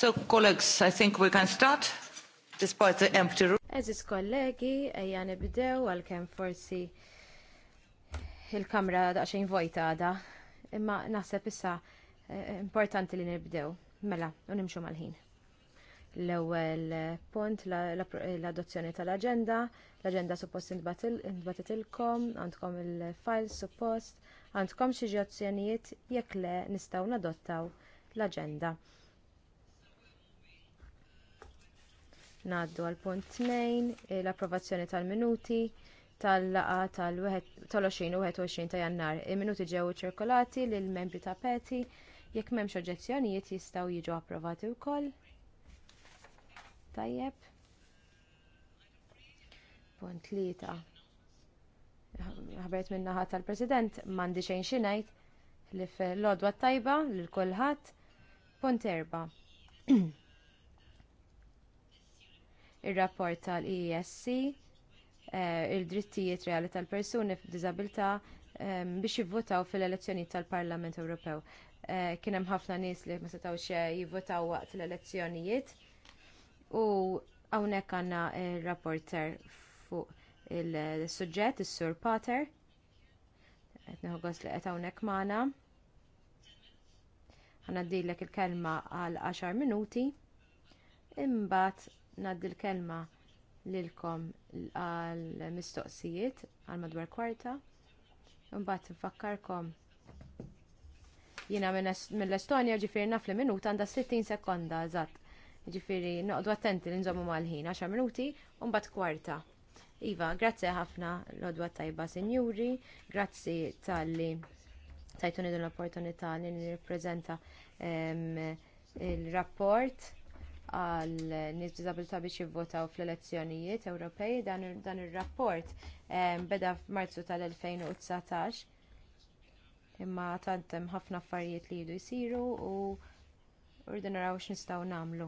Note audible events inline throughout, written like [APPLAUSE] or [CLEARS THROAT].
So, colleagues, I think we can start, despite the empty room. Eżis kollegi, ejja nibdew għal-kem forsi il-kamra daċħin vojta għada. Imma naħseb issa eh, eh, importanti li nibdew. Mela, unimxu mal-ħin. L-ewel punt, eh, l-adozzjoni tal-agenda. L-agenda suppost intbatitilkom, għandkom il-file suppost, għandkom xieġi azzjonijiet jekk le nistaw nadottaw l-agenda. Ngħaddu għal punt 2, eh, l-approvazzjoni tal-minuti tal-laqa tal 21 ta' jannar. Il-minuti ġew ċirkolati lill membri ta' peti jekk m'hemmx oġġezzjonijiet jistgħu jiġu approvati wkoll. Tajjeb. Punt tlieta. Ħabret minna naħa tal-President m'għandi xejn xi ngħid li fil tajba lil kulħadd. Punt erba'. [CLEARS THROAT] ir-rapport tal esc eh, il-drittijiet reali tal-persuni f'diżabilità ehm, biex jivvotaw fil-elezzjonijiet tal-Parlament Ewropew. Eh, kien hemm ħafna nies li ma setgħux eh, jivvotaw waqt l-elezzjonijiet u hawnhekk għandna rapporter fuq il-suġġett, is-Sur Pater, qed gost li qed hawnhekk magħna. Ħanaddilek il-kelma għal 10 minuti imbagħad naddi l-kelma lilkom għall mistoqsijiet għal madwar kwarta. Mbagħad nfakkarkom jiena mill-Estonja ġifieri naf li minuta għandha 60 sekonda eżatt. Ġifieri noqdu attenti li nżommu mal-ħin 10 minuti u mbagħad kwarta. Iva, grazzi ħafna l-odwa tajba sinjuri, grazzi tal-li tajtuni l-opportunità li nirrappreżenta ehm, il-rapport għal nies b'diżabilità biex jivvotaw fl-elezzjonijiet Ewropej dan ir-rapport ehm, beda f'Marzu tal-2019 imma tant hemm ħafna affarijiet li jridu jsiru u rridu naraw x'nistgħu nagħmlu.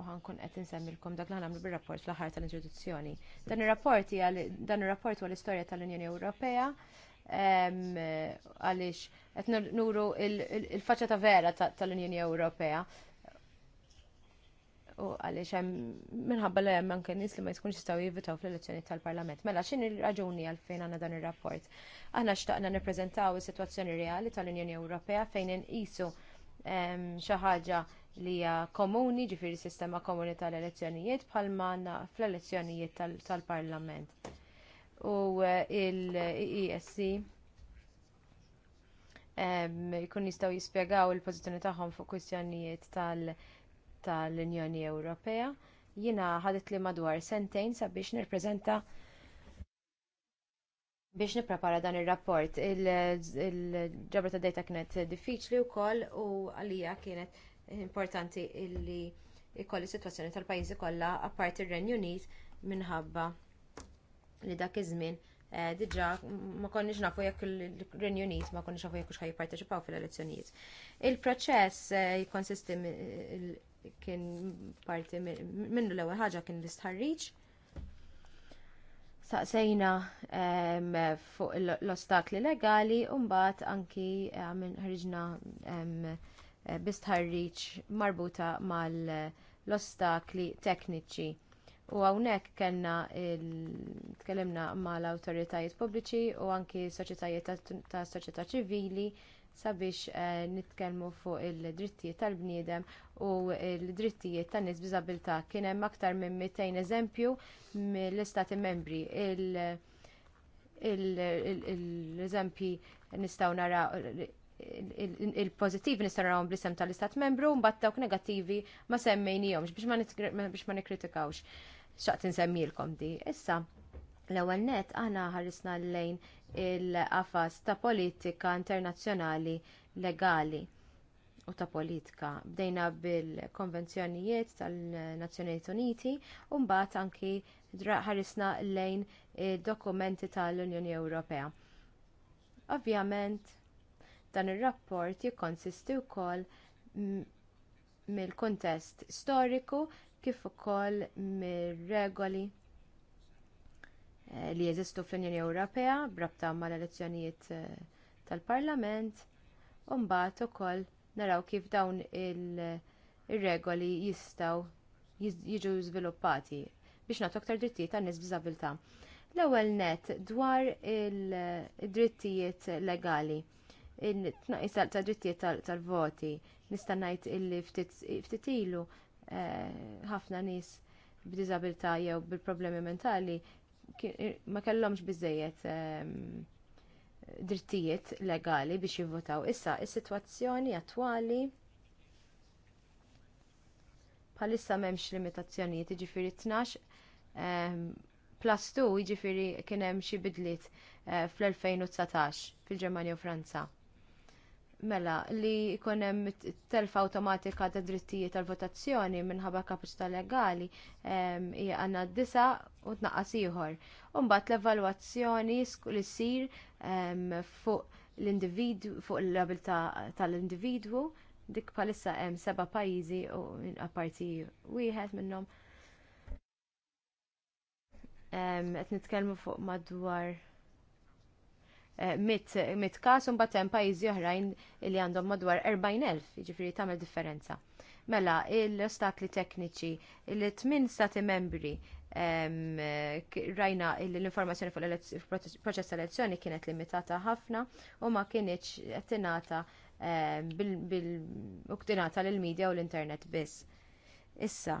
U ħankun qed insemmilkom dak li ħanamlu bir-rapport fl-aħħar tal-introduzzjoni. Dan ir-rapport dan ir-rapport huwa l-istorja tal-Unjoni Ewropea ehm, għaliex qed nuru il-faċċa ta' vera tal-Unjoni Ewropea u għaliex hemm minħabba li hemm anke nies li ma jkunx jistgħu jivitaw fl-elezzjoni tal-Parlament. Mela x'inhi raġuni għalfejn għandna dan ir-rapport? Aħna xtaqna nippreżentaw is-sitwazzjoni reali tal-Unjoni Ewropea fejn inqisu ehm, xi ħaġa li hija komuni, ġifieri sistema komuni tal-elezzjonijiet bħalma fl-elezzjonijiet tal-Parlament. U eh, il-ESC e ehm, jkun jistgħu jispjegaw il-pożizzjoni tagħhom fuq kwistjonijiet tal-, -tal tal-Unjoni Ewropea. Jiena ħadet li madwar sentejn sabiex nirpreżenta biex nipprepara dan ir rapport il-ġabra ta' data kienet diffiċli wkoll u għalija kienet importanti illi ikolli sitwazzjoni tal-pajjiżi kollha apparti ir-Renju Unit minħabba li dak iż-żmien eh, diġà ma konniex nafu jekk ir-Renju Unit ma konniex nafu jekk xħaj jipparteċipaw fil-elezzjonijiet. Il-proċess eh, jikkonsisti kien parti minnu l-ewwel ħaġa kien l-istħarriġ. Saqsejna fuq l-ostakli legali u mbagħad anki ħriġna bistħarriġ marbuta mal-ostakli tekniċi. U hawnhekk kellna tkellimna mal awtoritajiet pubbliċi u anki soċjetajiet ta' soċjetà ċivili sabiex eh, nitkellmu fuq il-drittijiet tal-bniedem u l-drittijiet tan nies biżabilità kien hemm aktar minn 200 eżempju mill-istati membri. il-pozittivi nistgħu narawhom bl-isem tal-istat membru, mbagħad dawk negattivi ma semmejnihomx biex ma nikkritikawx. Xaqt insemmilkom di. Issa, l-ewwel net aħna ħarisna lejn il-qafas ta' politika internazzjonali legali u ta' politika. Bdejna bil-konvenzjonijiet tal-Nazzjonijiet Uniti u mbagħad anki ħarisna lejn dokumenti tal-Unjoni Ewropea. Ovvjament, dan ir-rapport jikkonsisti wkoll mill-kuntest storiku kif ukoll mir-regoli Eh, li jeżistu fl-Unjoni Ewropea brabta mal-elezzjonijiet eh, tal-Parlament u mbagħad ukoll naraw kif dawn ir-regoli jistgħu jiġu żviluppati biex nagħtu aktar drittijiet għan nies b'diżabilità. L-ewwel nett dwar id-drittijiet legali tnaqis ta' drittijiet tal-voti nista' ngħid illi ftit ilu eh, ħafna nies b'diżabilità jew bil-problemi mentali Eh, ma kellhomx biżżejjed ehm, drittijiet legali biex jivvotaw. Issa, is-sitwazzjoni attwali bħalissa m'hemmx limitazzjonijiet, jiġifieri tnax ehm, plus 2 jiġifieri kien hemm xi bidliet eh, fl-2019 fil-Ġermanja u Franza mela li jkun hemm telfa awtomatika ta' drittijiet tal-votazzjoni minħabba kapaċità legali hija għandna disa u tnaqqas ieħor. U mbagħad l-evalwazzjoni li ssir fuq l-individwu fuq l-abilità tal-individwu dik bħalissa hemm seba' pajjiżi u apparti wieħed minnhom. Qed nitkellmu fuq madwar Eh, mit kas un batem pajizi oħrajn li għandhom madwar 40.000, ġifiri tamel differenza. Mela, l-ostakli tekniċi, il tmin stati membri rajna l-informazzjoni fuq il-proċess elezzjoni kienet limitata ħafna u ma kienieċ għattinata bil-uktinata l-medja u l-internet biss. Issa,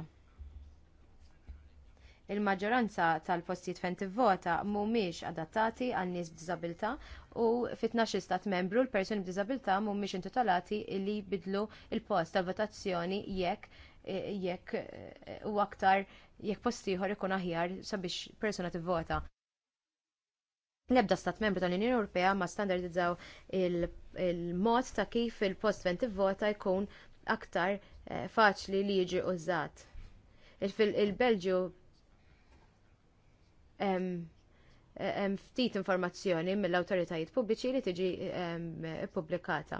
Il-maġġoranza tal-postijiet fejn tivvota mhumiex adattati għal nies b'diżabilità u fit-12 stat membru l-persuni b'diżabilità mhumiex intitolati li jbidlu il-post tal-votazzjoni jekk eh, jekk eh, u aktar jekk post ieħor ikun aħjar sabiex persuna tivvota. L-ebda stat membru tal-Unjoni Ewropea ma standardizzaw il-mod ta' kif il-post fejn tivvota jkun aktar eh, faċli li jiġi użat. Il-Belġu ftit informazzjoni mill-awtoritajiet pubbliċi li tiġi pubblikata.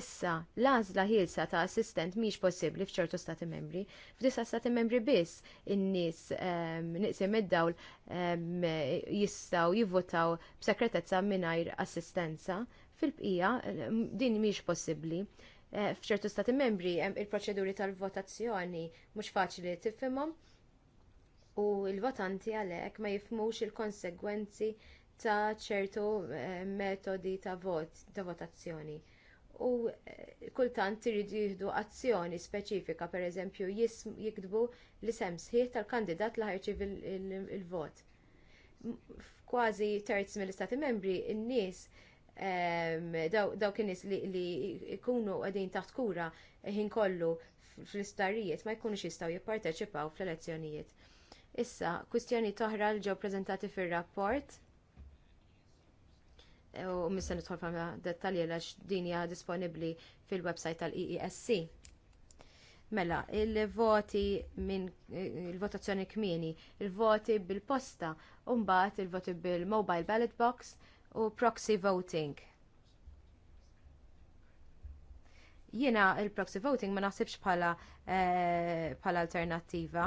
Issa, l-għażla ħilsa ta' assistent mhix possibbli f'ċertu stati membri. F'disa stati membri biss in-nies niqsim id-dawl jistgħu jivvotaw b'sekretezza mingħajr assistenza. Fil-bqija, din mhix possibbli. Eh, f'ċertu stati membri il-proċeduri tal-votazzjoni mhux faċli tifhimhom u l-votanti għalhekk ma jifhmux il-konsegwenzi ta' ċertu eh, metodi ta' vot, ta' votazzjoni. U eh, kultant iridu jieħdu azzjoni speċifika, pereżempju jiktbu li sem sħiħ tal-kandidat li ħajċiv il-vot. Kważi terz mill-istati membri, n nies dawk in-nies li jkunu qegħdin taħt kura ħin kollu fl-istarijiet ma jkunux jistgħu jipparteċipaw fl-elezzjonijiet. Issa, kwistjoni toħra li ġew preżentati fir-rapport e, u missa nidħol dettalji għax din hija disponibbli fil-website tal-EESC. Mela, il-voti minn il-votazzjoni kmieni, il-voti bil-posta, u mbagħad il-voti bil-mobile ballot box u proxy voting. Jiena il-proxy voting ma naħsibx bħala eh, alternattiva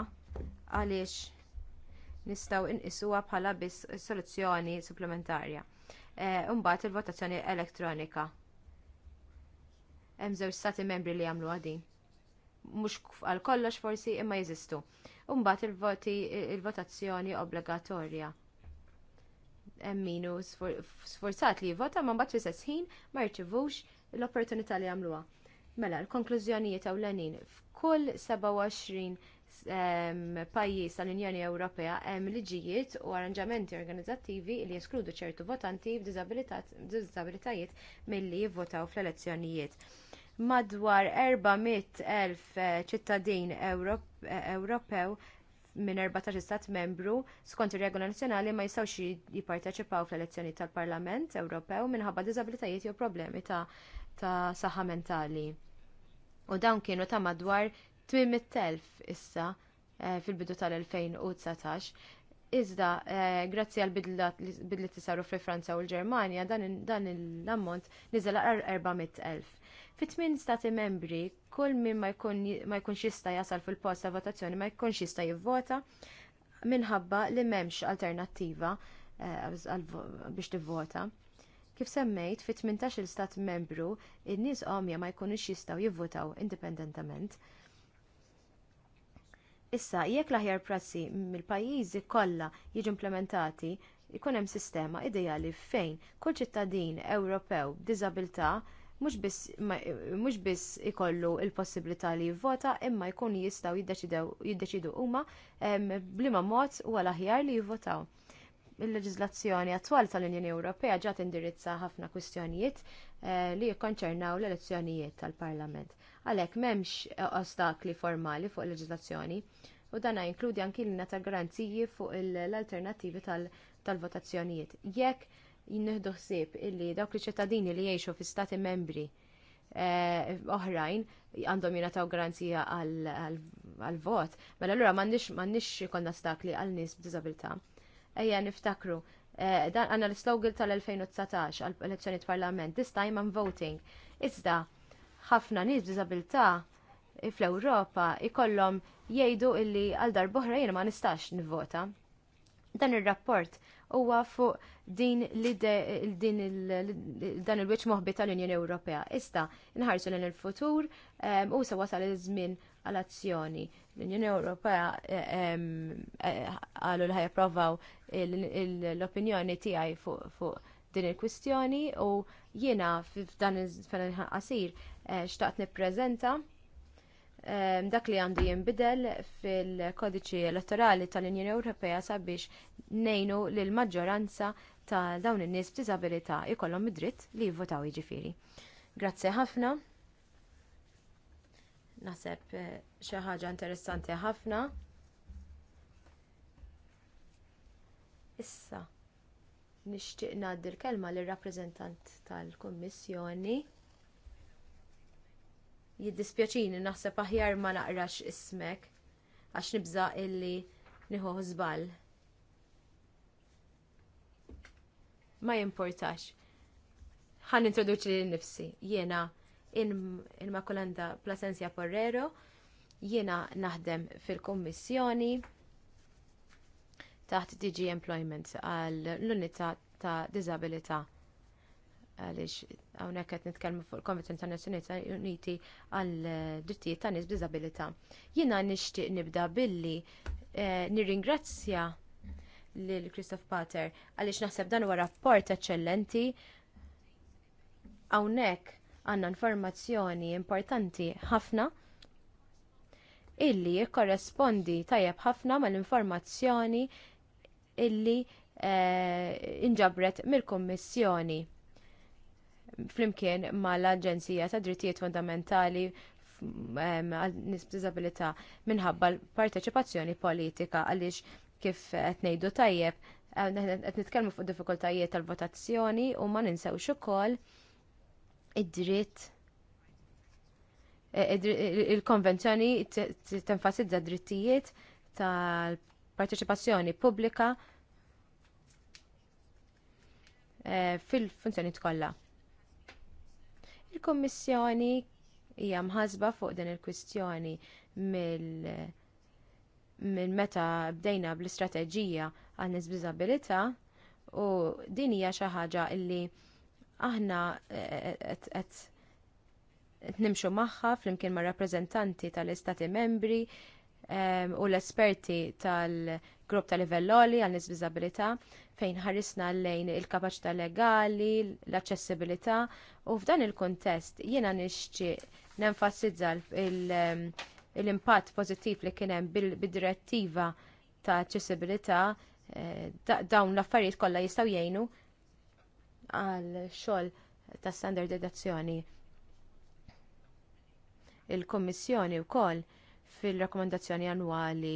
għaliex nistgħu inqisuha bħala biss soluzzjoni supplementarja. Imbagħad e, il-votazzjoni elettronika. Hemm żewġ stati membri li jagħmlu din. Mhux għal kollox forsi imma jeżistu. Imbagħad il-voti il-votazzjoni obbligatorja. Hemm minu sforzat li jivvota ma mbagħad fis ħin ma jirċivux l-opportunità li jagħmluha. Mela, l-konklużjonijiet ewlenin f'kull 27 pajjiż tal-Unjoni Ewropea hemm liġijiet u arranġamenti organizzattivi li jeskludu ċertu votanti b'diżabilitajiet milli jivvotaw fl-elezzjonijiet. Madwar 400.000 eh, ċittadin eh, Ewropew minn 14 stat membru skont ir-regola nazzjonali ma jistgħux jipparteċipaw fl-elezzjoni tal-Parlament Ewropew minħabba diżabilitajiet jew problemi ta' saħħa mentali. U dawn kienu ta' madwar 800.000 issa eh, fil-bidu tal-2019. Iżda, eh, grazzi għal bidli t saru fl Franza u l-Ġermanja, dan l-ammont niżel għar 400.000. Fit tmien stati membri, kull min ma jkunx jista jasal fil-post ta' votazzjoni ma jkunx jista jivvota minħabba li m'hemmx alternattiva eh, biex tivvota. Kif semmejt, fit 18 il-stat membru, il nies omja ma jkunux jistgħu jivvotaw indipendentament. Issa, jekk l-aħjar prassi mill-pajjiżi kollha jiġu implementati, jkun hemm sistema ideali fejn kull ċittadin Ewropew b'diżabilità mhux biss ikollu l-possibilità li jivvota imma jkunu jistgħu jiddeċidu huma bliema mod u għal aħjar li jivvotaw. Il-leġiżlazzjoni attwali tal-Unjoni Ewropea ġat indirizza ħafna kwistjonijiet eh, li jikkonċernaw l-elezzjonijiet tal-Parlament għalhekk m'hemmx eh, ostakli formali fuq il-leġiżlazzjoni u dan jinkludi anki l ta' garanziji fuq l-alternattivi tal-votazzjonijiet. Jekk jinnihdu ħsieb illi dawk li ċittadini li jgħixu fi stati membri eh, oħrajn għandhom jingħataw garanzija għal-vot, mela allura m'għandniex ikollna stakli għal nies b'diżabilità. Ejja niftakru, eh, dan għandna l-slogan tal-2019 għall elezzjoni parlament, this time I'm voting. Iżda, ħafna nies b'diżabilità fl-Ewropa ikollhom jgħidu illi għal darbohra jiena ma nistax nivvota. Dan ir-rapport huwa fuq din din dan il-wiċċ moħbi tal-Unjoni Ewropea. Issa nħarsu lejn il-futur u se wasal iż-żmien għal azzjoni. L-Unjoni Ewropea għalu li ħajapprovaw l-opinjoni tiegħi fuq din il-kwistjoni u jiena f'dan il-qasir Eh, xtaqt nippreżenta eh, dak li għandu jinbidel fil-kodiċi elettorali tal-Unjoni Ewropea sabiex nejnu lil maġġoranza ta' dawn in-nies b'diżabilità ikollhom id-dritt li jivvotaw jiġifieri. Grazzi ħafna. Naħseb eh, xi ħaġa interessanti ħafna. Issa nixtieq ngħaddi l-kelma lir rappreżentant tal-Kummissjoni jiddispjaċini naħseb aħjar ma naqrax ismek għax nibża illi nieħu żball. Ma jimportax. Ħan introduċi li nifsi. Jiena il-Makulanda in Porrero, jiena naħdem fil-Kommissjoni taħt DG Employment għall unità ta' Disabilità għaliex hawnhekk qed nitkellmu fuq il-Konvenzjoni tan-Nazzjonijiet Uniti għal drittijiet tan nies b'diżabilità. Jiena nixtieq nibda billi eh, nirringrazzja lil Christoph Pater għaliex naħseb dan huwa rapport eċċellenti hawnhekk għandna informazzjoni importanti ħafna illi korrespondi tajjeb ħafna mal-informazzjoni illi eh, inġabret mill-Kummissjoni flimkien mal-Aġenzija ta' Drittijiet Fundamentali għal nis disabilità minħabba l-parteċipazzjoni politika għaliex kif qed ngħidu tajjeb qed nitkellmu fuq diffikultajiet tal-votazzjoni u ma ninsewx ukoll id-dritt eh, il-konvenzjoni tenfasizza drittijiet tal-parteċipazzjoni pubblika eh, fil-funzjoni tkollha il kummissjoni hija mħasba fuq din il-kwistjoni mill minn meta bdejna bl-istrateġija għan nisbizabilita u din hija xi ħaġa li aħna eh, eh, qed nimxu magħha flimkien mar rappreżentanti tal-istati membri, u l-esperti tal-grupp tal livelloli oli għal nies fejn ħarisna lejn il-kapaċità legali, l-aċċessibilità u f'dan il-kuntest jiena nixtieq nenfasizza l-impatt pożittiv li kien hemm bid-direttiva ta' aċċessibilità eh, dawn l-affarijiet kollha jistgħu jgħinu għal xogħol ta' standardizzazzjoni. il kummissjoni wkoll fil-rakkomandazzjoni annwali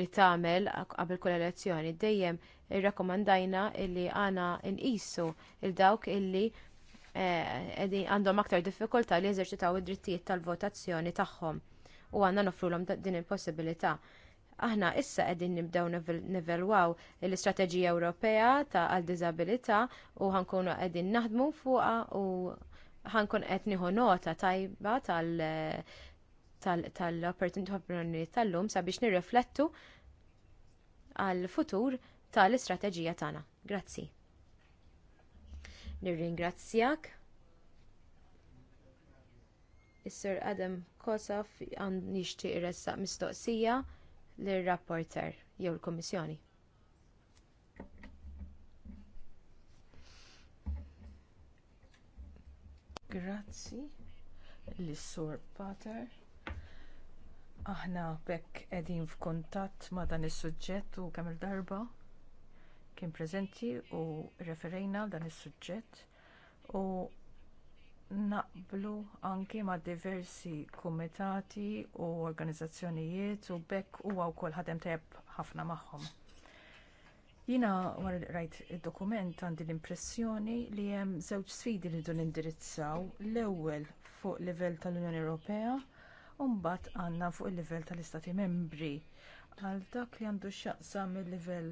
li tagħmel qabel kull elezzjoni dejjem irrakkomandajna li għana nqisu il dawk illi eh, għandhom aktar diffikultà li jeżerċitaw id-drittijiet tal-votazzjoni tagħhom u għandna nofrulhom din il-possibilità. Aħna issa qegħdin nibdew nivelwaw l-Istrateġija Ewropea ta' għal-Diżabilità u ħankunu qegħdin naħdmu fuqha u ħankun qed nieħu nota tajba tal- tal-opportunitajiet tal-lum sabiex nirriflettu għall futur tal-istrateġija tagħna. Grazzi. Nirringrazzjak. Is-Sir Adam Kosov għand nixtieq iressaq mistoqsija lir-rapporter jew l kummissjoni Grazzi l-Sur Pater Aħna bekk qegħdin f'kuntatt ma' dan is-suġġett u kemm il-darba kien preżenti u referejna dan is-suġġett u naqblu anke ma' diversi kumitati u organizzazzjonijiet u bekk huwa wkoll ħadem tajjeb ħafna magħhom. Jiena wara rajt id dokument għandi l-impressjoni li hemm żewġ sfidi li dun indirizzaw l-ewwel fuq livell tal-Unjoni Ewropea u mbagħad għandna fuq il-livell tal-Istati membri. Għal dak li għandu x'jaqsam il-livell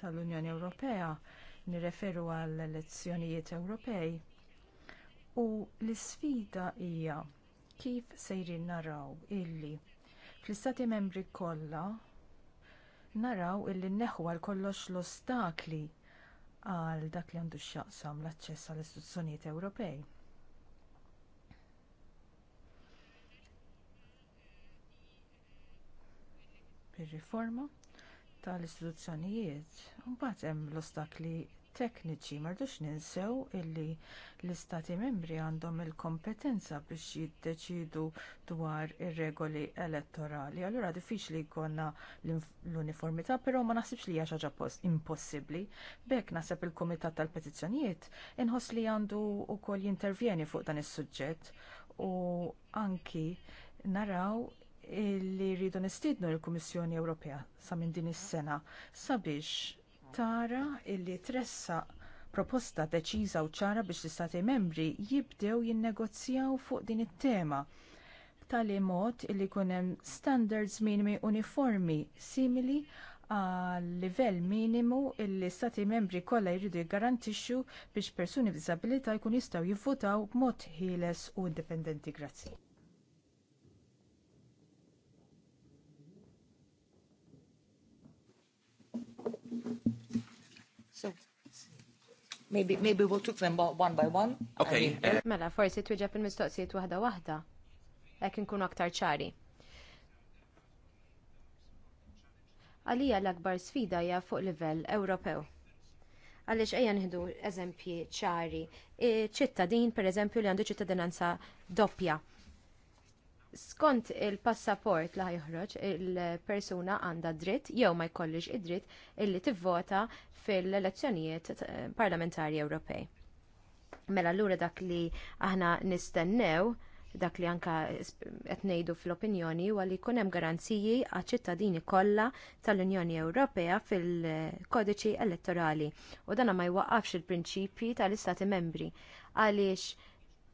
tal-Unjoni Ewropea nirreferu għall elezzjonijiet Ewropej. U l isfida hija kif sejrin naraw illi fl-istati membri kollha naraw illi nneħħu għal kollox l-ostakli għal dak li għandu x'jaqsam l-aċċess għall istituzzjonijiet Ewropej. ir-riforma tal-istituzzjonijiet. Mbagħad hemm l-ostakli tekniċi ma ninsew illi l-istati membri għandhom il-kompetenza biex jiddeċidu dwar ir-regoli elettorali. Allura diffiċli jkollna l-uniformità, però ma naħsibx li hija xi ħaġa impossibbli. B'hekk naħseb il-Kumitat tal-Petizzjonijiet inħoss li għandu wkoll jintervjeni fuq dan is-suġġett u anki naraw li rridu nistiednu l-Kummissjoni Ewropea sa minn din is-sena sabiex tara li tressaq proposta deċiża u ċara biex l-Istati membri jibdew jinnegozjaw fuq din it-tema b'tali mod illi jkun hemm standards minimi uniformi simili għal livell minimu li stati membri kollha jridu jiggarantixxu biex persuni b'diżabilità jkunu jistgħu jivvutaw b'mod ħieles u indipendenti. Grazzi. Maybe, maybe we'll took them one by one. Okay. Eh. Mela, forsi tuġa fil-mistoqsijiet waħda waħda? Ek inkunu aktar ċari. Għalija l-akbar sfida hija fuq livell Ewropew. Għaliex ejja nħidu eżempji ċari. Ċittadin, per eżempju, li għandu ċittadinanza doppja skont il-passaport li ħajħroġ il-persuna għandha dritt jew ma jkollix id-dritt illi tivvota fil-elezzjonijiet eh, parlamentari Ewropej. Mela allura dak li aħna nistennew dak li anka qed ngħidu fl-opinjoni huwa li jkun hemm garanziji għal ċittadini kollha tal-Unjoni Ewropea fil-kodiċi elettorali u dana ma jwaqqafx il-prinċipji tal-Istati membri għaliex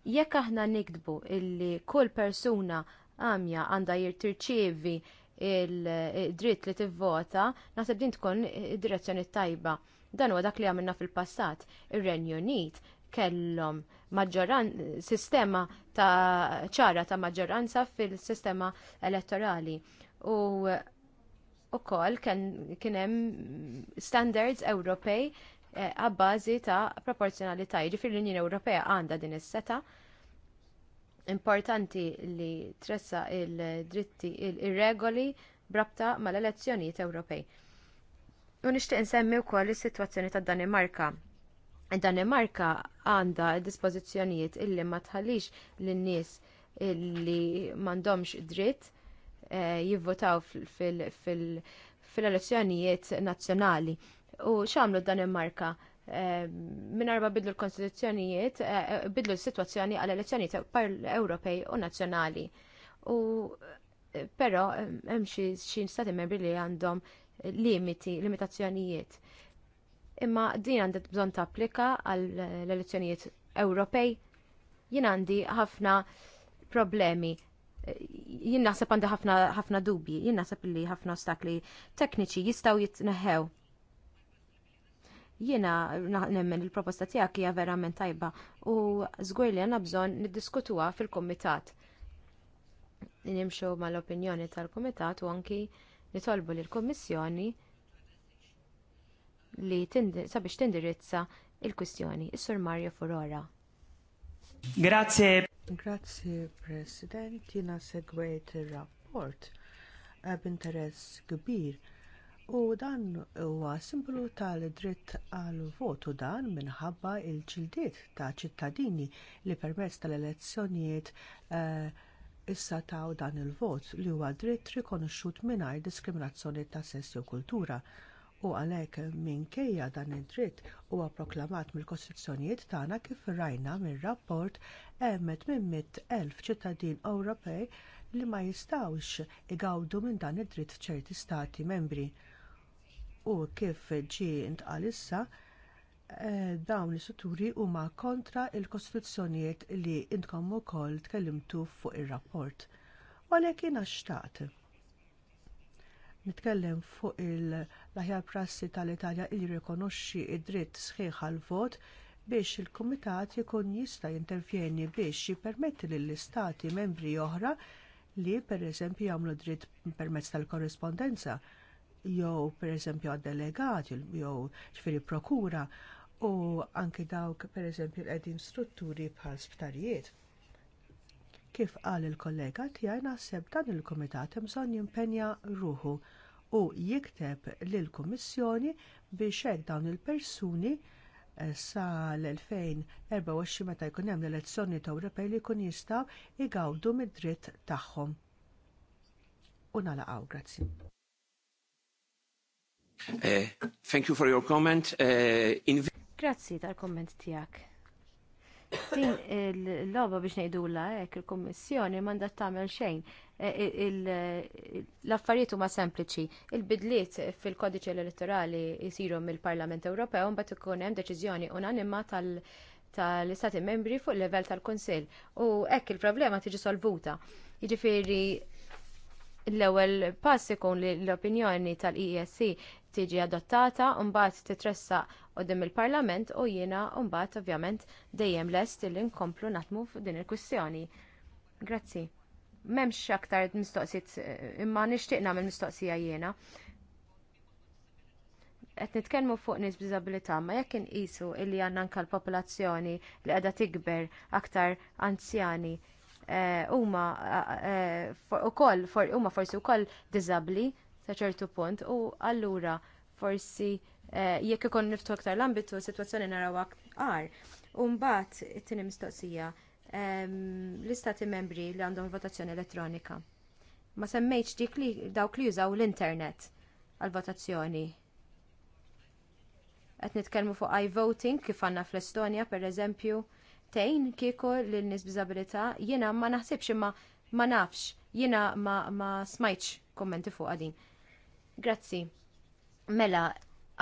Jekk aħna nikdbu illi kull persuna għamja għandha jirtirċievi il-dritt li tivvota, nasib din tkun direzzjoni tajba. Dan huwa dak li għamilna fil-passat. Ir-Renju Unit kellhom sistema ta' ċara ta' maġġoranza fil-sistema elettorali. U ukoll kien hemm standards Ewropej Eh, għabbażi ta' proporzjonalità. Ġifir l-Unjoni Ewropea għandha din is-seta' importanti li tressa il-dritti il-regoli brabta mal-elezzjonijiet Ewropej. U nixtieq insemmi wkoll is-sitwazzjoni tad-Danimarka. Danimarka għandha dispożizzjonijiet illi ma tħallix lin-nies illi m'għandhomx dritt eh, jivvotaw fil-elezzjonijiet nazzjonali. U xamlu d-Danimarka? Eh, Minn arba bidlu l-konstituzzjonijiet, eh, bidlu l-situazzjoni għal elezzjonijiet Ewropej u nazzjonali. U eh, però hemm xi stati membri li għandhom limiti, limitazzjonijiet. Imma din għandha bżonn tapplika għal l-elezzjonijiet Ewropej. Jien għandi ħafna problemi jien naħseb għandi ħafna dubji, jien naħseb li ħafna ostakli tekniċi jistgħu jitneħħew. Jiena nemmen il-proposta tiegħek hija verament tajba u żgur li għandna bżonn niddiskutuha fil-kumitat. Nimxu mal-opinjoni tal-kumitat u anki nitolbu lill-Kummissjoni li sabiex tindirizza il-kwistjoni. Is-Sur Mario Furora. Grazie. Grazie President, jina segwejt ir rapport interess kbir U dan huwa simbolu tal-dritt għal votu dan minħabba l ġildiet ta' ċittadini li permezz tal-elezzjonijiet uh, issa dan il-vot li huwa dritt rikonoxxut mingħajr diskriminazzjoni ta' sess jew kultura. U għalhekk minkejja dan id-dritt huwa proklamat mill-Kostituzzjonijiet tagħna kif rajna mir-rapport hemmet minn elf ċittadin Ewropej li ma jistawx igawdu minn dan id-dritt f'ċerti stati membri u kif ġie intqal issa eh, dawn l-istrutturi huma kontra l kostituzzjonijiet li intkom ukoll tkellimtu fuq ir-rapport. Għalhekk jiena xtaqt. Nitkellem fuq il-aħjar prassi tal-Italja li jirrikonoxxi id-dritt sħiħ għal vot biex il-Kumitat ikun jista' jintervjeni biex jippermetti lill-istati membri oħra li pereżempju jagħmlu dritt permezz tal-korrespondenza jew pereżempju għad delegat jew ċfiri prokura u anki dawk pereżempju l-qegħdin strutturi bħal sptarijiet. Kif qal il-kollega tiegħi naħseb dan il-kumitat hemm jimpenja ruħu u jikteb lill kummissjoni biex hekk dawn il-persuni eh, sal-2024 meta jkun hemm l-elezzjoni ta' Ewropej li jkun jistgħu jgawdu mid-dritt tagħhom. U nalaqgħu, grazzi. Eh, thank you for your comment. Uh, in... Grazzi tal-komment tijak. Din il-loba biex ngħidula hekk il kummissjoni m'għandha tagħmel xejn. Eh, l-affarijiet huma sempliċi. Il-bidliet fil-kodiċi elettorali jsiru mill-Parlament Ewropew mbagħad ikun hemm deċiżjoni unanima tal- tal-istati membri fuq il-level tal-Konsil. U hekk il-problema tiġi solvuta. Jiġifieri l-ewwel pass ikun l-opinjoni tal-ESC tiġi adottata mbagħad titressaq quddiem il-Parlament u jiena mbagħad ovvjament dejjem lest li nkomplu naħdmu f'din il-kwistjoni. Grazzi. M'hemmx aktar mistoqsijiet imma nixtieq nagħmel mistoqsija jiena. Qed nitkellmu fuq nies b'diżabilità, ma jekk inqisu illi għandna anke l-popolazzjoni li qiegħda tikber aktar anzjani eh, huma eh, eh, ukoll huma forsi wkoll diżabbli Ta' ċertu punt u allura forsi eh, jekk ikun niftu aktar l-ambitu situazzjoni naraw aktar. U mbagħad it-tieni mistoqsija ehm, l-istati membri li għandhom votazzjoni elettronika. Ma semmejtx dik li dawk li jużaw l-internet għall votazzjoni Qed nitkellmu fuq i-voting kif għandna fl-Estonja pereżempju tgħin kieku lil nies b'diżabilità jiena ma naħsibx imma ma nafx jiena ma, ma smajtx kommenti fuq din. Grazzi. Mela,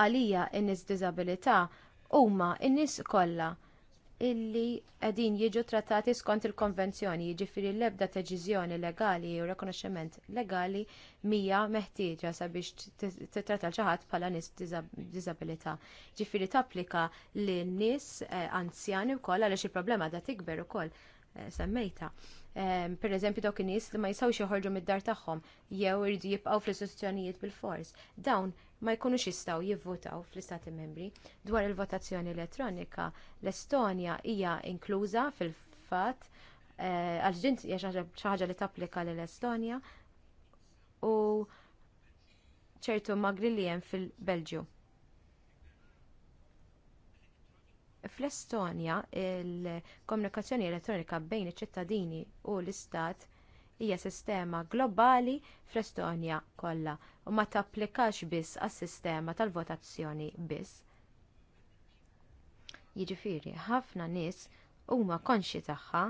għalija n-nis disabilità huma n-nis kollha illi qegħdin jiġu trattati skont il-konvenzjoni, jiġifieri l-ebda deċiżjoni legali u rekonoxximent legali mija meħtieġa sabiex titratta ċaħat ħadd bħala nies b'diżabilità. Ġifieri tapplika lin nies eh, anzjani wkoll għaliex il-problema da tikber ukoll Eh, semmejta. Ehm, per eżempju dawk in-nies li ma jistgħux joħorġu mid-dar tagħhom jew irridu jibqgħu fl-istituzzjonijiet bil-fors. Dawn ma jkunux jistgħu jivvotaw fl-Istati Membri dwar il-votazzjoni elettronika. L-Estonja hija inkluża fil-fatt eh, għal ġint hija xi ħaġa li tapplika lill estonja u ċertu magri li hemm fil-Belġju. Fl-Estonja, il-komunikazzjoni elettronika bejn iċ-ċittadini u l-Istat hija sistema globali fl-Estonja kollha u ma tapplikax biss għas-sistema tal-votazzjoni biss. Jiġifieri, ħafna nies huma konxi tagħha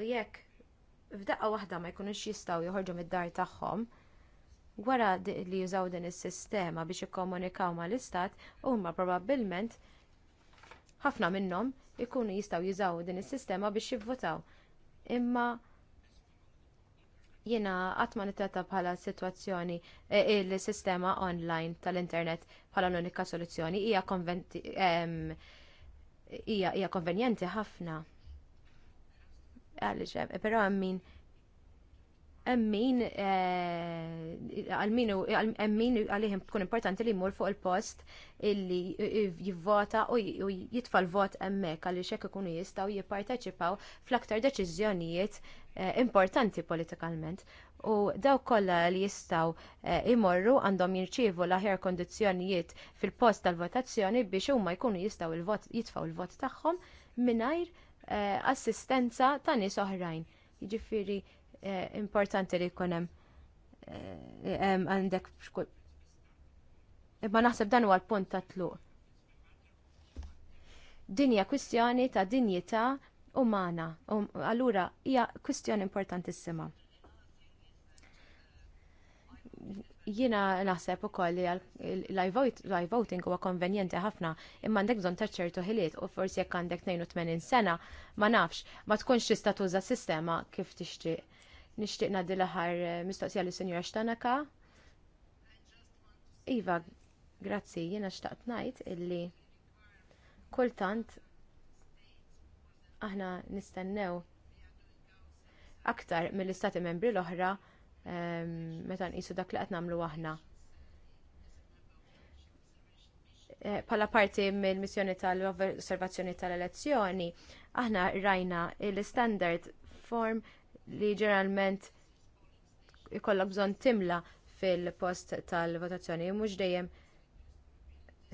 u jekk f'daqqa waħda ma jkunux jistgħu joħorġu mid-dar tagħhom, Wara li jużaw din is-sistema biex ikkomunikaw mal-istat, huma probabbilment ħafna minnhom ikunu jistgħu jużaw din is-sistema biex jivvotaw. Imma Jiena qatt ma nittata bħala sitwazzjoni e, il-sistema online tal-internet bħala l-unika soluzzjoni hija konvenjenti ħafna. Għaliex, però hemm emmin emmin eh, għalihim tkun importanti li jmur fuq il-post illi jivvota u jitfa l-vot emmek għalli xek ikunu jistaw jipparteċipaw fl-aktar deċiżjonijiet eh, importanti politikalment. U daw kolla li jistaw eh, imorru għandhom jirċivu laħjar kondizjonijiet fil-post tal-votazzjoni biex huma jkunu jistaw jitfaw il-vot tagħhom mingħajr assistenza ta' nies oħrajn. Jiġifieri Eh, importanti li jkun hemm eh, għandek Imma naħseb dan huwa l-punt ta' tluq. Dinja kwistjoni ta' dinjità umana. Um, allura hija kwistjoni importantissima. Jiena naħseb ukoll li live voting huwa konvenjenti ħafna imma għandek bżonn ta' ċertu ħiliet u forsi jekk għandek 82 sena ma nafx ma tkunx tista' tuża sistema kif tixtieq. Nixtieq ngħaddi l-aħħar eh, mistoqsija lis sinjora Xtanaka. Iva, grazzi, jiena xtaqt ngħid illi kultant aħna nistennew aktar mill-istati membri l-oħra ehm, meta nqisu dak li qed nagħmlu aħna. Pala eh, parti mill-missjoni tal-osservazzjoni tal-elezzjoni, aħna rajna l-standard form li ġeneralment ikollok bżonn timla fil-post tal-votazzjoni mhux dejjem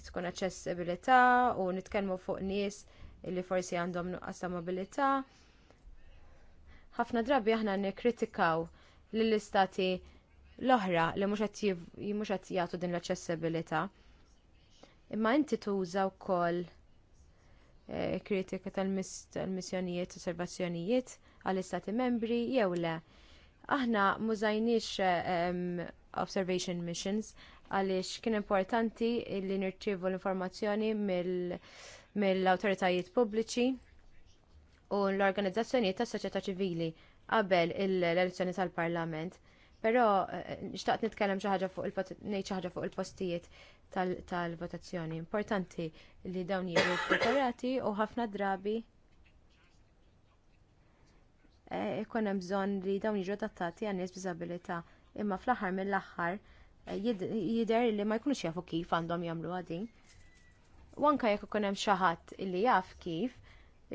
tkun aċċessibilità u nitkellmu fuq nies li forsi għandhom nuqqas ta' mobilità. Ħafna drabi aħna nikkritikaw lill-istati l-oħra li mhux qed jagħtu din l-aċċessibilità. Imma inti tuża wkoll eh, kritika tal-missjonijiet, osservazzjonijiet għall-istati membri jew le. Aħna mużajniex observation missions għaliex kien importanti li nirċievu l-informazzjoni mill awtoritajiet pubbliċi u l-organizzazzjonijiet tas soċjetà ċivili qabel l-elezzjoni tal-Parlament. Però eh, xtaqt nitkellem xi ħaġa fuq il fuq il-postijiet tal-votazzjoni. Importanti li dawn jiġu preparati u ħafna drabi Eh, ikun hemm bżonn li dawn jiġu adattati għan nies b'diżabilità. Imma fl-aħħar mill-aħħar eh, jidher li ma jkunux jafu kif għandhom jagħmlu għadin. U anke jekk ikun hemm xi ħadd li jaf kif,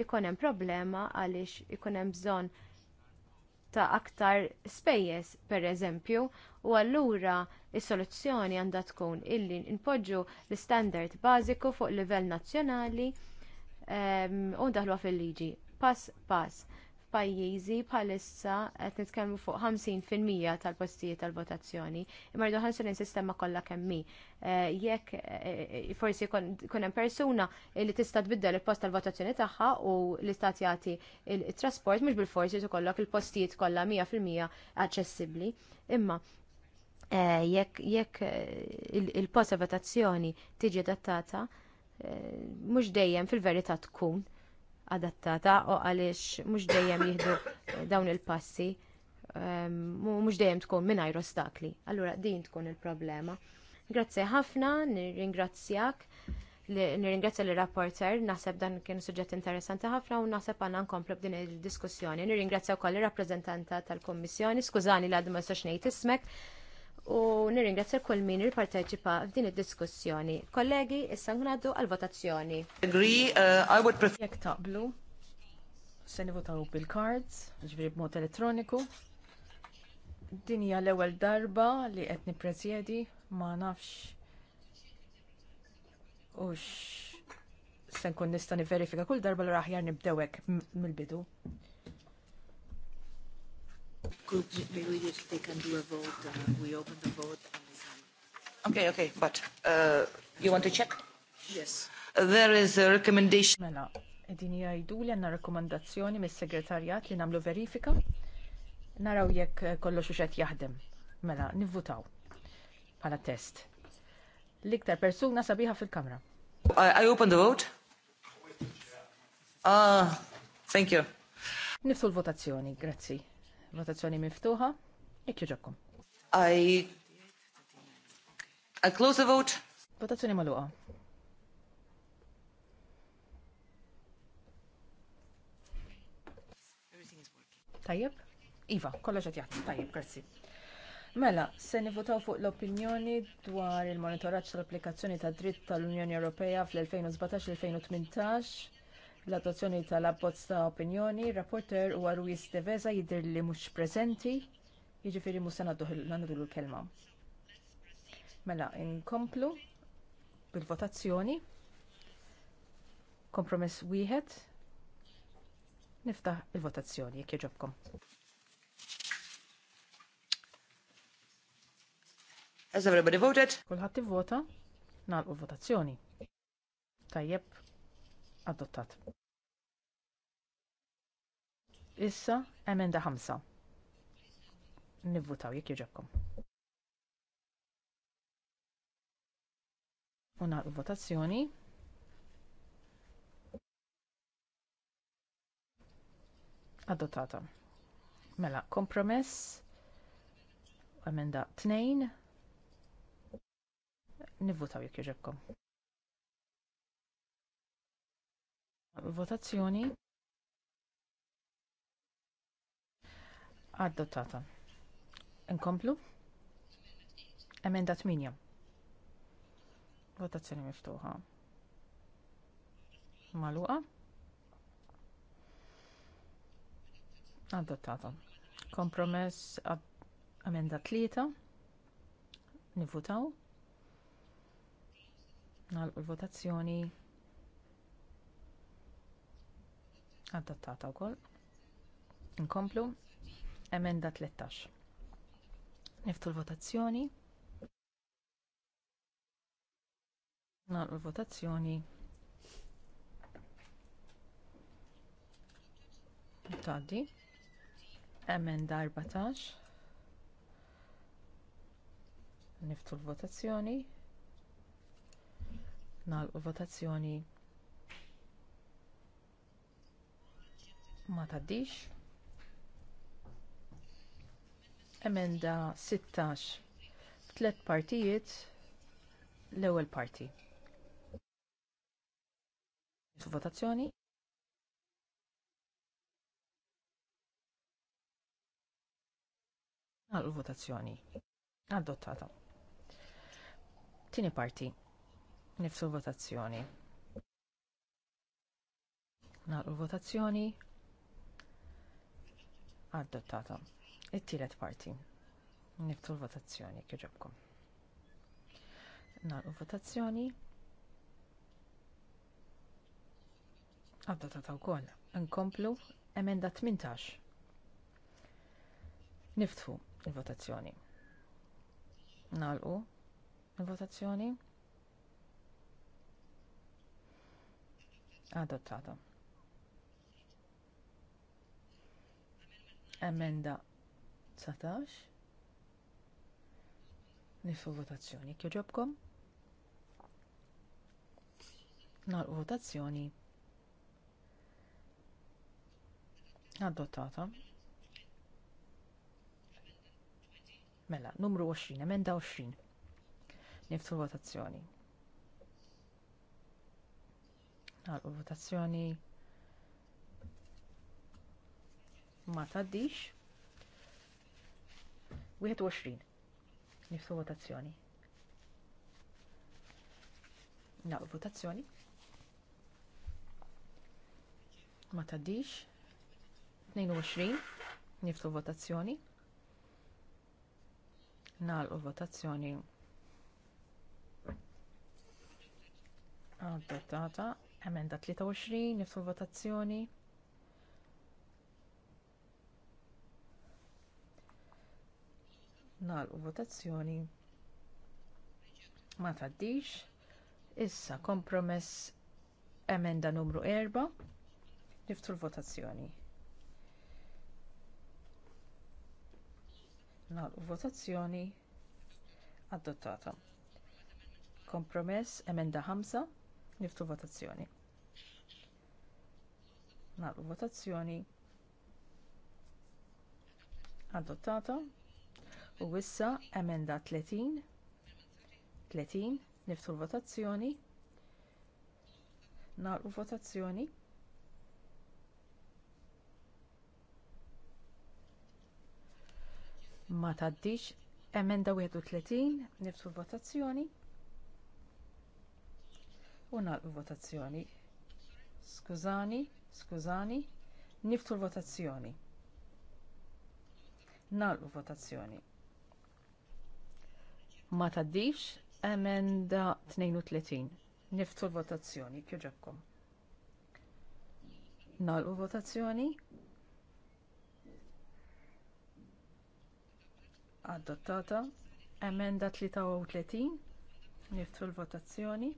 ikun hemm problema għaliex ikun hemm bżonn ta' aktar spejjeż pereżempju, u allura is-soluzzjoni għandha tkun illi npoġġu l-standard bażiku fuq livell nazzjonali ehm, u um, fil-liġi pass pass pajjiżi bħalissa qed nitkellmu fuq 50% tal-postijiet tal-votazzjoni. Imma rridu ħansu l-sistema kollha kemm hi. Eh, jekk eh, eh, forsi kun hemm persuna li tista' tbiddel il-post tal-votazzjoni tagħha u l-istat jagħti il-trasport mhux bil-forsi tkollok il-postijiet kollha 100% aċċessibbli. Imma jekk il-post tal-votazzjoni tiġi adattata, mhux dejjem fil-verità tkun adattata u għaliex mhux dejjem jieħdu eh, dawn il-passi ehm, mhux dejjem tkun mingħajr ostakli. Allura din tkun il-problema. Grazzi ħafna, nirringrazzjak. Nirringrazzja l rapporter naħseb dan kien suġġett interessanti ħafna u naħseb għandna nkomplu b'din il-diskussjoni. Nirringrazzja wkoll ir rappreżentanta tal kummissjoni skużani li għadu ma nistax ngħid ismek u nirringrazzja kull min il-parteċipa f'din id-diskussjoni. Kollegi, issa ngħaddu għal-votazzjoni. Agree, uh, I would prefer... Jek taqblu, se nivotaw bil-cards, ġviri b'mod elettroniku. Din hija l-ewwel darba li qed nippreżjedi ma nafx ux se nkun nista' niverifika kull darba l aħjar nibdewek mill-bidu. Could maybe just they can do a vote. Uh, we open the vote and they Okay, okay, but uh, you want to check? Yes. there is a recommendation. Mela, edini għajdu li għanna rekomendazzjoni mis segretarjat li namlu verifika. Naraw jekk eh, kollu xuxet jahdem. Mela, nivvutaw. Pala test. L-iktar persuna sabiħa fil-kamra. I, I open the vote. Ah, uh, thank you. Nifsu l-votazzjoni, grazzi. Votazzjoni miftuħa. Jekk joġobkom. I I close the vote. Votazzjoni magħluqa. Tajjeb? Iva, kollha qed jaħdem. Tajjeb, grazzi. Mela, se nivotaw fuq l-opinjoni dwar il-monitoraġġ tal-applikazzjoni tad dritt tal-Unjoni Ewropea fl-2017-2018 l-adozzjoni tal-abbozz ta' opinjoni, rapporter u Ruiz Deveza jidher li mhux preżenti, jiġifieri mhux se nagħdu l-kelma. Mela, inkomplu bil-votazzjoni. Kompromess wieħed. Niftaħ il-votazzjoni jekk jġobkom. Has everybody voted? Kulħadd ivvota, nagħlqu votazzjoni. Tajjeb, adottat. Issa, emenda ħamsa. Nivvutaw jekk jġabkom. Unar votazzjoni. Adottata. Mela, kompromess. Emenda 2. Nivvutaw jekk jġabkom. Votazzjoni. Adottata. Inkomplu. Emenda 8. Votazzjoni miftuħa. Maluqa. Adottata. Kompromess emenda tlieta. Nivutaw. Nalqu l-votazzjoni. Adattata wkoll. Inkomplu. Emenda 13. Niftu l-votazzjoni. Nagħlqu l-votazzjoni. Taddi. Emenda 14. Niftu l-votazzjoni. Nagħlqu l-votazzjoni. ma taddix. Emenda 16 f'tlet partijiet l-ewwel parti. Su votazzjoni. Għal votazzjoni. Adottata. Tini parti. Nifsu votazzjoni. Naqru votazzjoni adottata. It-tielet parti. Niftu l-votazzjoni kieġobkom. Nagħlqu votazzjoni. Adottata wkoll. Nkomplu emenda 18. Niftħu l votazzjoni Nagħlqu il-votazzjoni. Adottata. Emenda 19. Nifu votazzjoni. Kjoġobkom? Nar votazzjoni. Adottata. Mela, numru 20, emenda 20. Niftu votazzjoni. Nalqu votazzjoni. ma taddix. 21. Nifsu votazzjoni. na votazzjoni. Ma taddix. 22. Nifsu votazzjoni. Nalqu votazzjoni. Adottata. Emenda 23. Nifsu votazzjoni. Nalqu votazzjoni ma taddix. Issa kompromess emenda numru 4 niftu l-votazzjoni. Nalqu votazzjoni adottata. kompromess emenda 5 niftu votazzjoni. Nalqu votazzjoni adottata. U issa emenda 30 30 niftu l-votazzjoni nagħlqu votazzjoni ma tgħaddix emenda 31 niftu l-votazzjoni u nagħlqu votazzjoni. Skużani, skużani, niftu l-votazzjoni. Nagħlqu votazzjoni ma taddix, emenda 32. Niftu l-votazzjoni, kjoġobkom. Nalqu votazzjoni. Adottata. Emenda 33. Niftu l-votazzjoni.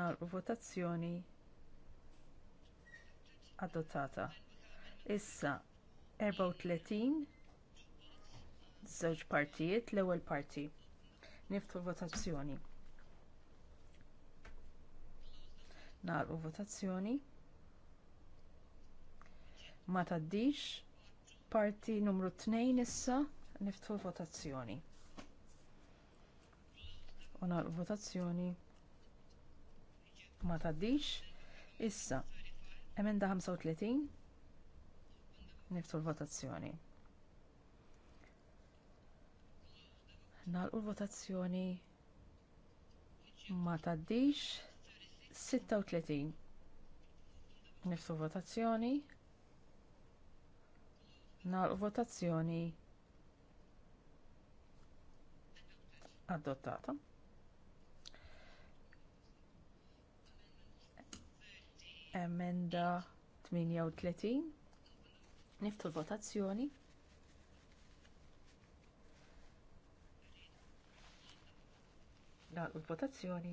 Nalqu votazzjoni. Adottata. Issa 34 żewġ partijiet l-ewwel parti. Niftu votazzjoni. Nagħlqu votazzjoni. Ma taddix. Parti numru 2 issa niftu votazzjoni. U nagħlqu votazzjoni. Ma taddix. Issa, emenda 35 niftu l-votazzjoni. Nalqu l-votazzjoni ma taddix 36. Nifsu votazzjoni. Nagħlqu votazzjoni adottata. Emenda 38. Niftu l-votazzjoni. Nagħlqu l-votazzjoni.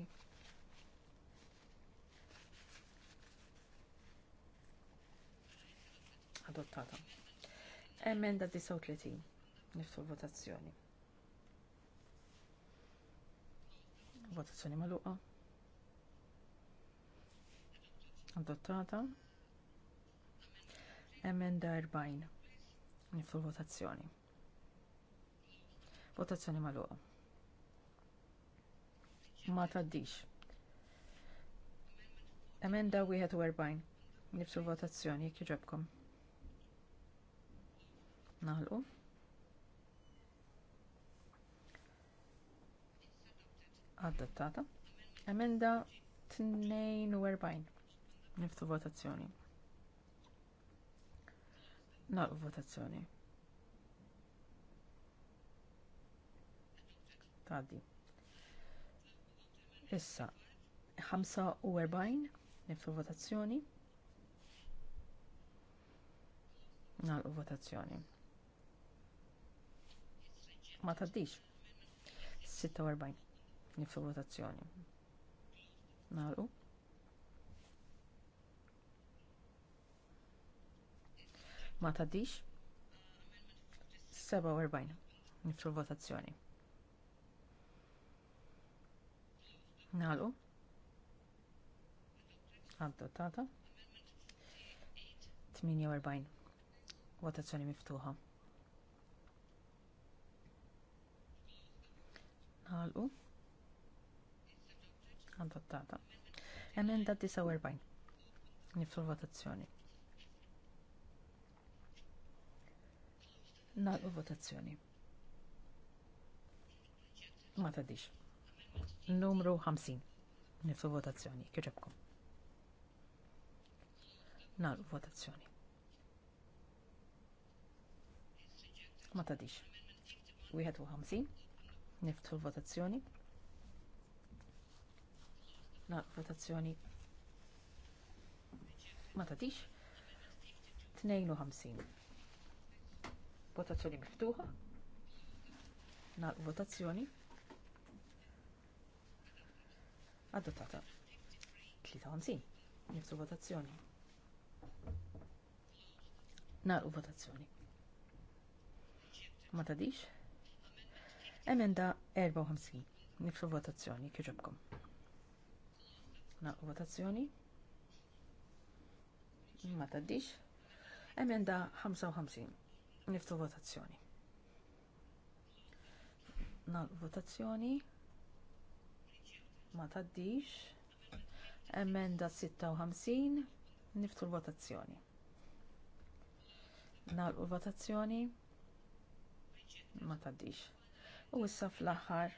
Adottata. Emenda 39. Niftu l-votazzjoni. Votazzjoni magħluqa. Adottata. Emenda 40. Niftu l-votazzjoni. Votazzjoni maluqa ma taddix. Emenda 41. Nibsu votazzjoni jekk iġobkom. Naħlqu. Adottata. Emenda 42. Niftu votazzjoni. Nagħlqu votazzjoni. Taddi. Issa, 45 niftu votazzjoni. Nagħlqu votazzjoni. Ma taddix. 46 Nifsu votazzjoni. Nalqu. Ma taddix. 47 niftu votazzjoni. Nalu. tata. 48. Votazzjoni miftuħa. Nalu. Adottata. Emenda 49. Niftu votazzjoni Nalu votazzjoni. Ma tadix numru 50. Niftu votazzjoni. Kieġabkom. Naru votazzjoni. Ma tadix. ħamsin. Niftu votazzjoni. Nal votazzjoni. Ma tadix. 52. Votazzjoni miftuħa. Nal votazzjoni. adottata. 53. Nifsu votazzjoni. Narqu votazzjoni. Ma tadix? Emenda 54. Nifsu votazzjoni. Kieġobkom. Narqu votazzjoni. Ma tadix? Emenda 55. Nifsu votazzjoni. Narqu votazzjoni ma taddix. Emenda 56, niftu l-votazzjoni. Nagħlqu l-votazzjoni ma taddix. U issa fl-aħħar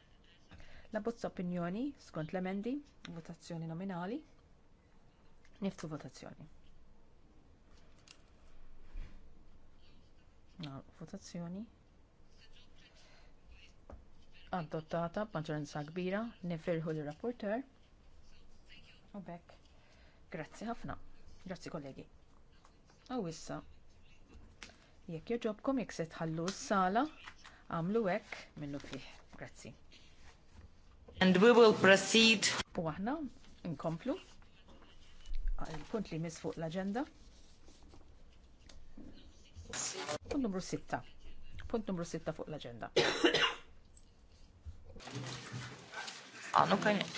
la bozza opinjoni skont l-emendi, votazzjoni nominali, niftu votazzjoni. Nalqu votazzjoni adottata b'maġġoranza kbira, nifirħu l-rapporter. U bekk. Grazzi ħafna. Grazzi kollegi. U issa. Jekk joġobkom jekk se tħallu s-sala, għamlu hekk minnu fih. Grazzi. And we will proceed. U aħna nkomplu. Il-punt li mis fuq l-agenda. Punt numru 6. Punt numru 6 fuq l-agenda. А, ну, конечно.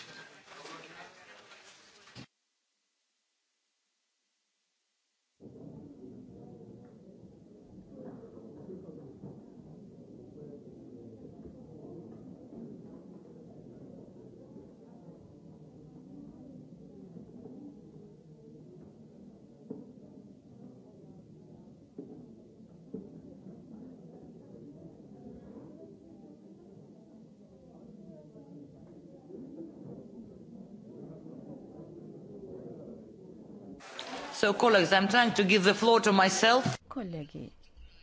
So colleagues, I'm trying to give the floor to myself. Kollegi,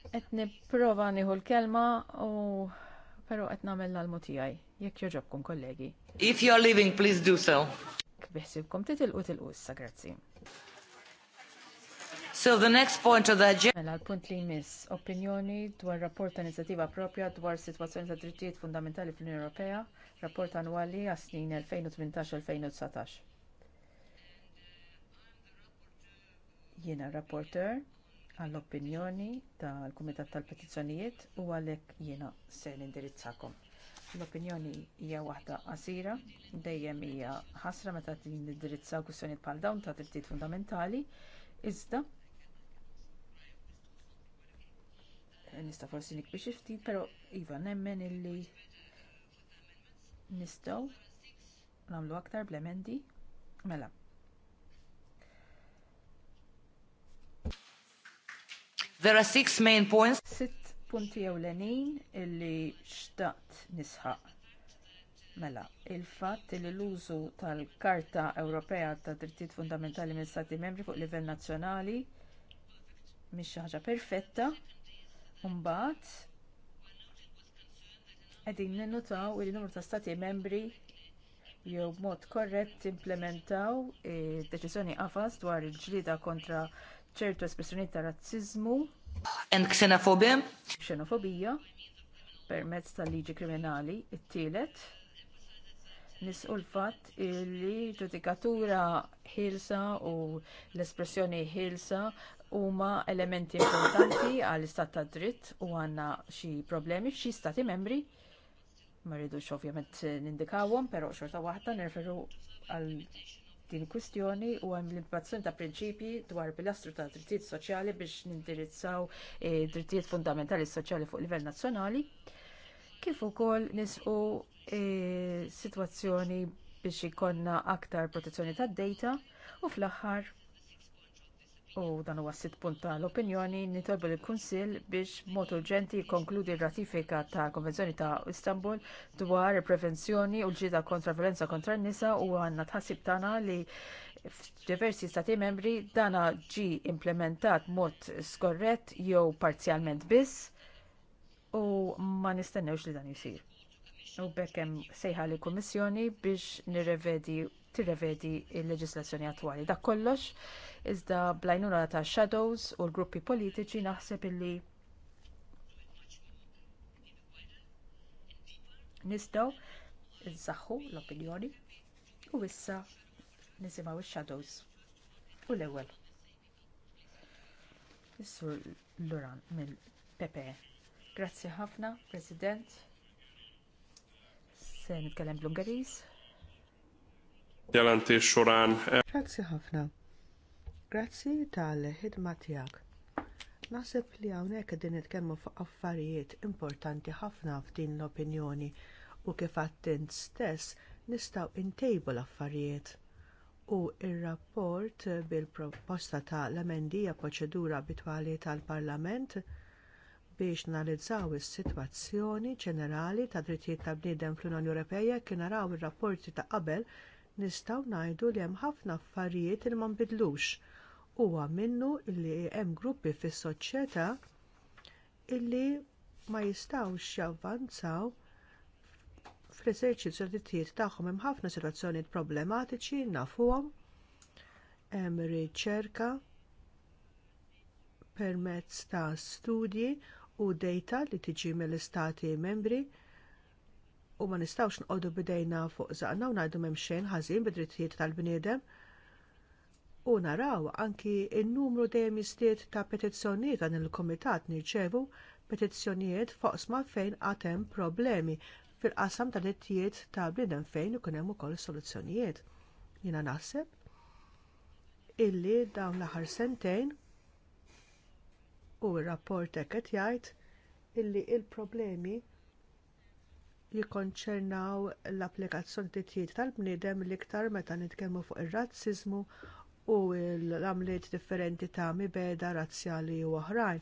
qed nipprova nieħu l-kelma u però qed nagħmel l-almu tiegħi. Jekk joġobkom kollegi. If you're leaving, please do so. Kbiħsibkom titilqu tilqu issa, grazzi. So the next point of the agenda. Mela l-punt li jmiss opinjoni dwar rapport ta' inizjattiva propja dwar sitwazzjoni ta' drittijiet fundamentali fl-Unjoni Ewropea, rapport annwali għas snin 2018-2019. Jiena rapporter għall-opinjoni tal-Kumitat tal-Petizzjonijiet u għalhekk jiena se nindirizzakom. L-opinjoni hija waħda qasira, dejjem hija ħasra meta tindirizza kwistjonijiet bħal dawn ta' drittijiet fundamentali, iżda nista' forsi nikbi xi ftit, però iva nemmen illi nistgħu nagħmlu aktar blemendi mela. There are six main points. Sitt punti ewlenin illi xtaqt nisħaq. Mela, il-fatt li l-użu tal-Karta Ewropea ta' Drittijiet Fundamentali minn stati Membri fuq livell nazzjonali mhix xi ħaġa perfetta. Mbagħad qegħdin ninnutaw li numru ta' Stati Membri jew b'mod korrett implementaw id eh, deċiżjoni qafas dwar il-ġlida kontra ċertu espressjoni ta' razzizmu. And xenofobia. Xenofobija permezz tal-liġi kriminali, it-tielet. Nisqu l-fatt li ġudikatura ħilsa u l-espressjoni ħilsa huma elementi importanti għall istat ta' dritt u għandna xi problemi f'xi stati membri. Ma rridux ovvjament nindikawhom, però xorta waħda nirferu għal din kwistjoni u hemm l-innovazzjoni ta' prinċipji dwar pilastru ta' drittijiet soċjali biex nindirizzaw eh, drittijiet fundamentali soċjali fuq livell nazzjonali, kif ukoll nisqu e, sitwazzjoni biex ikonna aktar protezzjoni tad data u fl-aħħar u dan huwa sitt punt tal-opinjoni nitolbu lill kunsill biex b'mod urġenti jikkonkludi r-ratifika tal konvenzjoni ta' Istanbul dwar il-prevenzjoni u l-ġida kontra violenza kontra n-nisa u għandna tħassib tagħna li f'diversi stati membri dana ġie implementat mod skorrett jew parzjalment biss u ma nistennewx li dan isir. U bekk hemm sejħa lill kummissjoni biex nirrevedi tirrevedi l leġislazzjoni attwali. Dak kollox iżda blajnuna ta' shadows u l-gruppi politiċi naħseb illi nistgħu nsaħħu l-opinjoni u issa nisimgħu ix-shadows u l-ewwel. Is-sur Luran mill Pepe. Grazzi ħafna, President. Se nitkellem bl-Ungeriż. Jelanti xuran. Grazzi ħafna. Grazzi tal-ħidma tiegħek. Naħseb li hawnhekk qegħdin nitkellmu fuq affarijiet importanti ħafna f'din l-opinjoni u kif għattint stess nistgħu ntejbu l-affarijiet u r rapport bil-proposta ta' l-emendija proċedura abitwali tal-Parlament biex nalizzaw is-sitwazzjoni ġenerali ta' drittijiet tal bniedem fl-Unjoni Ewropea kien naraw ir-rapporti ta' qabel nistgħu ngħidu li hemm ħafna affarijiet li ma nbidlux huwa minnu li hemm gruppi fis-soċjetà illi ma jistgħux javvanzaw fl-eżerċizzju tat tagħhom hemm ħafna sitwazzjonijiet problematiċi nafuhom hemm riċerka permezz ta' studji u dejta li tiġi mill-istati membri u ma nistgħux nqogħdu bidejna fuq zaqna u ngħidu hemm xejn ħażin bid-drittijiet tal-bniedem u naraw anki n numru dejjem jistiet ta' petizzjonijiet għan il-Komitat nirċevu petizzjonijiet foqsma fejn għad hemm problemi fil-qasam ta' dettijiet ta' bniedem fejn ikun hemm ukoll soluzzjonijiet. Jiena naħseb illi dawn l-aħħar sentejn u r-rapport hekk qed jgħid illi l il problemi jikkonċernaw l-applikazzjoni titjiet tal-bniedem l-iktar meta nitkellmu fuq ir-razziżmu u l-għamliet differenti ta' mibeda razzjali u oħrajn,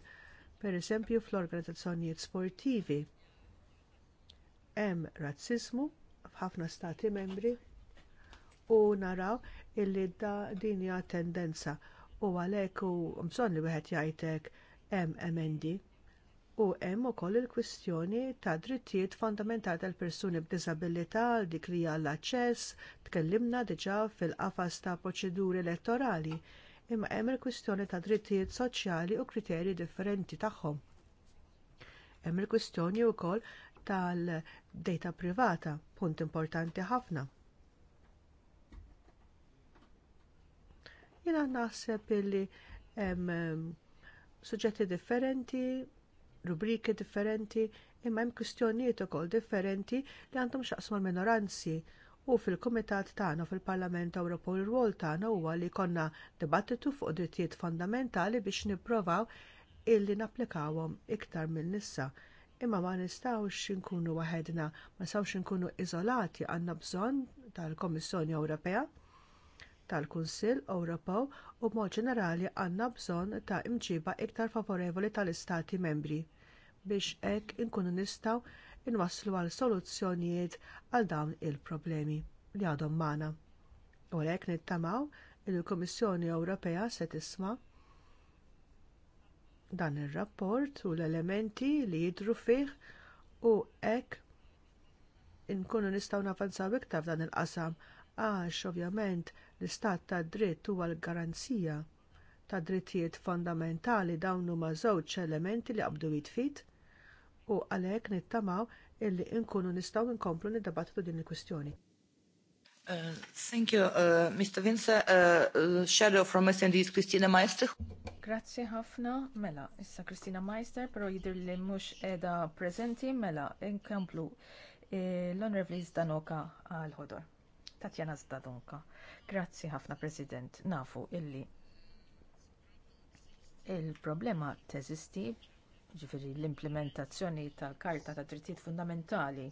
pereżempju fl-organizzazzjonijiet sportivi. Hemm razziżmu f'ħafna stati membri u naraw illi da din hija tendenza u għalhekk u bżonn li wieħed hekk hemm emendi U hemm ukoll il-kwistjoni ta' drittijiet fundamentali tal-persuni b'diżabilità dik li hija l-aċċess, tkellimna diġà fil-qafas ta' proċeduri elettorali, imma hemm il-kwistjoni ta' drittijiet soċjali u kriterji differenti tagħhom. Hemm il-kwistjoni wkoll tal-data privata, punt importanti ħafna. Jiena naħseb illi hemm um, suġġetti differenti rubriki differenti imma hemm kwistjonijiet ukoll differenti li għandhom x'jaqsmu l-minoranzi u fil-Kumitat tagħna fil-Parlament Ewropew ir-rwol tagħna huwa li jkollna dibattitu fuq drittijiet fondamentali biex nipprovaw illi napplikawhom iktar minn nisa. Imma ma nistgħux inkunu waħedna, ma nistgħux inkunu iżolati għandna bżonn tal kummissjoni Ewropea tal-Kunsill Ewropew u b'mod ġenerali għandna bżonn ta' imġiba iktar favorevoli tal-Istati membri biex hekk inkunu nistgħu inwasslu għal soluzzjonijiet għal dawn il-problemi li għadhom magħna. U għalhekk nittamaw li l kummissjoni Ewropea se tisma' dan ir-rapport u l-elementi li jidhru fih u hekk inkunu nistgħu navanzaw iktar f'dan il-qasam għax ovvjament L-istat tad dritt huwa l-garanzija ta' drittijiet fondamentali dawn huma żewġ elementi li qabdu jitfit u għalhekk nittamaw illi nkunu nistgħu nkomplu niddebattu din il-kwistjoni. Uh, thank you, uh, Mr. Vince, uh, shadow from SND's Christina Meister. Grazzi ħafna, mela, issa Christina Meister, pero jidher li mhux qiegħda prezenti, mela, inkomplu eh, l-Honorable Zdanoka għal-ħodor. Tatjana Zdadonka. Grazzi ħafna President, nafu illi il-problema teżisti ġifiri l-implementazzjoni tal-Karta ta' Drittijiet Fundamentali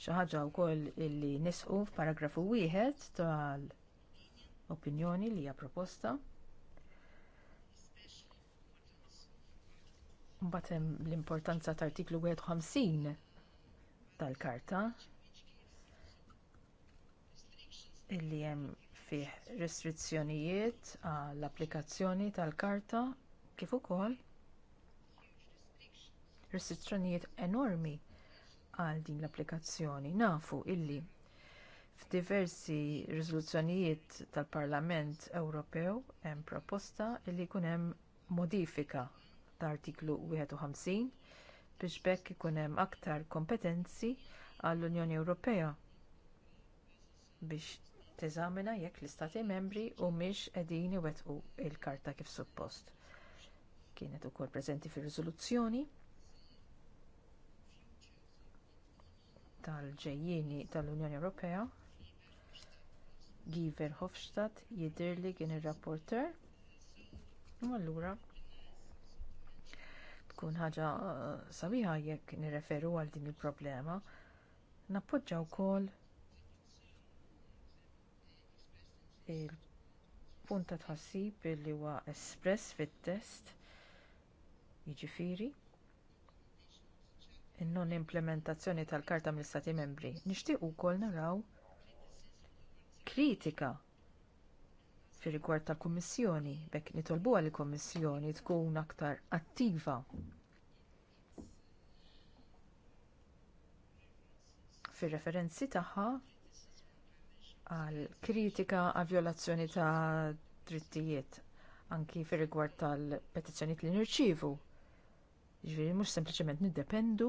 xi ħaġa wkoll illi nisqu f'paragrafu wieħed tal-opinjoni li hija proposta. Mbagħad hemm l-importanza tal-artiklu 51 tal-Karta Illi hemm fih restrizzjonijiet għall applikazzjoni tal-karta kif ukoll restrizzjonijiet enormi għal din l-applikazzjoni. Nafu illi f'diversi riżoluzzjonijiet tal-Parlament Ewropew hemm proposta li jkun hemm modifika ta' artiklu 51 biex bekk ikun hemm aktar kompetenzi għall-Unjoni Ewropea biex teżamina jekk l-istati membri humiex qegħdin iwettqu l karta kif suppost. Kienet ukoll preżenti fir-riżoluzzjoni tal-ġejjieni tal-Unjoni Ewropea. Giver Hofstadt jidhirli kien ir-rapporter. U allura tkun ħaġa uh, sabiħa jekk nirreferu għal din il-problema. Nappoġġa wkoll il-punta tħassib li huwa espress fit-test jiġifieri in-non implementazzjoni tal-karta mill-Istati Membri. Nixtieq ukoll naraw kritika fir rigward tal-Kummissjoni bekk nitolbuha lill kummissjoni tkun aktar attiva fir-referenzi tagħha għal kritika għal violazzjoni ta' drittijiet anki fir rigward tal-petizzjoniet li nirċievu. Ġviri mhux sempliċement niddependu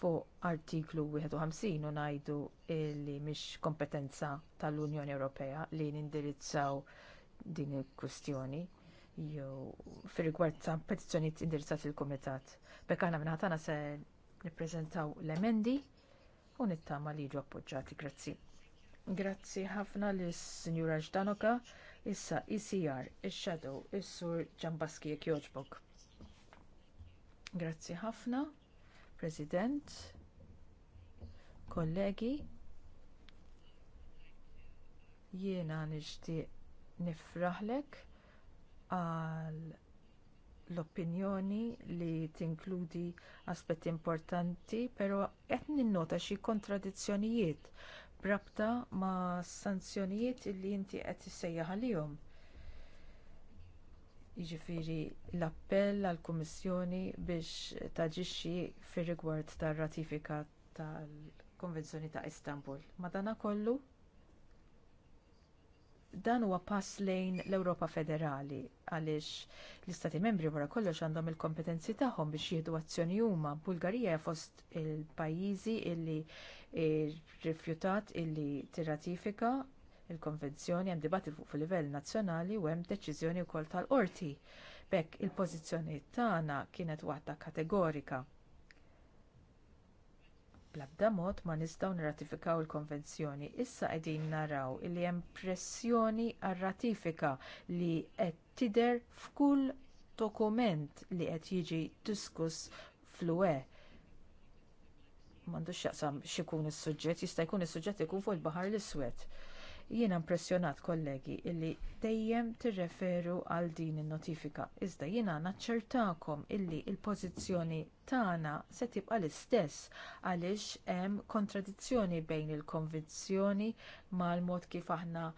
fuq artiklu 51 u ngħidu li mhix kompetenza tal-Unjoni Ewropea li nindirizzaw din il-kwestjoni jew fir-rigward ta' petizzjonijiet indirizzati il-Kumitat. Bekana minn ħatana se nippreżentaw l-emendi u nittama li jiġu appoġġjati. Grazzi. Grazzi ħafna lis sinjura Ġdanoka, issa ICR e il-Shadow, il-Sur Ġambaski jek joġbok. Grazzi ħafna, President, kollegi, jiena nixtieq nifraħlek għal l-opinjoni li tinkludi aspetti importanti, però qed ninnota xi kontradizzjonijiet brabta ma' sanzjonijiet li inti qed tissejjaħ għalihom. Jiġifieri l-appell għall kummissjoni biex taġixxi fir-rigward tar-ratifika tal-Konvenzjoni ta' Istanbul. Madanakollu dan huwa pass lejn l-Ewropa Federali għaliex l-Istati Membri wara kollox għandhom il-kompetenzi tagħhom biex jieħdu azzjoni huma. Bulgarija fost il-pajjiżi li rifjutat illi tirratifika l konvenzjoni hemm dibattit fuq fil-livell nazzjonali u hemm deċiżjoni wkoll tal-qorti. B'hekk il-pożizzjoni tagħna kienet waħda kategorika. Bl-abda mod ma nistgħu nirratifikaw il-konvenzjoni. Issa qegħdin naraw li hemm pressjoni għar-ratifika li qed tidher f'kull dokument li qed jiġi diskuss fl-UE m'għandux x'jaqsam x'ikun is-suġġett, jista' jkun is-suġġett ikun fuq il-Baħar l-Iswed. Jiena impressjonat kollegi illi dejjem tirreferu għal din in-notifika. Iżda jiena naċċertakom illi l il pożizzjoni tagħna se tibqa' l-istess għaliex hemm kontradizzjoni bejn il-konvinzjoni mal-mod kif aħna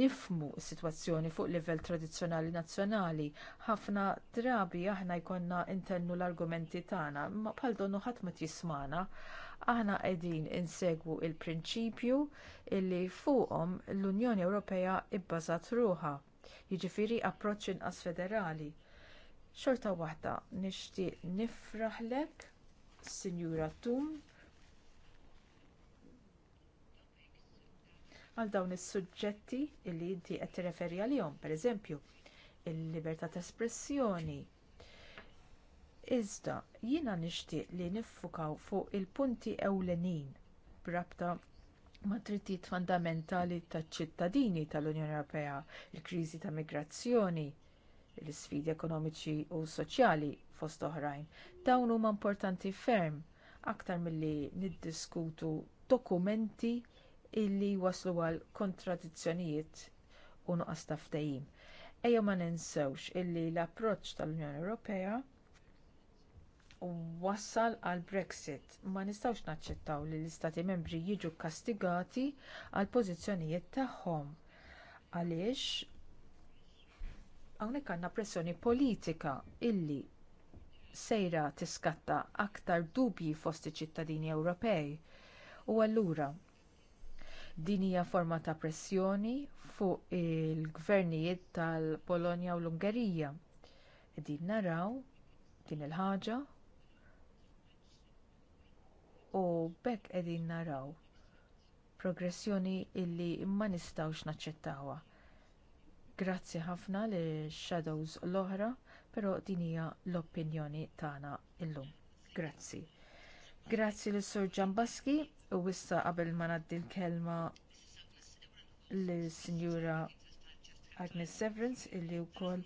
nifmu s-sitwazzjoni fuq livell tradizzjonali nazzjonali. Ħafna drabi aħna jkollna intennu l-argumenti tagħna, ma bħal donnu ħadd ma tismana Aħna qegħdin insegwu l il prinċipju illi fuqhom l-Unjoni Ewropea ibbażat ruħha, jiġifieri approċċ inqas federali. Xorta waħda nixtieq nifraħlek, Sinjura Tum, għal dawn is-suġġetti illi inti qed tirreferi għalihom, pereżempju, il-libertà ta' espressjoni, Iżda jiena nixtieq li niffukaw fuq il-punti ewlenin b'rabta ma' drittijiet fundamentali taċ-ċittadini tal-Unjoni Ewropea, il-kriżi ta' migrazzjoni, l isfidi ekonomiċi u soċjali fost oħrajn. Dawn huma importanti ferm aktar milli niddiskutu dokumenti illi waslu għal kontradizzjonijiet u nuqqas ta' ftehim. Ejja ma ninsewx illi l-approċċ tal-Unjoni Ewropea wassal għal Brexit. Ma nistgħux naċċettaw li l-Istati membri jiġu kastigati għal pożizzjonijiet tagħhom. Għaliex hawnhekk għandna pressjoni politika illi sejra tiskatta aktar dubji fost iċ-ċittadini Ewropej. U allura din hija forma ta' pressjoni fuq il-gvernijiet tal-Polonja u l-Ungerija. Qegħdin naraw din il-ħaġa u b'hekk qegħdin naraw progressjoni illi ma nistgħux naċċettawha. Grazzi ħafna li shadows l-oħra, però din hija l-opinjoni tagħna llum. Grazzi. Grazzi lis sur Ġambaski u issa qabel ma ngħaddi l-kelma lis sinjura Agnes Severance illi wkoll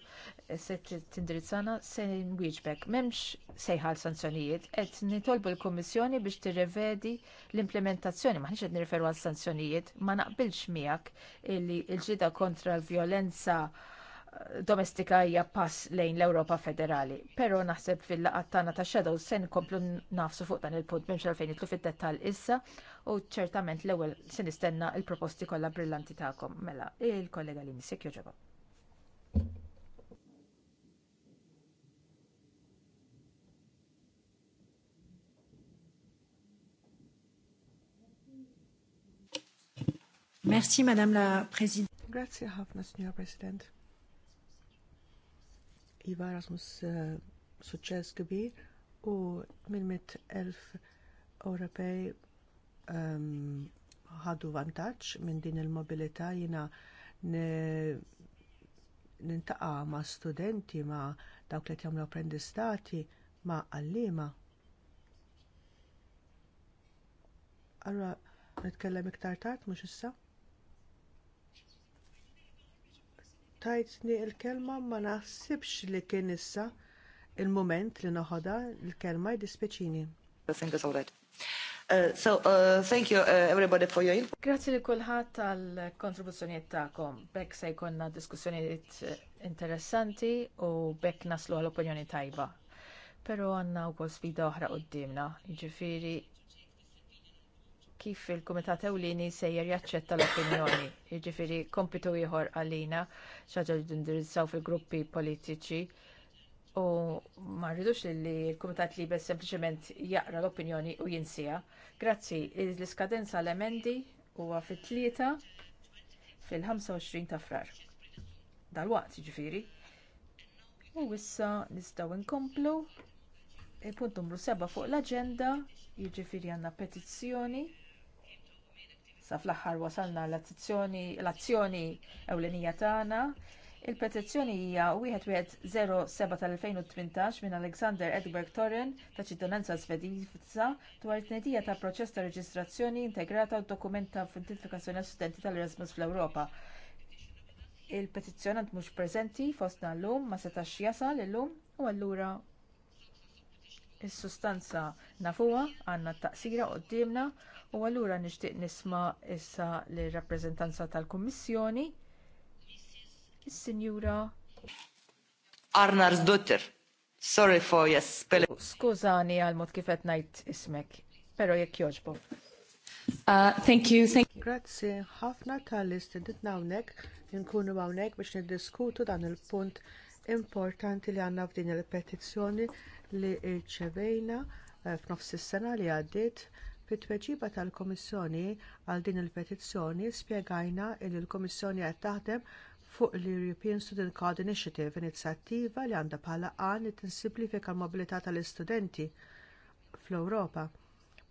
se tindirizzana se nwieġbek. M'hemmx sejħal sanzjonijiet qed nitolbu l-Kummissjoni biex tirrevedi l-implementazzjoni maħniex qed nirreferu għal sanzjonijiet ma naqbilx miegħek illi l-ġida kontra l-vjolenza eh, domestika hija pass lejn l-Ewropa Federali. Però naħseb fil-laqgħat tagħna ta' Shadow se nkomplu nafsu fuq dan il-punt minn x'alfejn nitlu fid issa u ċertament l-ewwel se nistenna l-proposti kollha brillanti tagħkom. Mela, il-kollega li nisek joġoba. Merci, Madame la Présidente. Grazie ħafna, Signora President. Iva Erasmus uh, suċċess kbir u minn mit elf Ewropej Um, ħadu vantaġġ minn din il-mobilità jiena nintaqa' ma' studenti ma' dawk li jagħmlu apprendistati ma' għallima. Allora, nitkellem iktar tard mhux issa? Tajtni l kelma ma naħsibx li kien issa il mument li noħodha l kelma jdispjaċini. Uh, so, uh, thank you uh, everybody for your input. Grazie li kullħat tal-kontribuzzjoniet ta'kom. Bek se jkollna diskussjonijiet eh, interessanti u bek naslu għal-opinjoni tajba. Pero għanna u kol sfida oħra d-dimna, ġifiri kif il-Kumitat Ewlieni sejjer jaċċetta l-opinjoni, jiġifieri kompitu ieħor għalina xi ħaġa li nindirizzaw fil-gruppi politiċi U ma rridux li l-Kumitat Liber sempliċement jaqra l-opinjoni u jinsija. Grazzi, l-iskadenza l-emendi huwa fit-tlieta fil-25 ta' frar. Dal-waqt ġifiri. U issa nistgħu nkomplu. Il-punt numru 7 fuq l-aġenda, jiġifieri għandna petizzjoni. Sa fl-aħħar wasalna l-azzjoni ewlenija tagħna Il-petizzjoni hija 1107 tal-2018 minn Alexander Edberg Torren ta' ċittadinanza Svediża dwar it-tnedija ta' proċess ta' reġistrazzjoni integrata u dokumenta f'intentifikazzjoni għal studenti tal-Erasmus fl-Ewropa. Il-petizzjonant mhux preżenti fostna llum ma setax jasal illum u allura is-sustanza nafuha għandna t-taqsira qudiemna u allura nixtieq nisma' issa lir rappreżentanza tal-Kummissjoni. Is-Sinjura Arnars Dutter. Sorry for yes. Skużani għal mod kif qed ngħid ismek, pero jekk joġbu. Uh, thank you, thank you. Grazzi ħafna tal-istedit hawnhekk nkunu hawnhekk biex niddiskutu dan il-punt importanti li għandna f'din il-petizzjoni li rċevejna uh, f'nofs is-sena li għaddiet fit-tweġiba tal-Komissjoni għal din il-petizzjoni spjegajna li l-Komissjoni qed taħdem fuq l-European Student Card Initiative, inizjattiva li għandha bħala għan li tinsimplifika l-mobilità tal-istudenti fl-Ewropa.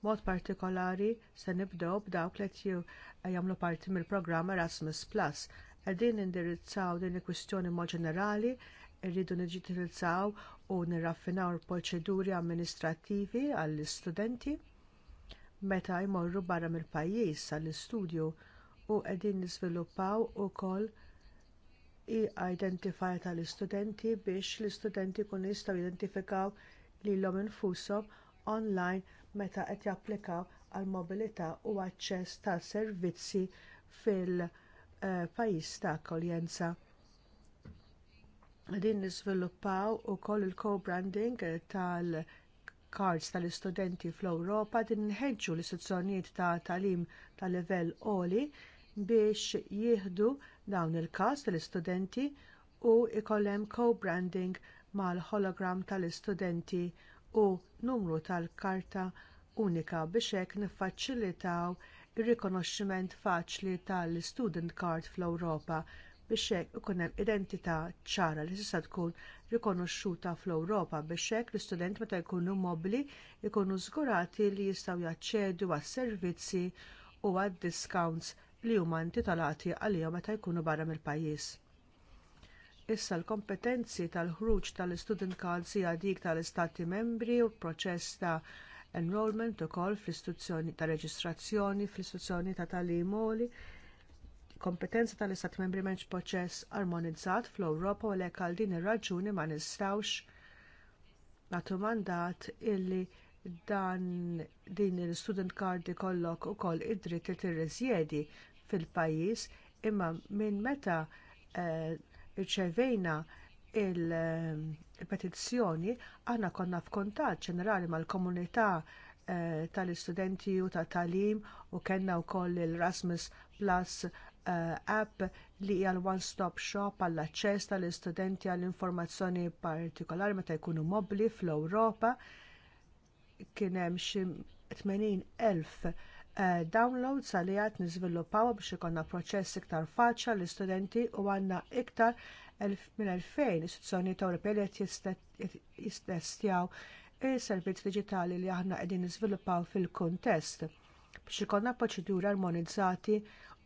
Mod partikolari se nibdew b'dawk li qed jagħmlu parti mill-programm Erasmus Plus. Qegħdin indirizzaw din il-kwistjoni mod ġenerali, rridu niġġitilizzaw u nirraffinaw il-proċeduri amministrattivi għall-istudenti meta jmorru barra mill-pajjiż għall-istudju u qegħdin niżviluppaw ukoll hija identifajta tal istudenti biex l-istudenti jkunu jistgħu jidentifikaw lilhom infushom online meta qed japplikaw għal mobilità u aċċess ta' servizzi fil-pajjiż eh, ta' akkoljenza. Din niżviluppaw ukoll il-co-branding tal-cards tal-istudenti fl-Ewropa din nħeġġu l-istituzzjonijiet ta' tagħlim ta' livell għoli biex jieħdu dawn il każ tal-istudenti u jkollhom co-branding mal-hologram tal-istudenti u numru tal-karta unika biex hekk niffaċilitaw ir-rikonoxximent faċli tal-student card fl-Ewropa biex hekk ikun hemm identità ċara li tista' tkun rikonoxxuta fl-Ewropa biex hekk l-istudenti meta jkunu mobbli jkunu żgurati li jistgħu jaċċedu għas-servizzi u għad-discounts li huma intitolati għalihom meta jkunu barra mill-pajjiż. Issa l-kompetenzi tal-ħruġ tal-student cards hija dik tal-istati membri u l-proċess ta' enrollment ukoll fl-istituzzjoni ta' reġistrazzjoni fl-istituzzjoni ta' tagħlim għoli kompetenza tal-istat membri menx proċess armonizzat fl-Ewropa u lek għal din ir-raġuni ma nistawx nagħtu mandat illi dan din il-student card ikollok ukoll id-dritt li tirreżjedi fil-pajjiż imma minn meta eh, rċevejna il-petizzjoni eh, aħna konna f'kuntatt ġenerali mal-komunità eh, tal-istudenti u ta' talim u kellna wkoll il-Rasmus Plus app li hija l-one-stop shop għall aċċess tal-istudenti għall informazzjoni partikolari meta jkunu mobbli fl-Ewropa kien hemm xi 80,000 Eh, downloads għalli għad nizviluppaw biex ikonna proċess iktar faċa l istudenti u għandna iktar minn 2000 istituzzjoni Ewropej li qed jistestjaw is-servizz diġitali li aħna qegħdin niżviluppaw fil-kuntest biex ikollna proċeduri armonizzati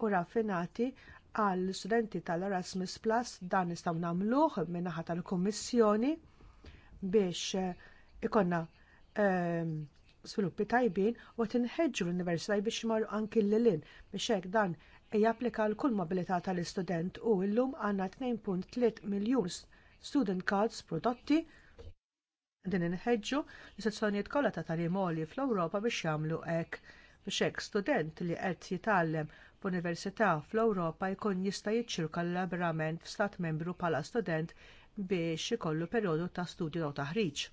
u raffinati għall studenti tal-Erasmus Plus dan nistgħu nagħmluh min-naħa tal-Kummissjoni biex eh, ikonna ehm, sviluppi tajbin u għat inħeġġu l-universitaj biex marru anki l-lin biex hekk dan japplika għal kull mobilità tal-istudent u llum għandna 2.3 miljun student cards prodotti din inħeġġu l-istazzjonijiet kollha ta' tagħlim fl-Ewropa biex jagħmlu hekk biex hekk student li qed jitgħallem f'università fl-Ewropa jkun jista' jiċċirka l-laborament f'stat membru bħala student biex ikollu perjodu ta' studju ta' taħriġ.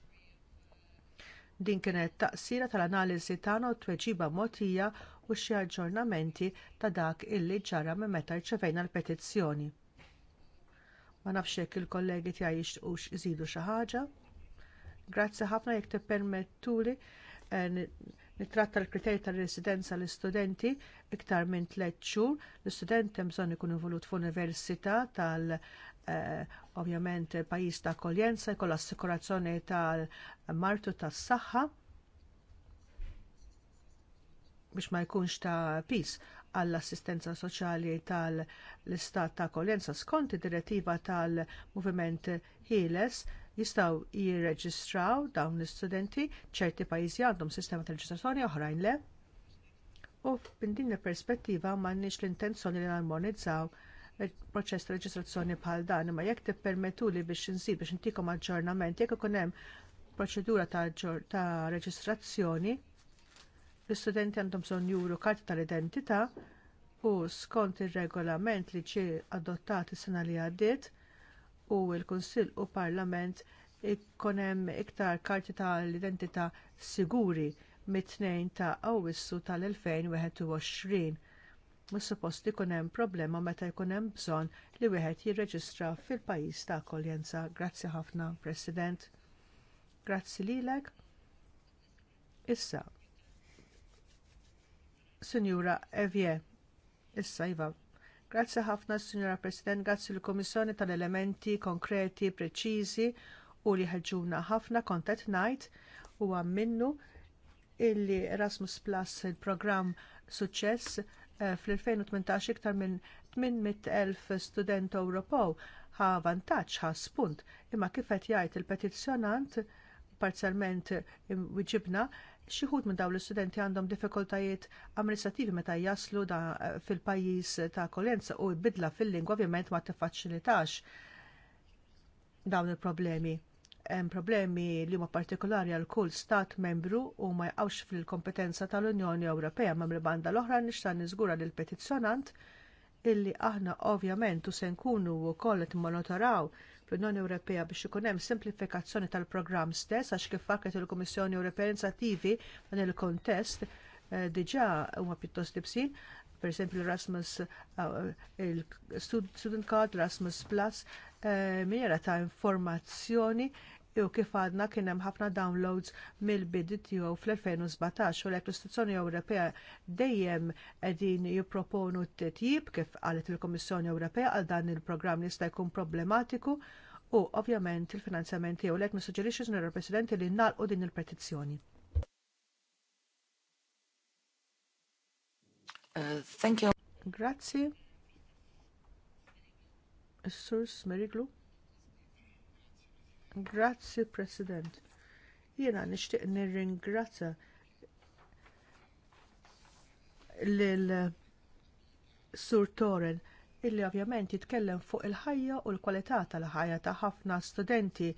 Din kienet taqsira tal-analiżi tagħna u tweġiba mogħtija u xi aġġornamenti ta' dak illi ġara minn meta rċevejna l-petizzjoni. Ma nafx hekk il-kollegi tiegħi jixtqux iżidu xi ħaġa. Grazzi ħafna jekk tippermettuli eh, nitratta l-kriterji tal-residenza l-istudenti iktar minn tliet xhur. L-istudent hemm bżonn ikun involut f'università tal- eh, ovvjament pajjiż ta' akkoljenza, jkoll assikurazzjoni tal-martu tas-saħħa biex ma jkunx ta' pis għall-assistenza soċjali tal-istat ta' akkoljenza skont id-direttiva tal-Moviment Hiles jistgħu jirreġistraw dawn l-istudenti ċerti pajjiżi għandhom sistema ta' reġistrazzjoni oħrajn le. U minn din il-perspettiva m'għandniex l-intenzjoni li narmonizzaw proċess ta' reġistrazzjoni bħal dan, imma jekk tippermettuli biex insib biex intikom aġġornament, jekk ikun hemm proċedura ta', ta reġistrazzjoni, l-istudenti għandhom bżonn juru karti tal-identità u skont ir regolament li ġie adottat is-sena li għaddiet, u l-Kunsill u Parlament ikun hemm iktar karti tal-identità siguri mit tnejn ta' Awwissu tal-2021. Mhux suppost ikun hemm problema meta jkun hemm bżonn li wieħed jirreġistra fil-pajjiż ta' akkoljenza. Grazzi ħafna, President. Grazzi lilek. Issa. Sinjura Evje. Issa, Iva, Grazzi ħafna, Signora President, grazzi l-Komissjoni tal-elementi konkreti, preċiżi u li ħagġuna ħafna kontet najt u minnu illi Erasmus Plus il-programm suċċess eh, fl-2018 iktar minn 800.000 student Ewropew ħa vantaġġ ħa spunt imma kif qed jgħid il-petizzjonant parzialment wiġibna Xiħud minn dawn l-istudenti għandhom diffikultajiet amministrativi meta jaslu da fil-pajjiż ta' kolenza u bidla fil-lingwa ovvjament ma tiffaċilitax dawn il-problemi. Hemm problemi li huma partikolari għal kull stat membru u ma jqawx fil-kompetenza tal-Unjoni Ewropea ma banda l-oħra nixtan niżgura lill petizzjonant illi aħna ovvjament u se nkunu wkoll qed monitoraw fl-Unjoni Ewropea biex ikun hemm simplifikazzjoni tal-programm stess għax kif faket il-Kummissjoni Ewropea inizjattivi dan il-kontest eh, diġà huma pjuttost ibsin pereżempju l-Erasmus eh, il-Student Card, l-Erasmus Plus, eh, minjera ta' informazzjoni jew kif għadna kien hemm ħafna downloads mill-bidi tiegħu fl-2017 u l-Istituzzjoni Ewropea dejjem qegħdin jipproponu t-tjib kif qalet il kummissjoni Ewropea għal dan il-programm li jista' jkun problematiku u ovvjament il-finanzjament tiegħu lek nissuġġerixxi Sinjor President li ngħalqu din il-petizzjoni. Uh, thank you. Grazzi. Meriglu. Grazzi, President. Jiena nixtieq nirringrazzja lil Sur Toren illi ovvjament jitkellem fuq il-ħajja u l-kwalità tal-ħajja ta' ħafna studenti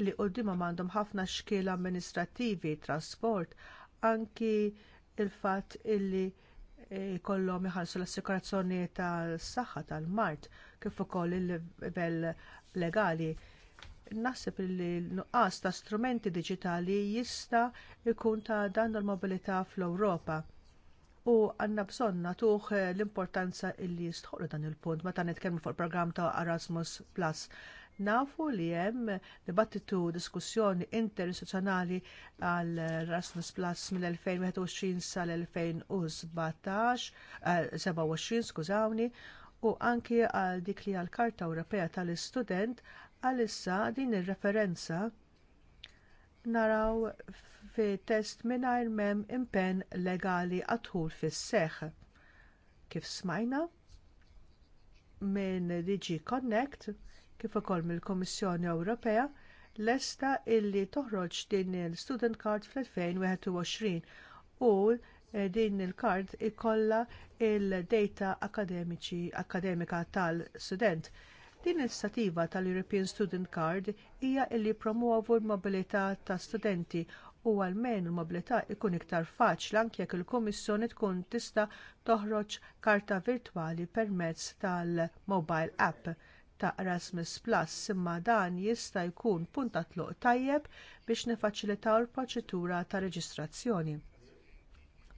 illi quddiem m'għandhom ħafna xkiel amministrattivi, trasport, anki il-fatt illi jkollhom eh, iħallsu l-assikurazzjoni tas saħħa tal-mart kif ukoll il-livell legali naħseb li l-nuqqas ta' strumenti diġitali jista' jkun ta' dan il mobilità fl-Ewropa. U għandna bżonn nagħtuh l-importanza illi jistħoqlu dan il-punt meta nitkellmu fuq il-programm ta' Erasmus Plus. Nafu li hemm dibattitu diskussjoni interistituzzjonali għal Erasmus Plus mill-2021 sal-2017, 27 eh, skużawni, u anki għal dik li għal Karta Ewropea tal-Istudent għalissa din ir-referenza naraw fi test mingħajr m'hemm impenn legali għadħul fis-seħħ. Kif smajna? Minn DG Connect, kif ukoll mill-Kummissjoni Ewropea, lesta illi toħroġ din il-student card fl-2021 u din il-kard ikollha il-data akademika tal-student Din l-istativa tal-European Student Card hija li promuovu l-mobilità ta' studenti u għalmen il-mobilità ikun iktar faċli anke jekk il kummissjoni tkun tista' toħroġ karta virtwali permezz tal-mobile app ta' Erasmus Plus imma dan jista' jkun punt ta' tluq tajjeb biex nifaċilitaw il-proċedura ta' reġistrazzjoni.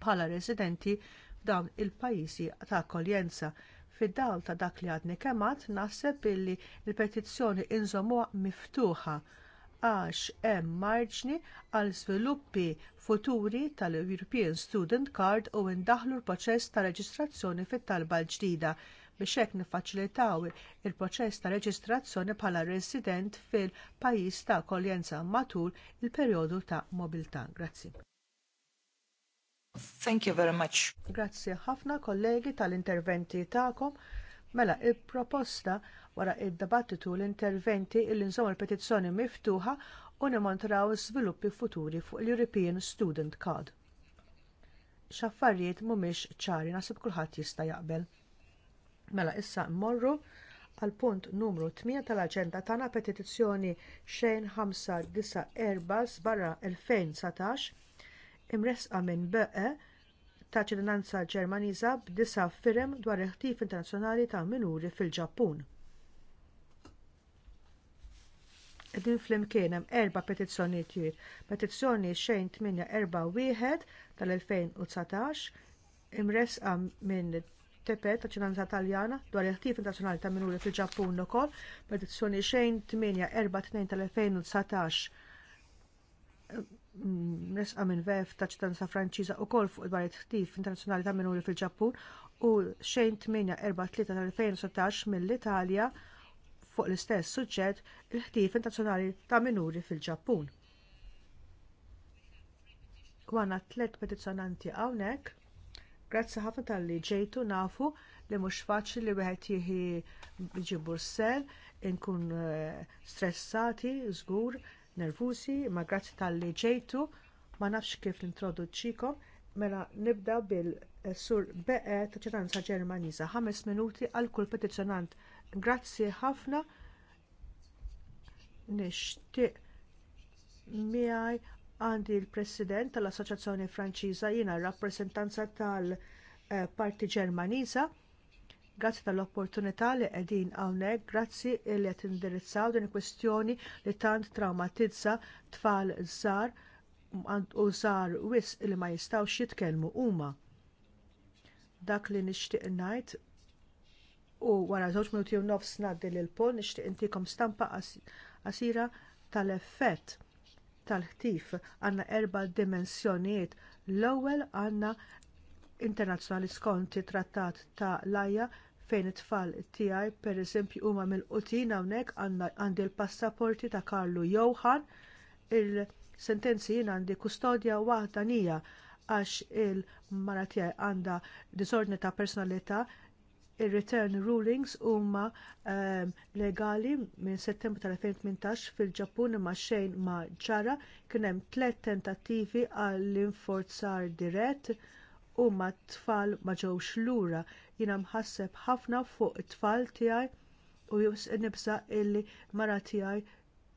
Bħala residenti f'dawn il-pajjiżi ta' akkoljenza Fid-dawl ta' dak li għadni kemat naħseb illi l-petizzjoni inżomuha miftuħa għax hemm marġni għal sviluppi futuri tal-European Student Card u ndaħħlu l-proċess ta' reġistrazzjoni fit-talba l-ġdida biex hekk niffaċilitaw il-proċess ta' reġistrazzjoni bħala resident fil-pajjiż ta' akkoljenza matul il-perjodu ta' mobilità. Grazzi. Thank you very much. Grazzi ħafna kollegi tal-interventi tagħkom. Mela, il-proposta wara id-dibattitu il proposta wara id dabattitu l interventi illi nżom il-petizzjoni miftuħa u nimontraw sviluppi futuri fuq l-European Student Card. Xaffarijiet mhumiex ċari nasib kulħadd jista' jaqbel. Mela issa mmorru għal punt numru 8 tal-aġenda tagħna petizzjoni xejn 594 barra 2019 imresqa minn beqe ta' ċittadinanza Ġermaniża b'disa firem dwar il-ħtif internazzjonali ta' minuri fil-Ġappun. Din flimkien hemm erba' petizzjonijiet. Petizzjoni xejn wieħed tal-2019 imresqa minn Tepet ta' ċinanza Taljana dwar il-ħtif internazzjonali ta' minuri fil-Ġappun ukoll, petizzjoni xejn tnejn tal-2019 nesqa minn vef ta' ċittadinanza Franċiża wkoll fuq il-barriet ħtif internazzjonali ta' minuri fil-Ġappun u xejn 843 tal-2016 mill-Italja fuq l-istess suġġett il-ħtif internazzjonali ta' minuri fil-Ġappun. U tliet petizzjonanti hawnhekk. Grazzi ħafna tal-li ġejtu nafu li mhux faċli li wieħed jieħi jiġi Bursell inkun eh, stressati, żgur, nervużi, ma grazzi tal-li ġejtu, ma nafx kif nintroduċikom, mela nibda bil-sur eh, BE ta' ċitanza Ġermaniża, ħames minuti għal kull petizzjonant. Grazzi ħafna nixtieq miegħi għandi l president tal-Assoċjazzjoni Franċiża jiena r rappreżentanza tal-Parti eh, Ġermaniża Grazzi tal-opportunità li qegħdin hawnhekk, grazzi li qed indirizzaw din il-kwestjoni li tant traumatizza tfal żgħar u żgħar wisq li ma jistgħux jitkellmu huma. Dak li nixtieq ngħid u wara żewġ minuti u nofs ngħaddi lil Paul nixtieq intikom stampa qasira tal-effett tal-ħtif għandna erba' dimensjonijiet. L-ewwel għandna internazzjonali skont it trattat ta' Lajja fejn it-tfal tiegħi pereżempju huma mill-qutin hawnhekk għandi l-passaporti ta' Karlu Johan, il-sentenzi jien għandi kustodja nija għax il-mara tiegħi għandha disordni ta' personalità ir-return rulings huma um, legali minn settembru tal-2018 fil-Ġappun imma xejn ma ġara kien hemm tliet tentattivi għall-inforzar dirett huma t-tfal ma ġewx lura jiena mħasseb ħafna fuq it-tfal tiegħi u jus nibsa illi mara tiegħi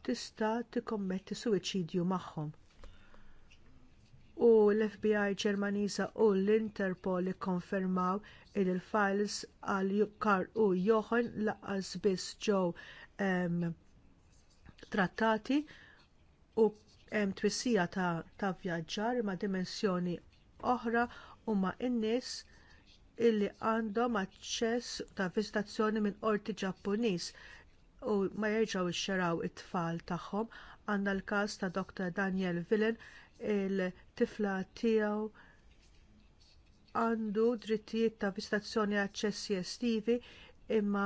tista' tikkummetti suwiċidju magħhom. U l-FBI Ġermaniża u l-Interpol ikkonfermaw li l files għal Kar u Johan lanqas biss ġew trattati u hemm twissija ta', ta vjaġġar ma' dimensjoni oħra huma n-nies illi għandhom aċċess ta' viżitazzjoni minn qorti Ġappuniż u ma jerġgħu xxeraw it-tfal tagħhom għandna l-każ ta' Dr. Daniel Villen il-tifla tiegħu għandu drittijiet ta' viżitazzjoni aċċessi estivi imma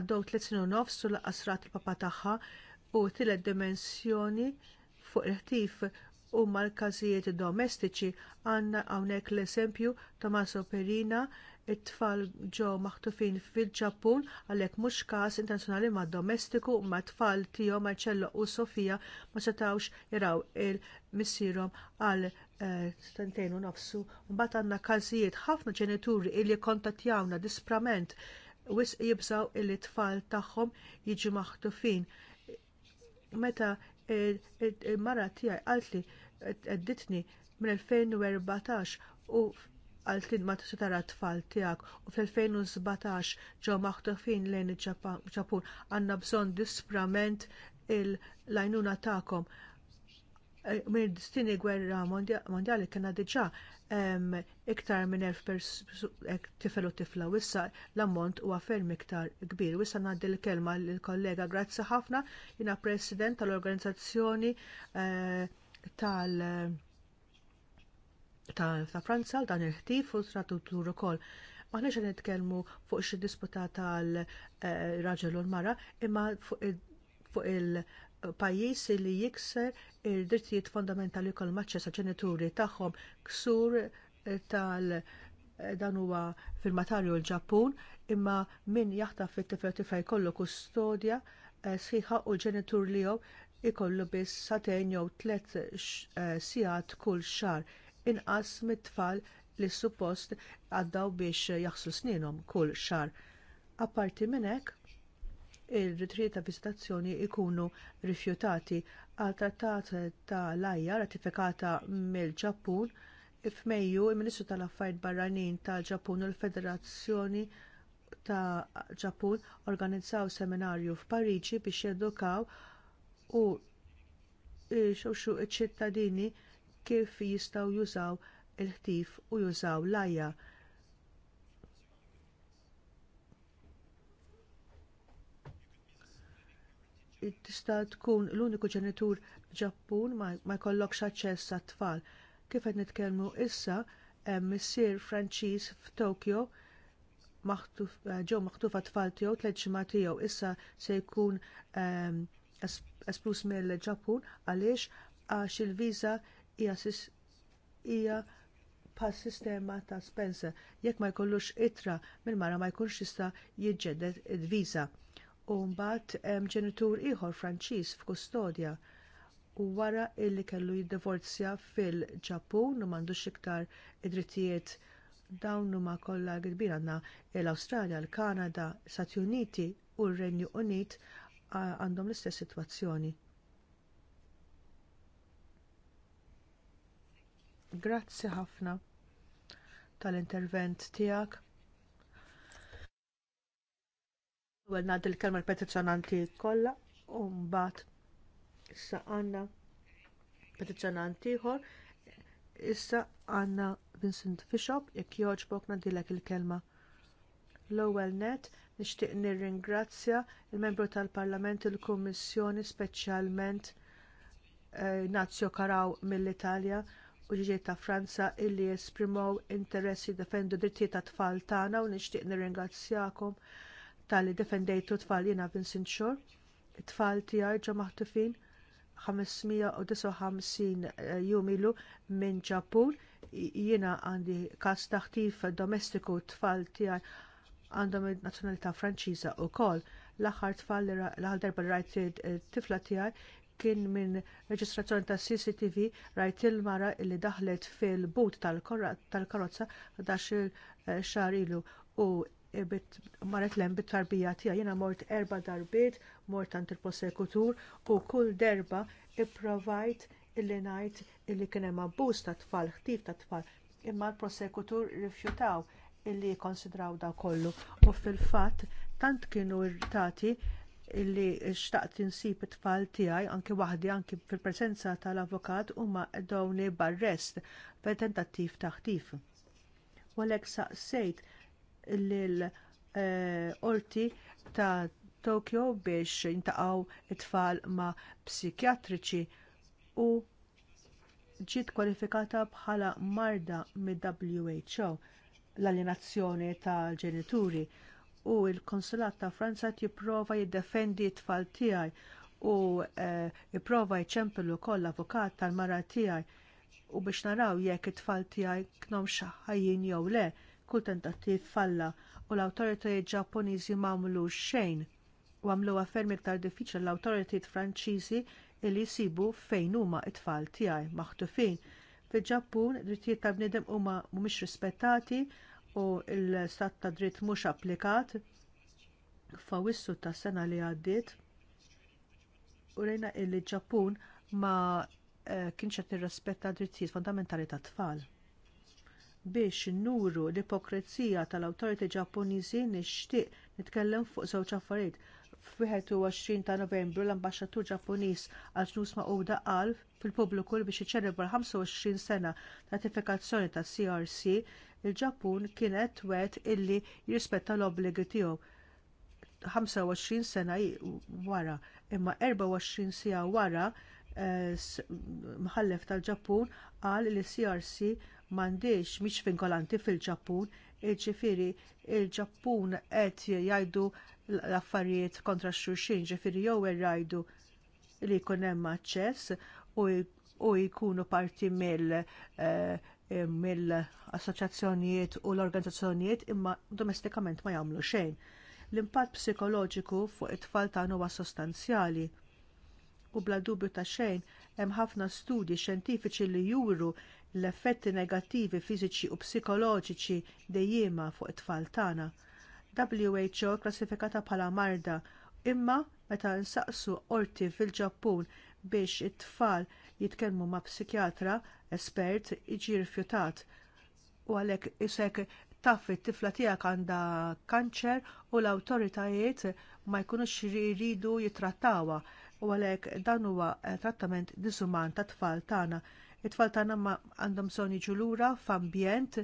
għaddew tliet snin u nofs u laqqasrat il-papa tagħha u tielet dimensjoni fuq il-ħtif u mal-każijiet domestiċi għandna hawnhekk l-eżempju Tommaso Perina it-tfal ġew maħtufin fil-Ġappun għalhekk mhux każ intenzjonali ma' domestiku ma' tfal tiegħu Marcello u Sofija ma setawx jaraw il-missierhom għal eh, stentejn u nofsu. Mbagħad għandna każijiet ħafna ġenituri li jikkontattjawna disprament wisq jibżaw il-tfal tagħhom jiġu maħtufin meta il-mara tiegħi qaltli għedditni minn 2014 u għaltin ma tara t tfal tiegħek u fl-2017 ġew maħtufin lejn il-Ġapun għandna bżonn disprament il-lajnuna tagħkom minn distini gwerra mondjali kena diġà iktar minn elf tifel u tifla issa l-ammont huwa ferm iktar kbir. Wissa ngħaddi l-kelma lill kollega grazzi ħafna jiena president tal-organizzazzjoni eh, tal- ta' Franza dan il-ħtif u traduttur ukoll. Aħna xa nitkellmu fuq xi disputa tal-raġel eh, u l-mara imma fuq il- pajjiż li jikser id-drittijiet fondamentali kol maċċess ġenituri tagħhom ksur tal- dan huwa firmatarju l-Ġappun imma min jaħtaf fit-tifel tifel jkollu kustodja eh, sħiħa u l-ġenitur li ikollu biss sagħtejn jew tliet eh, sigħat kull xahar inqas mit-tfal li suppost għaddaw biex jaħsu sninhom kull xahar. Apparti minn hekk, il-ritriet ta' viżitazzjoni jkunu rifjutati għal trattat ta' lajja ratifikata mill-Ġappun f'Mejju il-Ministru tal-Affarijiet Barranin tal-Ġappun u l-Federazzjoni ta' Ġappun organizzaw seminarju f'Pariġi biex jedukaw u xoxu ċittadini kif jistgħu jużaw il-ħtif u jużaw l-ajja. tista' tkun l-uniku ġenitur Ġappun ma jkollokx aċċess għat-tfal. Kif qed nitkellmu issa hemm missier Franċiż f'Tokyo eh, ġew maħtufa tfal tiegħu tliet ġimgħa tiegħu issa se jkun ehm, esplus mill-Ġappun għaliex għax il-viża hija bħal sistema ta' Spencer jekk ma jkollux itra minn mara ma jkunx jista' jiġġeded id-viża u mbagħad hemm ġenitur ieħor Franċiż f'kustodja u wara illi kellu jiddivorzja fil-Ġappun u m'għandux iktar id-drittijiet dawn huma kollha kbir għandna l-Awstralja, l-Kanada, Stati Uniti u r-Renju Unit għandhom l-istess sitwazzjoni. Grazzi ħafna tal-intervent tiegħek. Għal nad il-kelma l-petizjonanti kolla, un-bat issa għanna petizjonanti ħor, issa għanna Vincent Fishop, jekk joġbok nadilek il-kelma. L-ewwel net, nixtieq nirringrazzja l membru tal-Parlament il-Kummissjoni speċjalment eh, Nazio Karaw mill-Italja u ġiġiet ta' Franza illi esprimow interessi defendu drittijiet tat tfal tagħna u nixtieq nirringrazzjakom tal-li defendejtu tfal jena Vincent Shore, tfal tiegħi ġo maħtufin 559 eh, jum ilu minn Ġappun, jiena għandi każ taħtif domestiku tfal tiegħi għandhom il-nazzjonalità Franċiża wkoll. L-aħħar tfal li l-aħħar darba rajt tifla tiegħi kien minn reġistrazzjoni ta' CCTV rajt il-mara li daħlet fil-but tal-karozza 11 eh, xahar ilu u marret lem bit-tarbija tiegħi jiena mort erba' darbiet, mort għand il-prosekutur u kull darba ipprovajt illi ngħid illi kien hemm abbuż ta' tfal, ħtif ta' tfal, imma l-prosekutur rifjutaw illi jikkonsidraw da kollu. U fil-fatt tant kienu irritati illi xtaqt insib it-tfal tiegħi anki waħdi anki fil-preżenza tal-avukat huma dawni barrest fil tentattiv ta' ħtif. Walek saqsejt l-orti eh, ta' Tokyo biex jintaqgħu it-tfal ma' psikjatriċi u ġiet kwalifikata bħala marda mid-WHO l-alienazzjoni tal-ġenituri u l konsulat ta' Franza jipprova jiddefendi t tfal tiegħi u jipprova eh, jċempillu koll avukat tal-mara tiegħi u biex naraw jekk it-tfal tiegħi knomx ħajjin jew le kull tentattiv falla u l-awtoritajiet Ġappuniżi ma għamlu xejn u għamluha ferm iktar diffiċli l-awtoritajiet Franċiżi li jsibu fejn huma t tfal tiegħi maħtufin. Fil-Ġappun, drittijiet tal-bniedem huma mhumiex rispettati u l-stat ta' dritt mhux applikat f'awwissu tas sena li għaddiet u rejna li ġappun ma eh, kienx qed irrispetta drittijiet fundamentali tat-tfal biex nuru l-ipokrizija tal-awtoriti Ġappuniżi nixtieq nitkellem fuq żewġ affarijiet. F-21 ta' Novembru l-Ambaxxatur Ġappuniż għal ġnus Magħquda qal fil-pubbliku biex iċċelebra 25 sena ratifikazzjoni ta' CRC, il-Ġappun kienet wet illi jirrispetta l-obbligi tiegħu 25 sena wara, imma 24 siegħa wara eh, mħallef tal-Ġappun qal li CRC m'għandix mhix vinkolanti fil-Ġappun, iġifieri l ġappun qed jgħidu l-affarijiet kontra x-xulxin, ġifieri jew irrajdu li jkun hemm aċċess u jkunu parti mill- eh, mill-assoċjazzjonijiet u l-organizzazzjonijiet imma domestikament ma jagħmlu xejn. L-impatt psikoloġiku fuq it-tfal tagħna huwa sostanzjali u bla dubju ta' xejn hemm ħafna studji xjentifiċi li juru l-effetti negattivi fiżiċi u psikoloġiċi dejjema fuq it-tfal tagħna. WHO klassifikata bħala marda imma meta nsaqsu qorti fil-Ġappun biex it-tfal jitkellmu ma' psikjatra espert jiġi rifjutat u għalhekk isek taf it-tifla tiegħek għandha kanċer u l-awtoritajiet ma jkunux jridu jittrattawha u għalhekk dan huwa eh, trattament disuman tat tfal tagħna It-tfal tagħna għandhom bżonn jiġu lura f'ambjent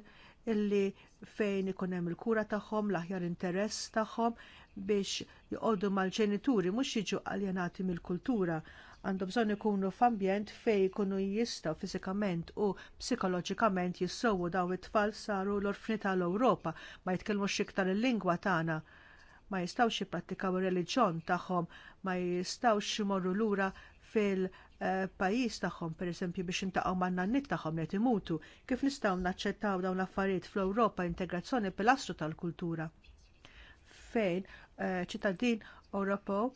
illi fejn ikun hemm il-kura tagħhom, l-aħjar interess tagħhom biex joqogħdu mal-ġenituri mhux jiġu aljenati mill-kultura. Għandhom bżonn ikunu f'ambjent fejn ikunu jistgħu fiżikament u psikoloġikament jissowu daw it-tfal saru l-orfni tal-Ewropa ma jitkellmux iktar il-lingwa tagħna ma jistgħux jipprattikaw ir-reliġjon tagħhom, ma jistgħux imorru lura fil- Eh, pajjiż tagħhom, pereżempju biex intaqgħu man-nannit tagħhom li imutu, kif nistgħu naċċettaw dawn l-affarijiet fl-Ewropa integrazzjoni e pilastru tal-kultura. Fejn eh, ċittadin Ewropew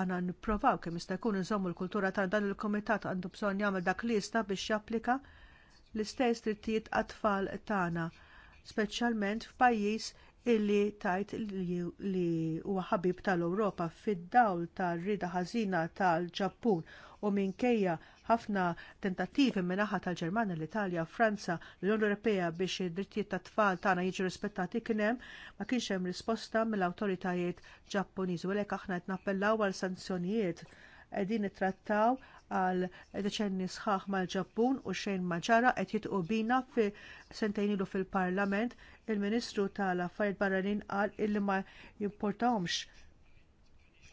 għana nipprovaw kemm jista' jkun inżommu l-kultura ta' dan il kumitat għandu bżonn jagħmel dak li jista' biex japplika l-istess drittijiet għat-tfal tagħna, speċjalment f'pajjiż illi tajt li huwa ħabib tal-Ewropa fid-dawl tar-rida ħażina tal-Ġappun u minkejja ħafna tentattivi min-naħa tal-Ġermanja, l-Italja, Franza, l-Unjoni Ewropea biex id-drittijiet tat-tfal tagħna jiġu rispettati kien hemm ma kienx hemm risposta mill-awtoritajiet Ġappuniżi u għalhekk aħna qed nappellaw għal sanzjonijiet qegħdin nittrattaw għal deċenni sħaħ mal-Ġappun u xejn ma ġara qed jitqu bina fi sentejnilu fil-Parlament il-Ministru tal-Affarijiet Barranin qal illi ma jimportawmx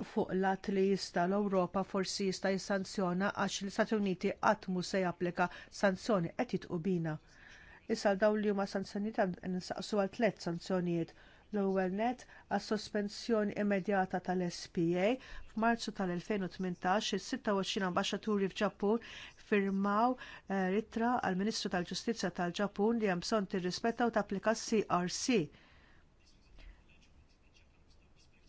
fuq lat li jista l-Ewropa forsi jista jissanzjona għax l-Istati Uniti qatt mhu se japplika sanzjoni qed bina. Issa dawn li huma sanzjonijiet nsaqsu għal tliet sanzjonijiet l-ewwel nett għas sospensjoni immedjata tal-SPA f'Marzu tal-2018 is-26 ambaxxaturi f'Ġappun firmaw eh, ritra għall ministru tal-Ġustizzja tal-Ġappun li hemm bżonn tirrispetta u tapplika CRC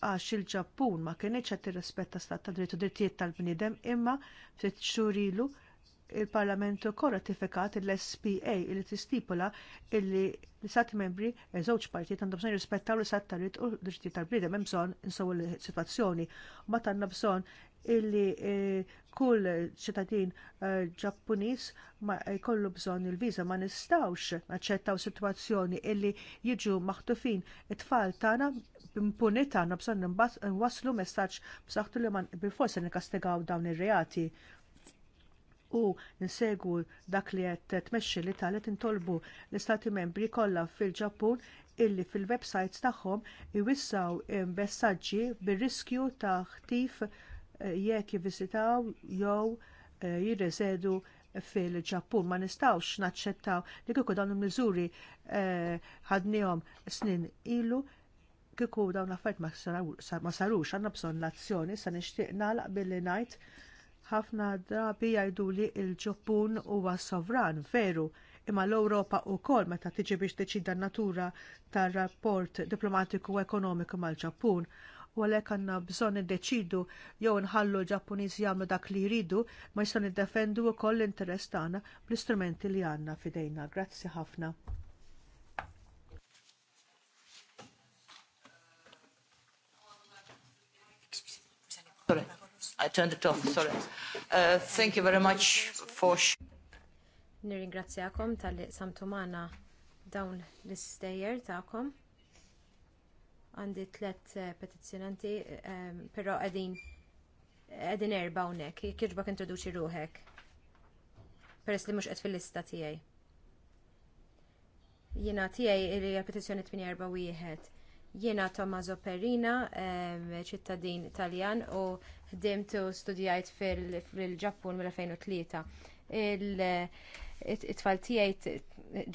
għax il-Ġappun ma kienieċ qed tirrispetta stat ta' dritt u drittijiet tal-bniedem imma ftit xhur ilu il-Parlament ukoll ratifikat l-SPA li tistipula illi l istati membri żewġ partijiet għandhom bżonn jirrispettaw l-istat ta' dritt u drittijiet tal-bniedem hemm bżonn insewu l-sitwazzjoni. Ma għandna bżonn illi eh, kull ċittadin eh, Ġappuniż ma jkollu bżonn il-viża ma nistgħux naċċettaw sitwazzjoni illi jiġu maħtufin it-tfal tagħna b'impunità għandna bżonn nwasslu messaġġ b'saħħtu li bil-forsi nikastigaw dawn ir-reati u nsegwu dak li qed tmexxi li talet intolbu l-istati membri kollha fil-Ġappun illi fil-websites tagħhom iwissaw messaġġi bir-riskju ta' ħtif eh, jekk jivvisitaw jew eh, jirreżedu fil-ġappun ma nistawx naċċettaw li kieku dawn il-miżuri eh, ħadnihom snin ilu kieku dawn l-affarijiet ma sarux għandna bżonn l-azzjoni sa nixtieq nagħlaq billi ngħid ħafna drabi jgħiduli l ġappun huwa sovran veru imma l-Ewropa wkoll meta tiġi biex tiċida n-natura tar-rapport diplomatiku u ekonomiku mal-Ġappun u għalhekk għandna bżonn iddeċidu jew nħallu l-Ġappuniżi jagħmlu dak li jridu ma jistgħu niddefendu wkoll l-interess tagħna bl-istrumenti li għandna f'idejna. Grazzi ħafna. I turned it off, sorry. Uh, thank you very much for... Nirringrazzjakom tal-li samtumana dawn l-istejjer ta'kom. Għandi tlet eh, petizjonanti, ehm, pero għedin għedin erba unek, kħiġbak introduċi ruħek. Peress li mux għed fil-lista tijaj. Jena tijaj li għal petizjoni 841. Jiena Tommaso Perina, ċittadin Taljan u ħdimt u studijajt fil-Ġappun mill-2003. Il-tfal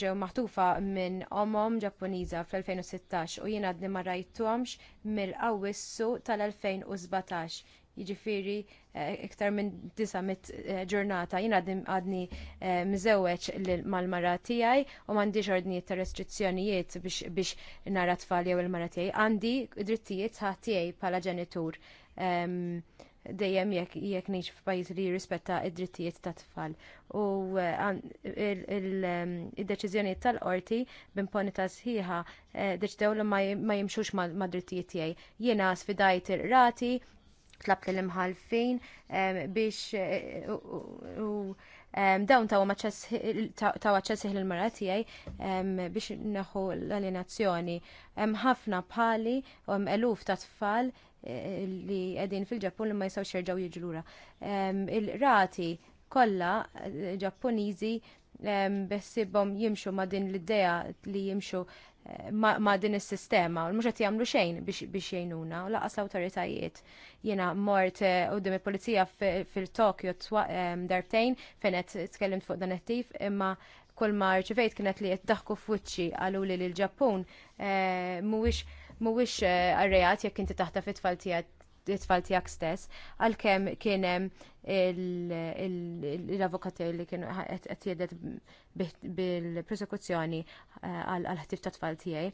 ġew maħtufa minn omom Ġappuniża fl-2016 u jiena għadni ma rajtuhomx mill-qawissu tal-2017 jiġifieri eh, iktar minn 900 eh, ġurnata jina għadni eh, mżewweġ mal-mara tiegħi u m'għandix ordnijiet ta' restrizzjonijiet biex nara tfal jew il-mara tiegħi. Għandi drittijiet ħadd tiegħi bħala ġenitur ehm, dejjem jekk ngħix f'pajjiż li jirrispetta d-drittijiet tat tfal. U ehm, id-deċiżjonijiet tal-qorti b'imponi ta' sħiħa deċdew li ma jimxux mad drittijiet tiegħi. Jiena sfidajt ir-rati, tlabt l-imħalfin biex eh, u dawn taw aċċess il mara tiegħi biex neħu l-alienazzjoni. Hemm ħafna bħali u eluf ta' tfal eh, li qegħdin fil-Ġappun li ma jisaw xerġaw jiġu Il-rati kollha eh, Ġappuniżi bessibhom jimxu ma' din l-idea li jimxu ma, ma din is-sistema u mhux qed jagħmlu xejn biex jgħinuna u laqas l-awtoritajiet. Jiena mort eh, qudiem il-pulizija fil-Tokyo darbtejn fejn qed tkellimt fuq dan it-tif imma kull ma rċivejt kienet li qed daħku f'wiċċi qalu li l-Ġappun eh, mhuwiex mhuwiex eh, arrejat jekk inti taħta fit-tfal tiegħek it-tfal tiegħek stess, għalkemm kien hemm l-avukati li kienu qed jedet bil-prosekuzzjoni eh, għal ħtif ta' tfal tiegħi.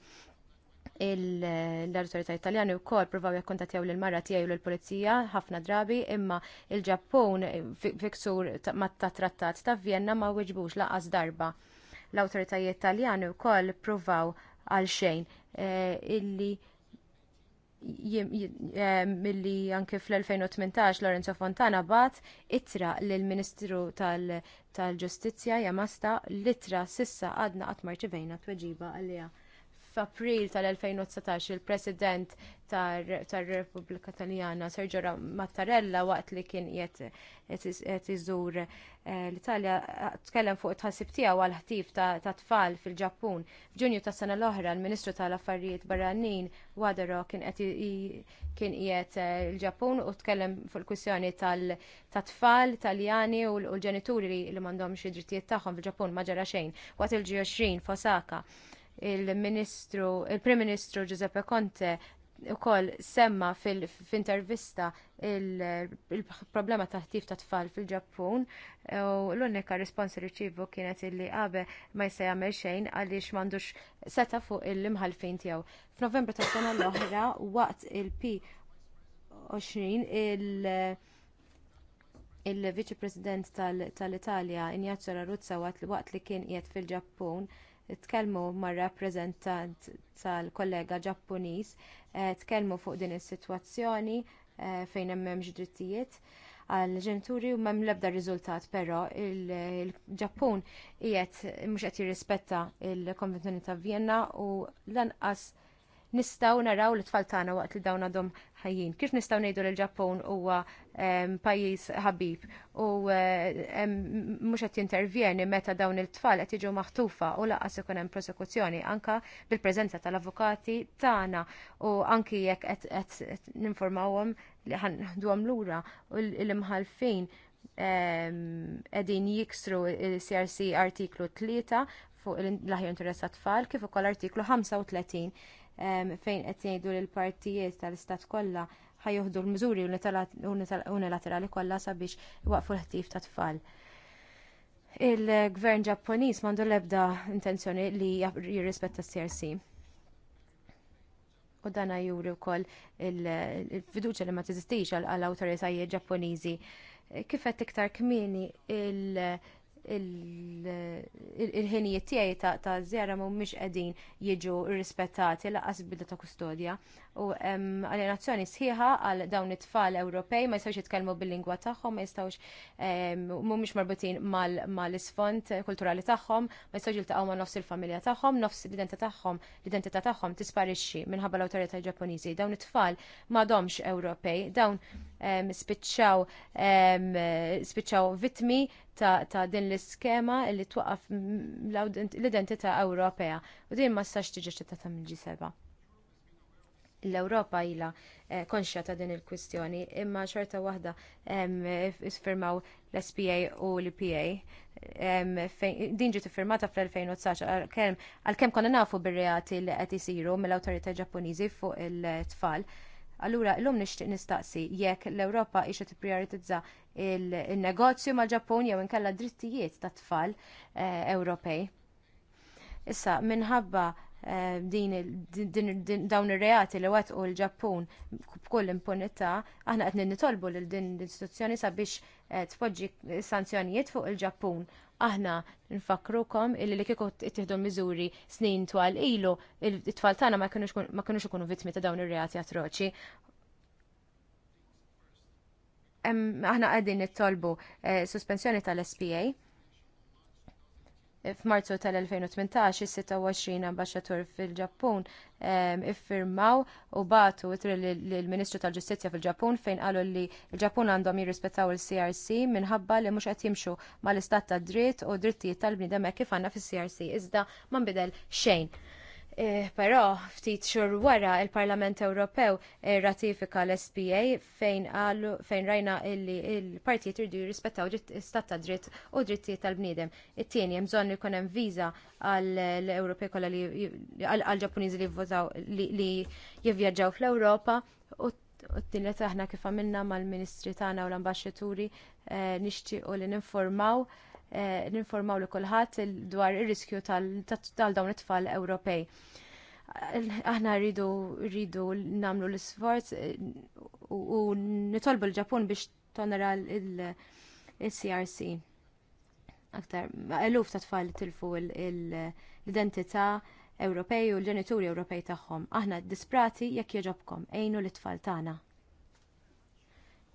L-autorità italjani wkoll provaw jakkontattjaw lill marra tiegħi u l pulizija ħafna drabi imma il-Ġappun fiksur mat-ta' trattat ta' Vienna ma weġbux laqas darba. L-awtoritajiet Taljani wkoll provaw għal xejn eh, illi Eh, milli anke fl-2018 Lorenzo Fontana bat itra lill-Ministru tal-Ġustizzja Jamasta l-itra sissa għadna qatt marċivejna tweġiba għaliha f'April tal-2019 il-President tar-Repubblika Taljana Sergio Mattarella waqt li kien qed iżur eh, l-Italja tkellem fuq it-ħassib tiegħu għal ħtif ta' tfal fil-Ġappun. F'Ġunju tas sena l-oħra l-Ministru tal-Affarijiet Barranin Wadero kien qed il-Ġappun eh, u tkellem fuq il-kwissjoni tat-tfal Taljani u l-ġenituri li m'għandhomx id-drittijiet tagħhom fil-Ġappun ma ġara xejn waqt il-G20 f'Osaka il-Ministru, il-Prim Ministru Giuseppe Conte ukoll semma fil-intervista il-problema ta' ħtif ta' tfal fil-Ġappun u l-unika risponsi riċivu kienet illi qabe ma jista' jagħmel xejn għaliex m'għandux seta' fuq il-imħalfin tiegħu. F'Novembru tas sena l-oħra waqt il-P 20 il- il-Viċi President tal-Italja Ignazio Raruzza waqt li kien qiegħed fil-Ġappun tkellmu mar-rappreżentant tal-kollega Ġappuniż, eh, tkellmu fuq din is-sitwazzjoni eh, fejn hemm m'hemmx drittijiet għal ġenituri u m'hemm l-ebda riżultat però il-Ġappun qiegħed mhux qed jirrispetta l konvenzjoni ta' Vienna u lanqas nistgħu naraw l-tfal tagħna waqt li dawn għadhom ħajjin. Kif nistgħu ngħidu li l-Ġappun huwa pajjiż ħabib u eh, mhux qed jintervjeni meta dawn il-tfal qed jiġu maħtufa u laqas ikun hemm prosekuzzjoni anka bil-preżenza tal-avukati tagħna u anki jekk qed ninformawhom li ħanduhom lura u l-imħalfin edin jiksru il-CRC artiklu 3 fuq l-aħjar interess tfal kif ukoll artiklu 35 fejn qed jgħidu lill partijiet tal-istat kollha ħajjoħdu l-miżuri unilaterali kollha sabiex iwaqfu l-ħtif ta' tfal. Il-gvern Ġappuniż m'għandu l-ebda intenzjoni li jirrispetta s-CRC. U dan juri wkoll il-fiduċja li ma tiżistix għall awtoritajiet Ġappuniżi. Kif qed iktar kmieni il- il-ħinijiet tiegħi ta' żjara mhumiex qegħdin jiġu rrispettati laqas bidla ta' kustodja u alienazzjoni sħiħa għal dawn it-tfal Ewropej ma jistgħux jitkellmu bil-lingwa tagħhom, ma jistgħux mhumiex marbutin mal-isfond kulturali tagħhom, ma jistgħux jiltaqgħu ma' nofs il-familja tagħhom, nofs l-identità tagħhom, l-identità tagħhom tisparixxi minħabba l-awtorità Ġappuniżi. Dawn it-tfal m'għadhomx Ewropej, dawn spiċċaw spiċċaw vittmi ta', ta' din l-iskema li twaqqaf l-identità Ewropea u din ma stax tiġi ċittata mill-G7. L-Ewropa ilha eh, konxja ta' din il-kwistjoni, imma xorta waħda isfirmaw l-SPA u l-PA. Din ġiet firmata fl-2019 għalkemm konna nafu bir-reati li qed isiru mill autorita Ġappuniżi fuq it-tfal. Allura, l-lum nishtiq nistaqsi jekk l-Ewropa ixa prioritizza il-negozju mal-Ġappun jew inkella drittijiet ta' tfal eh, Ewropej. Issa, minħabba eh, din dawn ir-reati li u l-Ġappun b'kull impunità, aħna qed nitolbu lil din l-istituzzjoni sabiex eh, tpoġġi sanzjonijiet fuq il-Ġappun Aħna nfakrukom illi li kieku ittieħdu miżuri snin twal ilu, it-tfal tagħna ma kinux ikunu vittmi ta' dawn ir-reati atroċi. Aħna qegħdin nittolbu eh, suspensjoni tal-SPA f'Marzu tal-2018 is-26 ambaxxatur fil-Ġappun ehm, iffirmaw u batu lill-Ministru tal-Ġustizzja fil-Ġappun fejn qalu li l-Ġappun għandhom jirrispettaw il-CRC minħabba li mhux qed jimxu mal-istat tad dritt u drittijiet tal-bniedem kif għandna fis-CRC iżda ma nbidel xejn. Eh, però, ftit xhur wara il-Parlament Ewropew eh, ratifika l-SPA fejn, fejn rajna illi il-partijiet irdu jirrispettaw stat ta' dritt u drittijiet tal-bniedem. It-tieni hemm bżonn ikun hemm viża għall kolla li għall-Ġappuniżi li jivvotaw li jivvjaġġaw fl-Ewropa u t-tielet aħna kif għamilna mal-Ministri tagħna u l-Ambaxxituri eh, nixtiequ li ninformaw Eh, ninformaw li kulħadd dwar ir-riskju tal-dawn it-tfal Ewropej. Aħna rridu rridu namlu l-sforz eh, u nitolbu l-Ġapun biex tonera l crc Aktar, eluf ta' tfal tilfu l-identità Ewropej u l-ġenituri Ewropej tagħhom. Aħna disprati jekk jogħġobkom, għejnu l-tfal tagħna.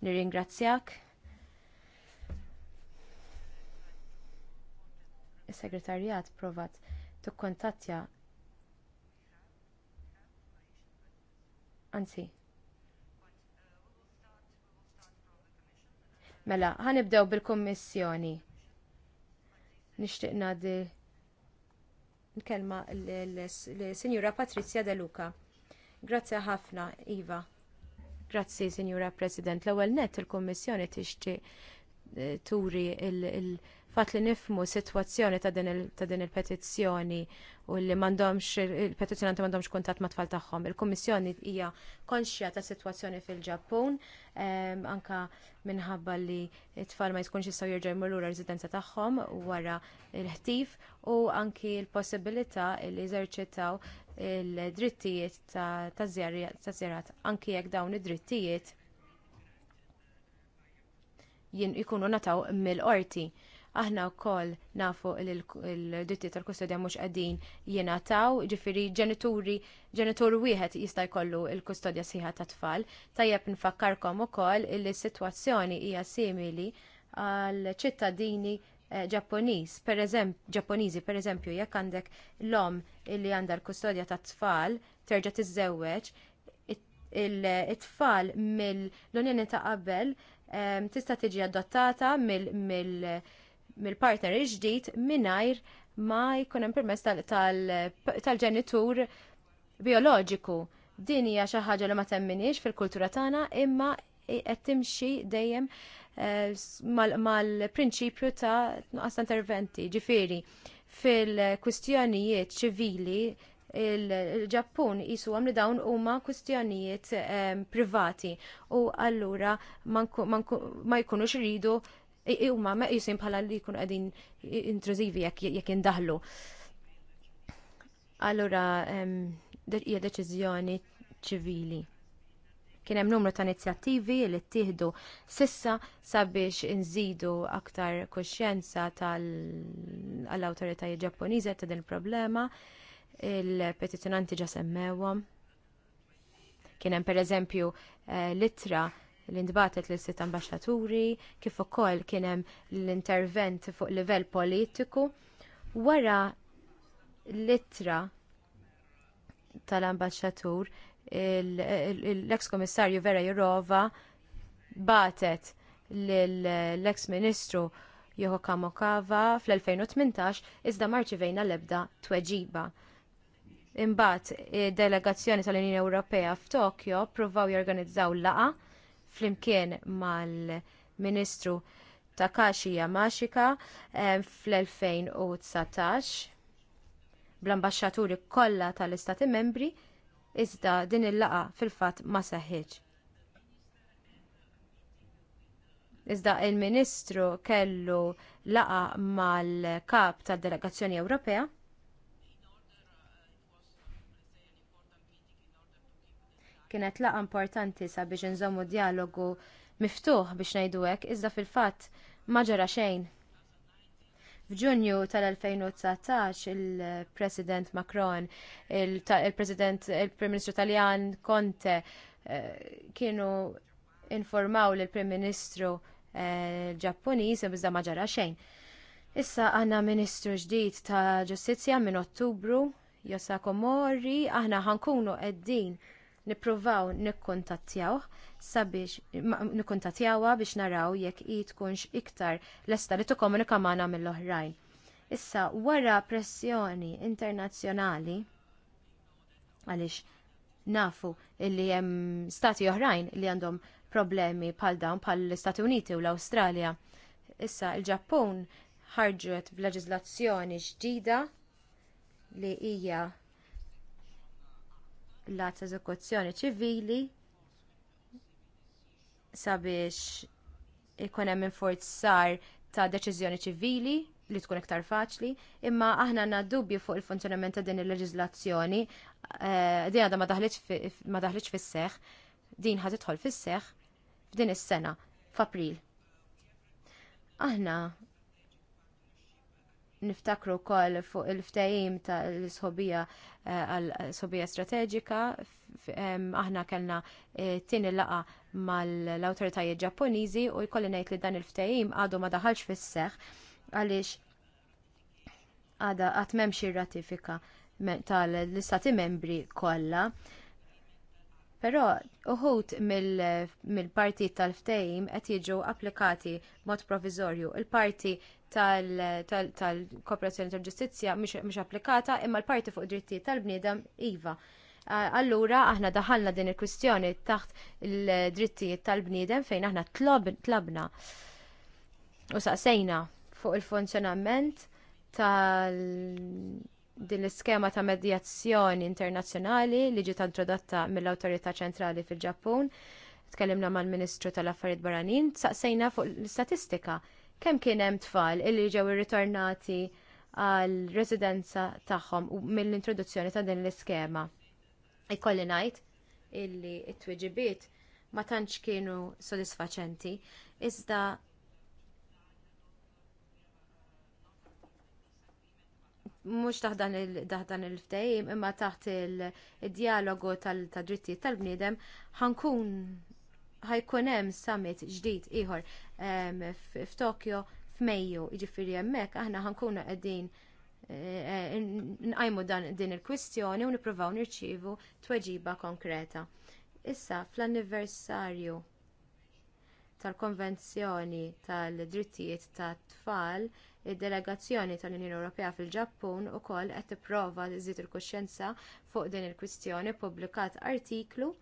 Nirringrazzjak. is-segretarjat ppruvat tikkuntattja Anzi. Mela, ħanibdew bil kummissjoni Nixtieq ngħaddi l-kelma l-Sinjura Patrizja De Luca. Grazzi ħafna, Iva. Grazzi, Sinjura President. L-ewwel nett il-Kummissjoni tixtieq eh, turi il-, il, il Fatt li nifmu sitwazzjoni ta' din il-petizzjoni u li m'għandhomx il-petizzjonanti m'għandhomx kuntat ma' tfal tagħhom. Il-Kummissjoni hija konxja ta' sitwazzjoni fil-Ġappun ehm, anke minħabba li t-tfal ma jkunx jistgħu jirġgħu jmorru residenza tagħhom wara l-ħtif u anki l-possibilità li jeżerċitaw il-drittijiet ta' żjarat anki jekk dawn id-drittijiet ikunu nataw mill-qorti. Aħna wkoll nafu l-ditti tal-kustodja mhux qegħdin jingħataw, ġifieri ġenituri ġenitur wieħed jista' jkollu l-kustodja sieħa tat tfal. Tajjeb nfakkarkom ukoll li s-sitwazzjoni hija simili għal ċittadini Ġappuniż, eh, Ġappuniżi pereżempju jekk għandek l-om li għandha l-kustodja tat tfal terġa' tiżżewweġ, it-tfal mill-Unjoni ta' qabel eh, tista' tiġi adottata mill mill-partner ġdid mingħajr ma jkun hemm permess tal-ġenitur bioloġiku. Din hija xi ħaġa li ma temminix fil-kultura tagħna imma qed timxi dejjem eh, mal-prinċipju ta' nuqqas interventi. Ġifieri, fil-kwistjonijiet ċivili il-Ġappun jisuhom li dawn huma kwistjonijiet eh, privati u allura ma jkunux iridu huma meqjusin bħala li kun qegħdin intruzivi jekk jindaħlu. Allura hija deċiżjoni ċivili kien hemm numru ta' inizjattivi li ttieħdu sissa sabiex inżidu aktar kuxjenza tal-awtoritajiet Ġappuniża ta' din il-problema il-petizjonanti ġa semmewhom. Kien hemm pereżempju eh, litra l-indbatet l sit Ambaxxaturi, kif ukoll kien hemm l-intervent fuq livell politiku. Wara l-ittra tal ambaxxatur l-eks komissarju Vera Jurova batet l-eks ministru Joho Kamokava fl-2018 iżda marċivejna l-ebda tweġiba. Imbagħad id eh, delegazzjoni tal-Unjoni Ewropea f'Tokyo ppruvaw jorganizzaw laqgħa flimkien mal-Ministru Takashi Yamashika eh, fl-2019 bl-ambasċaturi kollha tal-istati membri iżda din il laqgħa fil-fatt ma seħħitx. Iżda l ministru kellu laqgħa mal-kap tad-delegazzjoni Ewropea Kienet laqgħa importanti sabiex inżommu dialogu miftuħ biex ngħidu hekk, iżda fil-fatt ma ġara xejn. F'Ġunju tal-2019 il-President Macron, il-President il-Prim Ministru Taljan Conte eh, kienu informaw lill-Prim Ministru eh, Ġappuniż iżda ma ġara xejn. Issa għanna ministru ġdid ta' ġustizzja minn Ottubru, Josako Mori, aħna ħankunu qegħdin nippruvaw nikkuntattjawh sabiex nikkuntattjawha biex naraw jekk i tkunx iktar lesta li tikkomunika magħna mill-oħrajn. Issa wara pressjoni internazzjonali għaliex nafu li hemm stati oħrajn li għandhom problemi bħal dawn pal l-Istati Uniti u l-Awstralja. Issa l ġappun ħarġet b'leġiżlazzjoni ġdida li hija l-att eżekuzzjoni ċivili sabiex ikun hemm infurzar ta' deċiżjoni ċivili li tkun iktar faċli, imma aħna għandna dubju fuq il-funzjonament ta' din il-leġiżlazzjoni, eh, din għadha ma daħlitx fis-seħħ, din ħad tidħol fis-seħħ f'din is-sena, f'April. Aħna niftakru wkoll fuq il-ftajim tal-sħobija eh, għal-sħobija strateġika. Aħna kellna eh, tieni laqgħa mal awtoritajiet Ġappuniżi u jkolli ngħid li dan il-ftajim għadu ma daħalx fis seħħ għaliex għada qatt m'hemmx ir-ratifika tal-istati membri kollha. Però uħut mill-parti tal ftehim qed jiġu applikati mod proviżorju. Il-parti tal-kooperazzjoni tal-ġustizzja mhix applikata imma l-parti fuq drittijiet tal-bniedem iva. Allura aħna daħalna din il-kwistjoni taħt il-drittijiet tal-bniedem fejn aħna tlabna u saqsejna fuq il-funzjonament tal din l-iskema ta' medjazzjoni internazzjonali li ġiet introdotta mill-Awtorità Ċentrali fil-Ġappun. Tkellimna mal-Ministru tal-Affarijiet Barranin, saqsejna fuq l-istatistika kemm kien hemm tfal illi ġew irritornati għal residenza tagħhom mill-introduzzjoni ta' din l-iskema. Ikolli ngħid illi t-tweġibiet ma tantx kienu sodisfaċenti, iżda mhux taħt dan il-ftehim imma taħt id dialogu tal-drittijiet tal-bniedem ħankun ħajkun hemm summit ġdid ieħor f'Tokyo f'Mejju, jiġifieri hemmhekk aħna ħankunu qegħdin eh, eh, nqajmu dan din il-kwistjoni u nippruvaw nirċievu tweġiba konkreta. Issa fl-anniversarju tal-Konvenzjoni tal-Drittijiet tat-Tfal, id-delegazzjoni tal-Unjoni Ewropea fil-Ġappun ukoll qed tipprova tiżid il-kuxjenza fuq din il-kwistjoni ppubblikat artiklu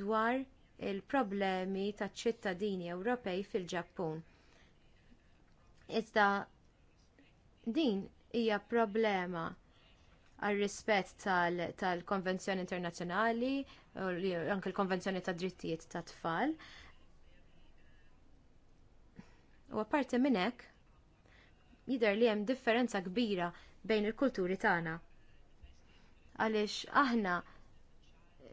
dwar il-problemi taċ ċittadini Ewropej fil-Ġappun. Iżda din hija problema għar rispett tal-Konvenzjoni tal Internazzjonali u anke l-Konvenzjoni tad Drittijiet tat Tfal. U apparti minn hekk jidher li hemm differenza kbira bejn il-kulturi tagħna. Għaliex aħna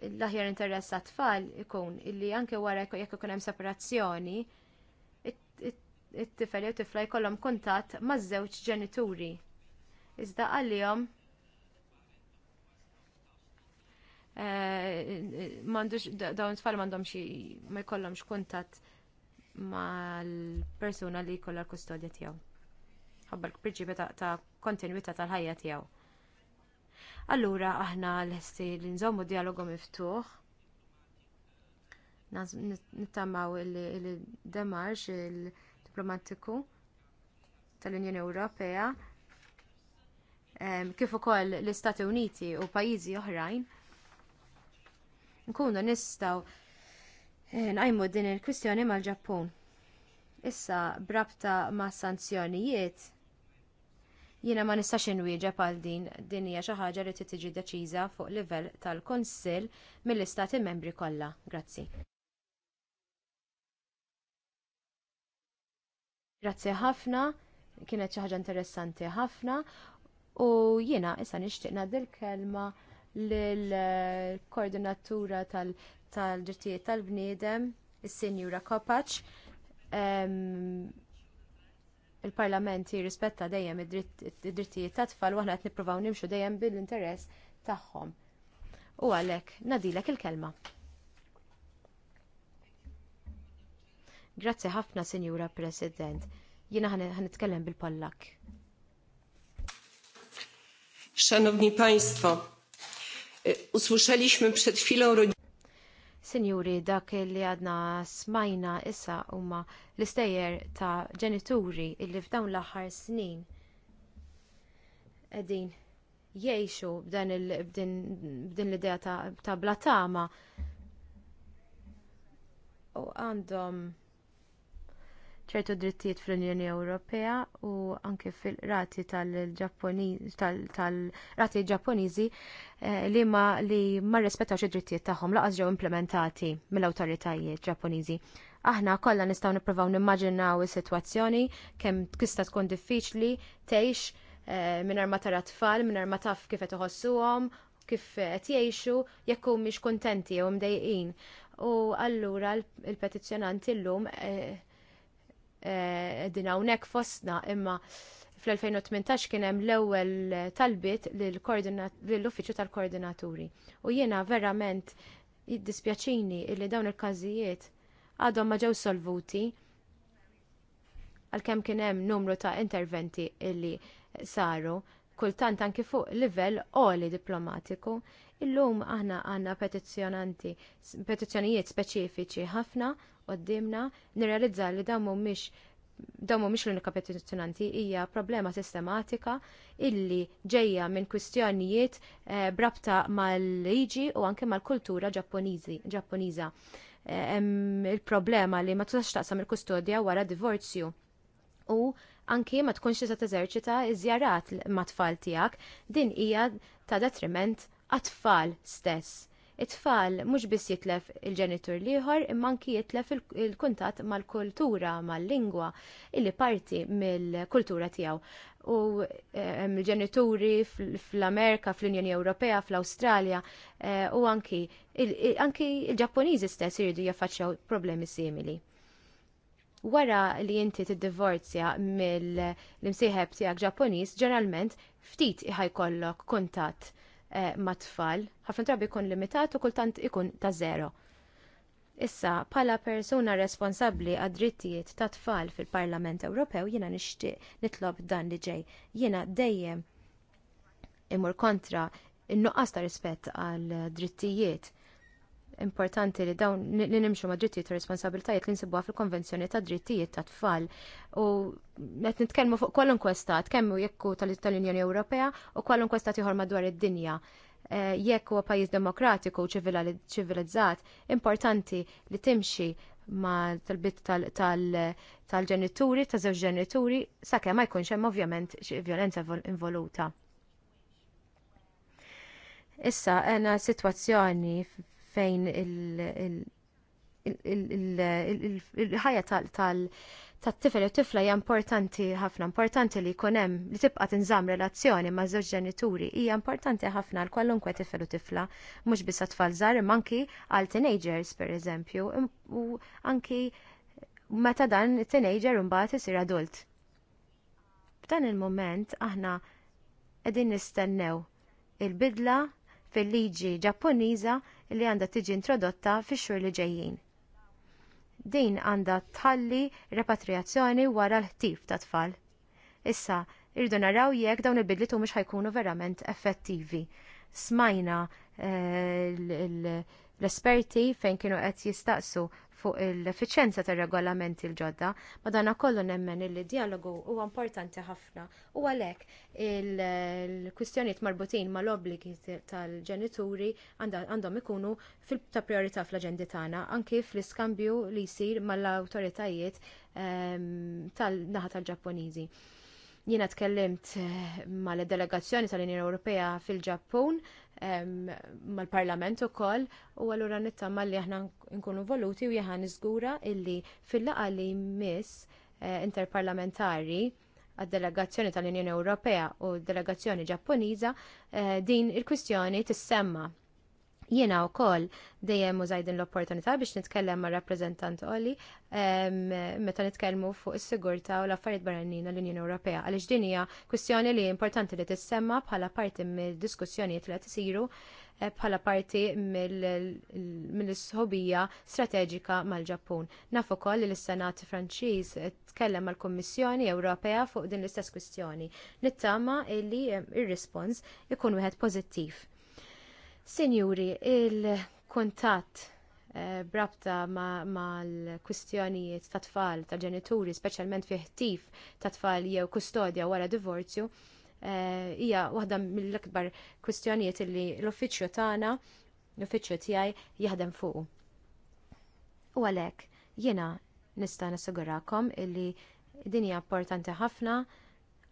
l-aħjar interess tat tfal ikun illi anke wara jekk ikun hemm separazzjoni, it-tifel jew tifla jkollhom kuntatt maż-żewġ ġenituri. Iżda għalihom eh, m'għandux dawn tfal m'għandhom xi ma jkollhomx kuntatt mal-persuna li jkollha l-kustodja tiegħu. Ħabbar priġibi ta' kontinwità tal-ħajja tiegħu allura aħna l lesti li nżommu dialogu miftuħ. Nittamaw il demarġ il-diplomatiku tal-Unjoni Ewropea kif ukoll l-Istati Uniti u pajjiżi oħrajn nkunu nistgħu eh, ngħajmu din il-kwistjoni mal-Ġappun. Issa brabta ma' sanzjonijiet Jiena ma nistax inwieġeb għal din din hija xi ħaġa li tiġi deċiża fuq livell tal-Kunsill mill-Istati membri kollha. Grazzi. Grazzi ħafna, kienet xi ħaġa interessanti ħafna u jiena issa nixtieq ngħaddi l-kelma lill-koordinatura tal drittijiet tal-bniedem, is-Sinjura Kopaċ il-Parlament jirrispetta dejjem id-drittijiet tat tfal u aħna qed nippruvaw nimxu dejjem bil-interess tagħhom. U għalhekk nadilek il-kelma. Grazzi ħafna, Sinjura President. Jiena ħanitkellem bil-Pollak. Szanowni Państwo, e, usłyszeliśmy przed chwilą Sinjuri, dak li għadna smajna issa huma l-istejjer ta' ġenituri illi f'dawn l-aħħar snin qegħdin jgħixu b'dan l-idea ta', ta blatama u għandhom ċertu drittijiet fl-Unjoni Ewropea u anke fil-rati tal-rati Ġapponiżi eh, li ma li ma rispettawx id-drittijiet tagħhom laqas ġew implementati mill-awtoritajiet Ġapponiżi. Aħna kollha nistgħu nippruvaw nimmaġinaw is-sitwazzjoni kemm tista' tkun diffiċli tgħix eh, minn ma tara tfal, minn ma taf kif qed iħossuhom, kif qed jgħixu jekk mhix kuntenti jew mdejqin. U allura l petizzjonanti llum eh, Eh, din hawnhekk fostna imma fl-2018 kien hemm l-ewwel talbiet lill-uffiċċju tal-koordinaturi. U jiena verament jiddispjaċini li dawn il-każijiet għadhom ma ġew solvuti għalkemm kien hemm numru ta' interventi li saru kultant anki fuq livell għoli diplomatiku, Illum aħna għandna petizzjonanti, petizzjonijiet speċifiċi ħafna qoddimna nirrealizza li dawn mhumiex l-unika petizzjonanti hija problema sistematika illi ġejja minn kwistjonijiet eh, brabta mal-liġi u anke mal-kultura Ġappuniża. Eh, il-problema li ma tistax taqsam il-kustodja wara divorzju u anke ma tkunx tista' teżerċita iż-żjarat ma' tfal tiegħek din hija ta' detriment għat-tfal stess. It-tfal mhux biss jitlef il-ġenitur liħor imma anki jitlef il-kuntat mal-kultura, mal-lingwa, illi parti mill-kultura tiegħu. U eh, il-ġenituri fl-Amerika, fl-Unjoni Ewropea, fl-Awstralja eh, u anki il-Ġappuniżi stess jiridu jaffaċċjaw problemi simili wara li inti tiddivorzja mill-imsieħeb tiegħek Ġappuniż ġeneralment ftit iħajkollok kuntatt Eh, ma' ħafna drabi jkun limitat u kultant ikun ta' zero. Issa, bħala persuna responsabbli għad drittijiet ta' tfal fil-Parlament Ewropew, jiena nixtieq nitlob dan li ġej. Jiena dejjem imur kontra in-nuqqas ta' rispett għal drittijiet importanti li dawn li nimxu ma' drittijiet u responsabiltajiet li nsibuha fil-Konvenzjoni ta' Drittijiet ta' Tfal. U qed nitkellmu fuq kwalunkwe stat, kemm jekku tal-Unjoni Ewropea u kwalunkwe stat ieħor madwar id-dinja. Eh, jekk huwa pajjiż demokratiku u ċivilizzat, importanti li timxi ma tal-bit tal-ġenituri, ta' żewġ ġenituri, sakemm ma jkunx hemm ovvjament violenza involuta. Issa, għena situazzjoni fejn il-ħajja tal-tifel u tifla hija importanti ħafna, importanti li jkun hemm li tibqa' tinżamm relazzjoni ma' żewġ ġenituri hija importanti ħafna għal kwalunkwe tifel u tifla, mhux biss tfal żgħar imma anki għal teenagers pereżempju u anki meta dan it-teenager imbagħad isir adult. F'dan il mument aħna qegħdin nistennew il-bidla fil-liġi Ġappuniża li għandha tiġi introdotta fix-xhur li ġejjin. Din għandha tħalli repatriazzjoni wara l-ħtif ta' tfal. Issa, irridu naraw jekk dawn il-bidliet mhux ħajkunu verament effettivi. Smajna eh, L-esperti fejn kienu qed jistaqsu fuq l-effiċenza tar regolamenti l-ġodda, madankollu kollu nemmen li dialogu huwa importanti ħafna u għalhekk il-kwistjonijiet marbutin mal obbligi tal-ġenituri għandhom ikunu ta' priorità fl-aġendi tagħna anki fl-iskambju li jsir mal-awtoritajiet ehm, tal-naħa tal ġappuniżi Jiena tkellimt eh, mal-delegazzjoni tal-Unjoni Ewropea fil-Ġappun mal-Parlament ukoll u allura nittama li aħna nkunu voluti u jaħan niżgura illi fil-laqa li mis eh, interparlamentari għad-delegazzjoni tal-Unjoni Ewropea u d delegazzjoni Ġappuniża eh, din il-kwistjoni tissemma Jiena wkoll dejjem użaj din l-opportunità biex nitkellem ma' rappreżentant Oli meta nitkellmu fuq is-sigurtà u l-affarijiet barranin l-Unjoni Ewropea għaliex din hija kwistjoni li importanti li tissemma bħala parti mill diskussjonijiet li qed isiru eh, bħala parti mill-sħobija strateġika mal-Ġappun. Naf ukoll li l-Senat Franċiż tkellem mal-Kummissjoni Ewropea fuq din l-istess kwistjoni. Nittama li eh, r-rispons ikun wieħed pożittiv. Sinjuri, il kontat eh, brabta mal-kwistjonijiet kustjonijiet ta' tfal ta' ġenituri, speċjalment fi ħtif ta' tfal jew kustodja wara divorzju, eh, hija waħda mill-akbar kwistjonijiet li l-uffiċċju tagħna, l-uffiċċju tiegħi jaħdem fuq. U għalhekk jiena nista' nassigurakom illi din hija importanti ħafna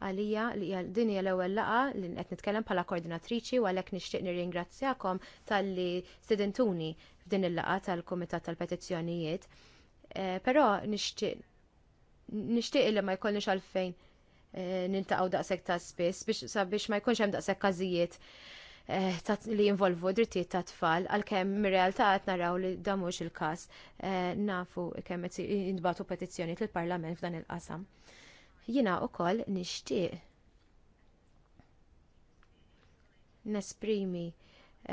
għalija li din hija l-ewwel laqgħa li qed nitkellem bħala koordinatriċi u għalhekk nixtieq nirringrazzjakom talli sedentuni f'din il-laqgħa tal-Kumitat tal-Petizzjonijiet. Eh, però nixtieq li ma jkollniex għalfejn eh, nintaqgħu daqshekk ta' spiss biex sabiex ma jkunx hemm daqshekk każijiet eh, li jinvolvu drittijiet ta' tfal, għalkemm mir-realtà għat naraw li dan mhux il-każ nafu kemm jindbatu petizjoni petizzjoni lill parlament f'dan il-qasam. Jiena wkoll nixtieq nesprimi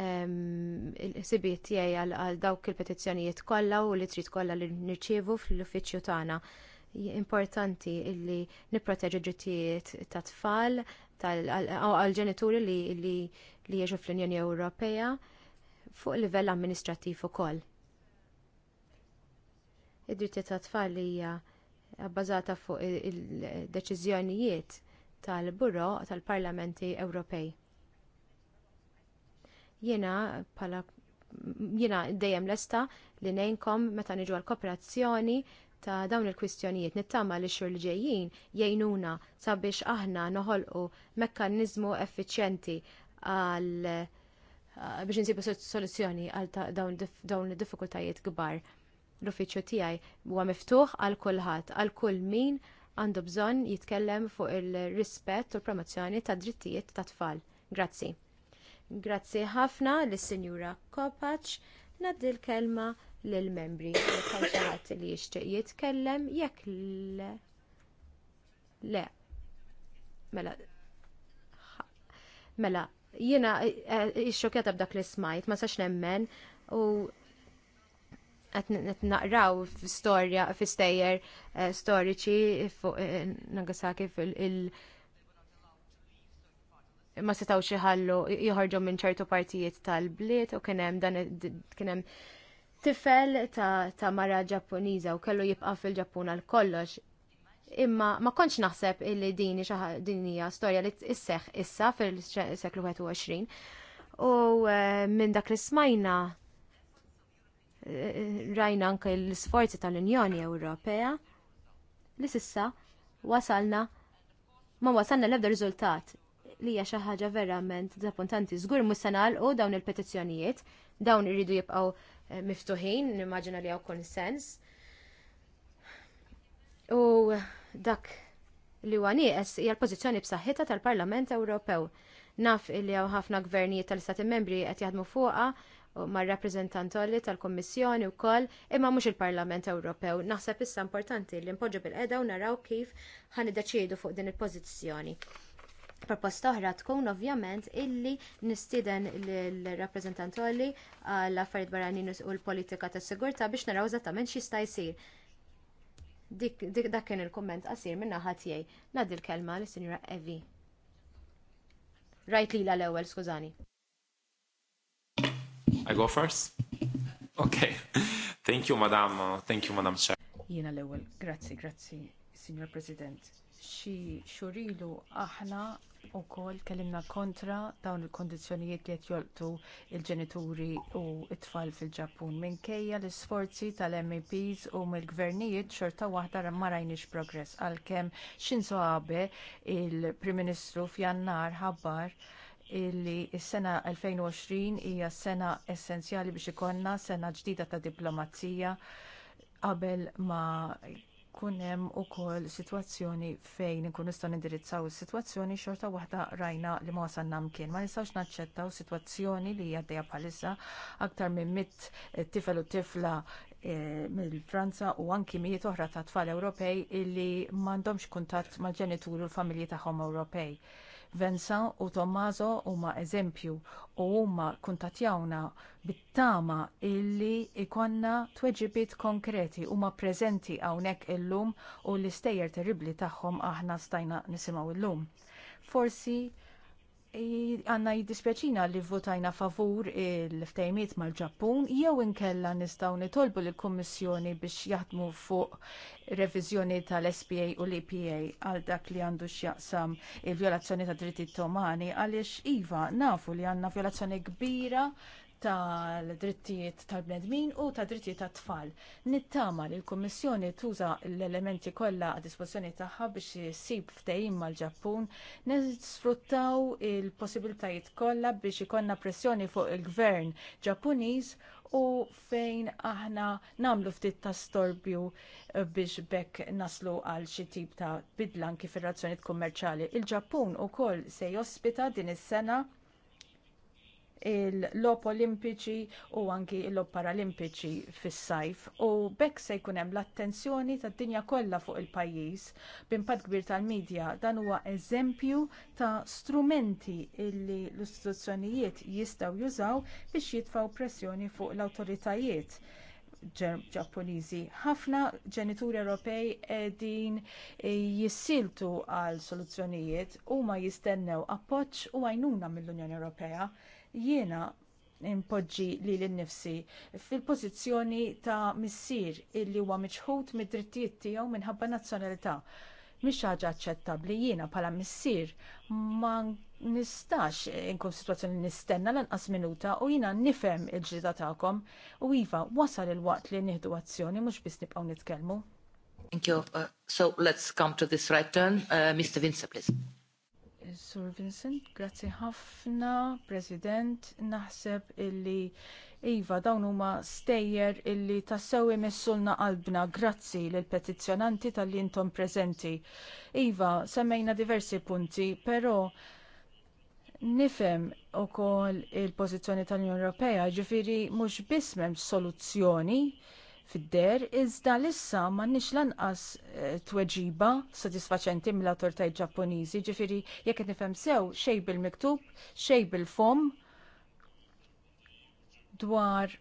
ehm, il sibiet tiegħi għal dawk il-petizzjonijiet kollha u li trid kollha li nirċievu fl-uffiċċju tagħna. Importanti li nipproteġu drittijiet ta' tfal għal ġenituri li jiexu fl-Unjoni Ewropea fuq livell amministrattiv ukoll. Id-drittijiet ta' tfal hija bbażata fuq il-deċiżjonijiet tal-Buro tal-Parlamenti Ewropej. Jiena dejjem lesta li ngħinkom meta niġu għall kooperazzjoni ta' dawn il-kwistjonijiet nittama li xhur li ġejjin jgħinuna sabiex aħna noħolqu mekkaniżmu effiċjenti għal biex insibu soluzzjoni għal dawn id diffikultajiet kbar l-uffiċċju tiegħi huwa miftuħ għal kulħadd, għal kull min għandu bżonn jitkellem fuq il-rispett u l-promozzjoni tad drittijiet tat tfal. Grazzi. Grazzi ħafna lis sinjura Kopaċ naddi l-kelma lill membri l-kawċaħat li jixtieq jitkellem jekk le. Le. Mela. Mela, jiena eh, xokjata b'dak li smajt, ma sax nemmen u qed naqraw f stejjer eh, storiċi fuq eh, Nagasaki fil- ma setaw xieħallu jħorġu minn ċertu partijiet tal-bliet u kien hemm dan kien hemm tifel ta' mara Ġappuniża u kellu jibqa' fil-Ġappun għal kollox. Imma ma kontx naħseb illi din din hija storja li tisseħ issa fil-seklu 21. U eh, minn dak li smajna rajna anke l-sforzi tal-Unjoni Ewropea li sissa wasalna ma wasalna l-ebda riżultat li hija xi ħaġa verament disappuntanti. Żgur mhux se nagħlqu dawn il-petizzjonijiet, dawn iridu jibqgħu eh, miftuħin, nimmaġina li hawn konsens. U dak li huwa nieqes hija l-pożizzjoni b'saħħitha tal-Parlament Ewropew. Naf li hawn ħafna gvernijiet tal-Stati Membri qed jaħdmu fuqha mar-rappreżentant tal-Kommissjoni wkoll imma mhux il-Parlament Ewropew. Naħseb issa importanti li npoġġu bil-qeda u naraw kif ħanideċiedu fuq din il-pożizzjoni. Proposta oħra tkun ovvjament illi nistieden l-rappreżentant għall affarijiet barranin u l-politika tas sigurtà biex naraw eżattament x'jista' jsir. Dik dak kien il-kumment qasir minn naħat tiegħi. Nadi l-kelma lis sinjura Evi. Rajt lila l-ewwel, skużani. I go first? [LAUGHS] Okay. Thank you, Madam. Uh, thank you, Madam Chair. Jiena l-ewwel. Grazzi, grazzi, Signor President. Xi xurilu aħna wkoll kellimna kontra dawn il kondizjonijiet li qed jolqtu l ġenituri u t tfal fil-Ġappun. Minkejja l-isforzi tal-MEPs u mill-gvernijiet xorta waħda ma rajniex progress għalkemm xi Abe, il-Prim Ministru f'Jannar ħabbar illi s-sena 2020 hija sena essenzjali biex ikollna sena ġdida ta' diplomazija qabel ma kunem hemm ukoll sitwazzjoni fejn inkun nistgħu nindirizzaw is-sitwazzjoni xorta waħda rajna li ma wasalna mkien. Ma nistgħux naċċettaw sitwazzjoni li hija dejja bħalissa aktar minn mit eh, tifel u tifla eh, mill-Franza u anki mijiet oħra ta' tfal Ewropej illi m'għandhomx kuntatt mal-ġenituri u l-familji tagħhom Ewropej. Vincent u Tommaso huma eżempju u huma kuntatjawna bit-tama illi ikonna tweġibiet konkreti huma preżenti hawnhekk illum u l-istejjer terribbli tagħhom aħna stajna nisimgħu illum. Forsi għanna jiddispjaċina li votajna favur il-ftajmiet mal-ġappun, jew inkella nistaw nitolbu l-Kommissjoni biex jaħdmu fuq revizjoni tal-SPA u l-EPA għal dak li għandu x'jaqsam il-violazzjoni ta' dritti tomani għaliex iva nafu li għanna violazzjoni kbira tal-drittijiet tal-bnedmin u tad drittijiet tat-tfal. Nittama li l-Kummissjoni tuża l-elementi kollha a dispożizzjoni tagħha biex issib ftehim mal-Ġappun, nisfruttaw il-possibilitajiet kollha biex ikonna pressjoni fuq il-Gvern Ġappuniż u fejn aħna nagħmlu ftit ta' storbju biex bekk naslu għal xi tip ta' bidlan kif ir-razzjonijiet kummerċjali. Il-Ġappun ukoll se jospita din is-sena il-lop olimpiċi u anki l lop paralimpiċi fis-sajf u bekk se jkun hemm l-attenzjoni tad-dinja kollha fuq il-pajjiż b'impatt kbir tal-medja dan huwa eżempju ta' strumenti li l-istituzzjonijiet jistgħu jużaw biex jitfgħu pressjoni fuq l-awtoritajiet Ġappuniżi. Ħafna ġenituri Ewropej qegħdin jissiltu għal soluzzjonijiet huma jistennew appoġġ u għajnuna mill-Unjoni Ewropea jiena impoġġi li l-nifsi fil-pożizzjoni ta' missier illi huwa miċħud mid-drittijiet tiegħu minħabba nazzjonalità. Mhix ħaġa aċċettabbli jiena bħala missier ma nistax inkun sitwazzjoni nistenna lanqas minuta u jiena nifhem il-ġrida tagħkom u iva wasal il-waqt li nieħdu azzjoni mhux biss nibqgħu nitkellmu. Thank you. Uh, so let's come to this right turn. Uh, Mr. Vincent, please. Sur Vincent, grazzi ħafna, President, naħseb illi Iva, dawn huma stejjer illi tassew imissulna qalbna grazzi lill petizzjonanti tal intom preżenti. Iva, semmejna diversi punti, però nifhem ukoll il-pożizzjoni tal-Unjoni Ewropea, ġifieri mhux biss m'hemm soluzzjoni, fid-der, iżda lissa m'għandniex lanqas eh, tweġiba sodisfaċenti mill-awtoritajiet Ġappuniżi, ġifieri jekk qed nifhem sew xejn bil-miktub, xejn bil-fom dwar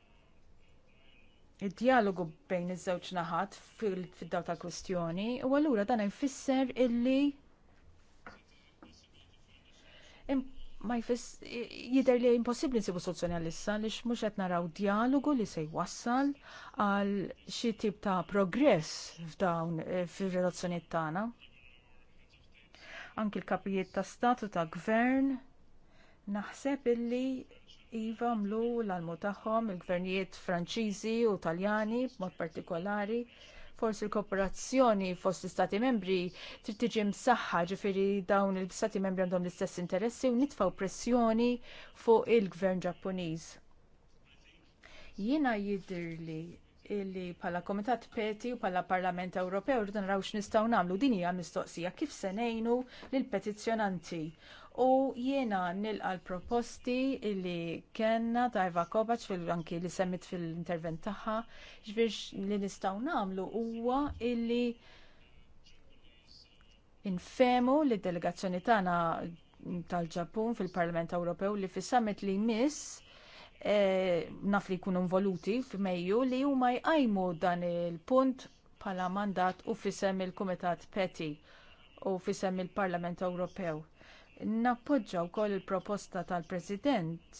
id-dialogu bejn iż-żewġ naħat fid-daw tal kwistjoni u allura dan jfisser illi ma jfess jider li impossibli nsibu soluzzjoni għal-issa li mhux qed naraw dialogu li se jwassal għal xi tip ta' progress f'dawn eh, fir-relazzjonijiet tagħna. Anki l-kapijiet ta' statu ta' gvern naħseb illi iva mlu l-almu tagħhom il-gvernijiet Franċiżi u Taljani b'mod partikolari forsi l-kooperazzjoni fost l-Stati membri trid tiġi msaħħa ġifieri dawn l-Stati membri għandhom l-istess interessi u nitfgħu pressjoni fuq il-Gvern Ġappuniż. Jiena jidhirli illi bħala Komitat Peti u bħala Parlament Ewropew rridu naraw x'nistgħu nagħmlu din hija mistoqsija kif se ngħinu lill-petizzjonanti U jiena nilqa l-proposti li kellna ta' Eva fil-anki li semmit fil-intervent tagħha, ġbirx li nistgħu nagħmlu huwa illi infemu li delegazzjoni tagħna tal-Ġappun fil-Parlament Ewropew li fis-summit li jmiss e, naf li jkunu involuti f'Mejju li huma jqajmu dan il-punt bħala mandat u fisem il-Kumitat Peti u fisem il-Parlament Ewropew Nappoġġa wkoll il-proposta tal-President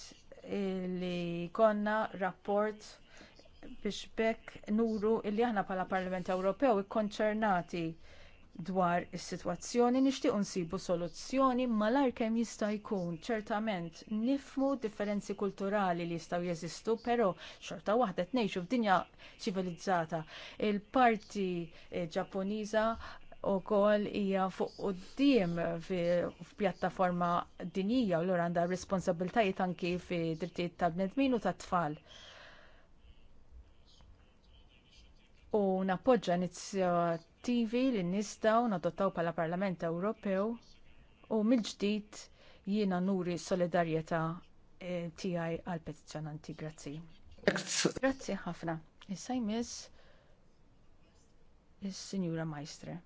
li konna rapport biex bekk nuru li aħna bħala Parlament Ewropew ikkonċernati dwar is-sitwazzjoni nixtiequ nsibu soluzzjoni malajr kemm jista' jkun ċertament nifmu differenzi kulturali li jistgħu jeżistu, però xorta waħda tnejxu f'dinja ċivilizzata. Il-parti eh, Ġappuniża u kol hija fuq f f'pjattaforma dinija u l-għandha responsabiltajiet anki fi drittijiet tal-bnedmin u tat-tfal. U nappoġġa inizjattivi li nistaw nadottaw bħala Parlament Ewropew u mill-ġdid jiena nuri solidarjetà eh, tiegħi għall petizzjonanti. Grazzi. Grazzi ħafna. Issa jmiss is-Sinjura Majstre.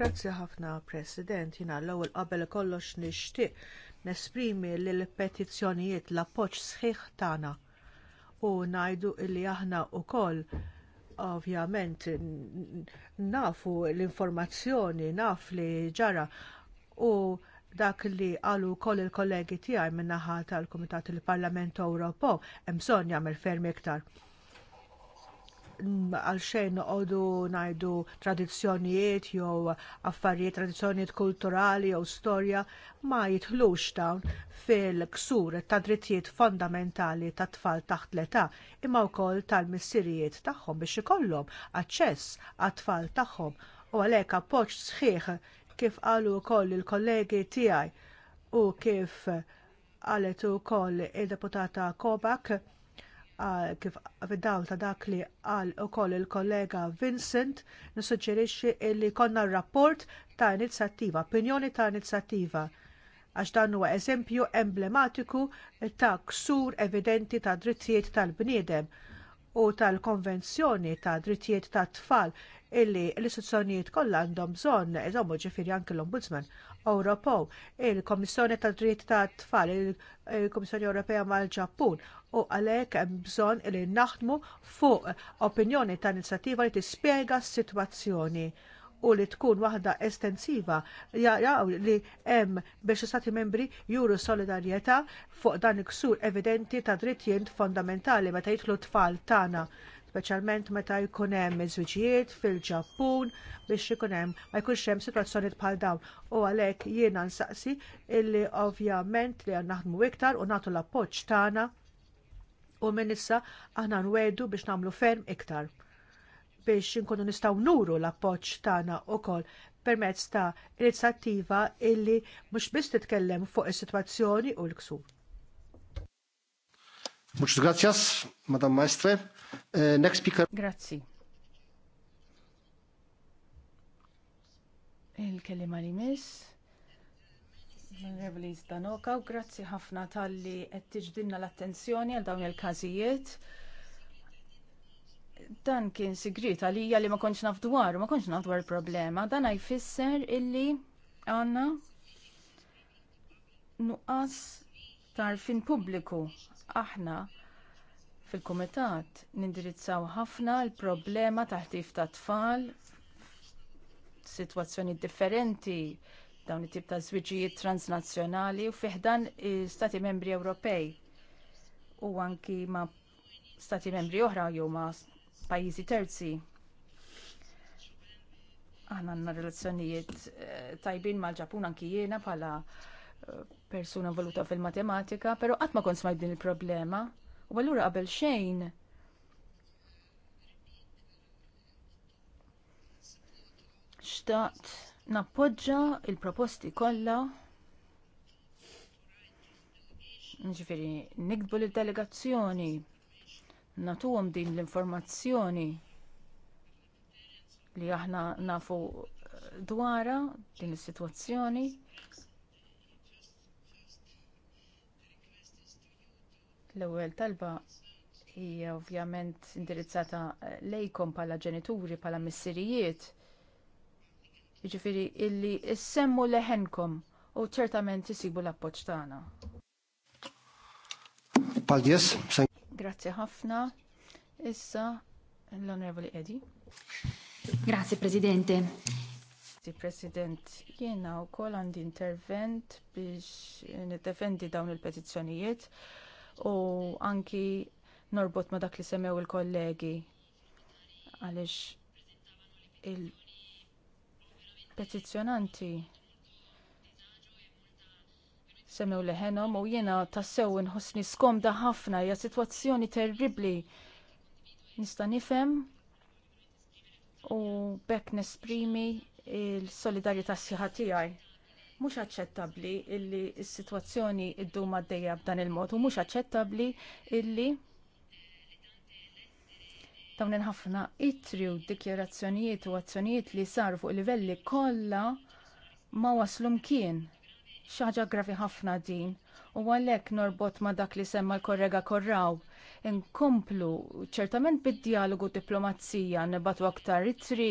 Grazzi ħafna, President. Jina l-ewwel qabel kollox nixtieq nesprimi lill petizzjonijiet l-appoġġ sħiħ tagħna u ngħidu li aħna wkoll ovvjament nafu l-informazzjoni, naf li ġara u dak li qalu wkoll il-kollegi tiegħi min-naħa tal-Kumitat il-Parlament Ewropew hemm bżonn jagħmel ferm iktar għal xejn noqogħdu ngħidu tradizzjonijiet jew affarijiet tradizzjonijiet kulturali jew storja ma jidħlux dawn fil-ksur ta' drittijiet fondamentali tat tfal taħt l-età imma wkoll tal-missirijiet tagħhom biex ikollhom aċċess għat-tfal tagħhom u għalhekk appoġġ sħiħ kif qalu wkoll il-kollegi tiegħi u kif qalet ukoll id deputata Kobak kif fid-dawl ta' dak li qal ukoll il-kollega Vincent nissuġġerixxi li jkollna r rapport ta' inizjattiva, opinjoni ta' inizjattiva għax dan huwa eżempju emblematiku ta' ksur evidenti ta' drittijiet tal-bniedem u tal-konvenzjoni ta' drittijiet tat tfal illi l-istituzzjonijiet kollha għandhom bżonn eżommu ġifieri anke l-ombudsman Ewropew, il-Komissjoni tad Dritt tat Tfal, il-Komissjoni Ewropea mal-Ġappun u għalhekk hemm bżonn li naħdmu fuq opinjoni ta' inizjattiva li tispjega s-sitwazzjoni u li tkun waħda estensiva jaqgħu li hemm biex stati membri juru solidarjetà fuq dan iksur evidenti ta' drittijiet fondamentali meta jidħlu tfal tagħna speċjalment meta jkun hemm iż-żwiġijiet fil-Ġappun biex ikun hemm ma jkunx hemm sitwazzjonijiet bħal dawn. U għalhekk jiena nsaqsi illi ovvjament li naħdmu iktar u nagħtu l-appoġġ tagħna u minn issa aħna nwedu biex nagħmlu ferm iktar biex inkunu nistgħu nuru l-appoġġ tagħna wkoll permezz ta' inizjattiva illi mhux biss titkellem fuq is-sitwazzjoni u l-ksur Muchas gracias, Madam Maestre. Uh, next speaker. Grazzi. Il-kelima li miss. Onorevoli Zdanoka, u grazzi ħafna tal-li qed tiġdilna l-attenzjoni għal dawn il-każijiet. Dan kien sigrit għalija li ma konċ naf dwar, ma konċ naf dwar problema. Dan jfisser illi għanna nuqqas fin pubbliku. Aħna fil-kumitat nindirizzaw ħafna l-problema ta' ħtif ta' tfal, f'sitwazzjoni differenti dawn it-tip ta' żwiġijiet transnazzjonali u fiħdan stati membri Ewropej u anki ma' stati membri oħra jew ma' pajjiżi terzi. Aħna għandna relazzjonijiet eh, tajbin mal-Ġapun anki jiena bħala persuna voluta fil-matematika, pero qatt ma kont smajt din il-problema. U allura qabel xejn xtaqt nappoġġa il-proposti kollha ġifiri, nikdbu l-delegazzjoni, nagħtuhom din l-informazzjoni li aħna nafu dwara din is-sitwazzjoni L-ewwel talba hija ovvjament indirizzata lejkom bħala ġenituri, bħala missirijiet. Jiġifieri illi issemmu leħenkom u ċertament isibu l-appoġġ tagħna. Paldies. Grazzi ħafna. Issa l-Onorevoli Edi. Grazie Presidente. Grazie President, jiena wkoll għandi intervent biex niddefendi dawn il-petizzjonijiet u anki norbot ma dak li semmew il-kollegi għaliex il-petizzjonanti semmew leħenom u jiena tassew inħossni skomda ħafna hija sitwazzjoni terribli. nista' nifhem u bekk nesprimi l solidarjetà sħiħa tiegħi Mhux aċċettabbli illi s-sitwazzjoni ddum għaddejja b'dan il-mod u mhux aċċettabbli illi dawn il-ħafna itriw dikjarazzjonijiet u azzjonijiet li saru fuq livelli kollha ma waslu mkien. Xi ħaġa gravi ħafna din u għalhekk norbot ma dak li semma l-korrega korraw. Inkomplu ċertament bid-dialogu diplomazija nibatu aktar itri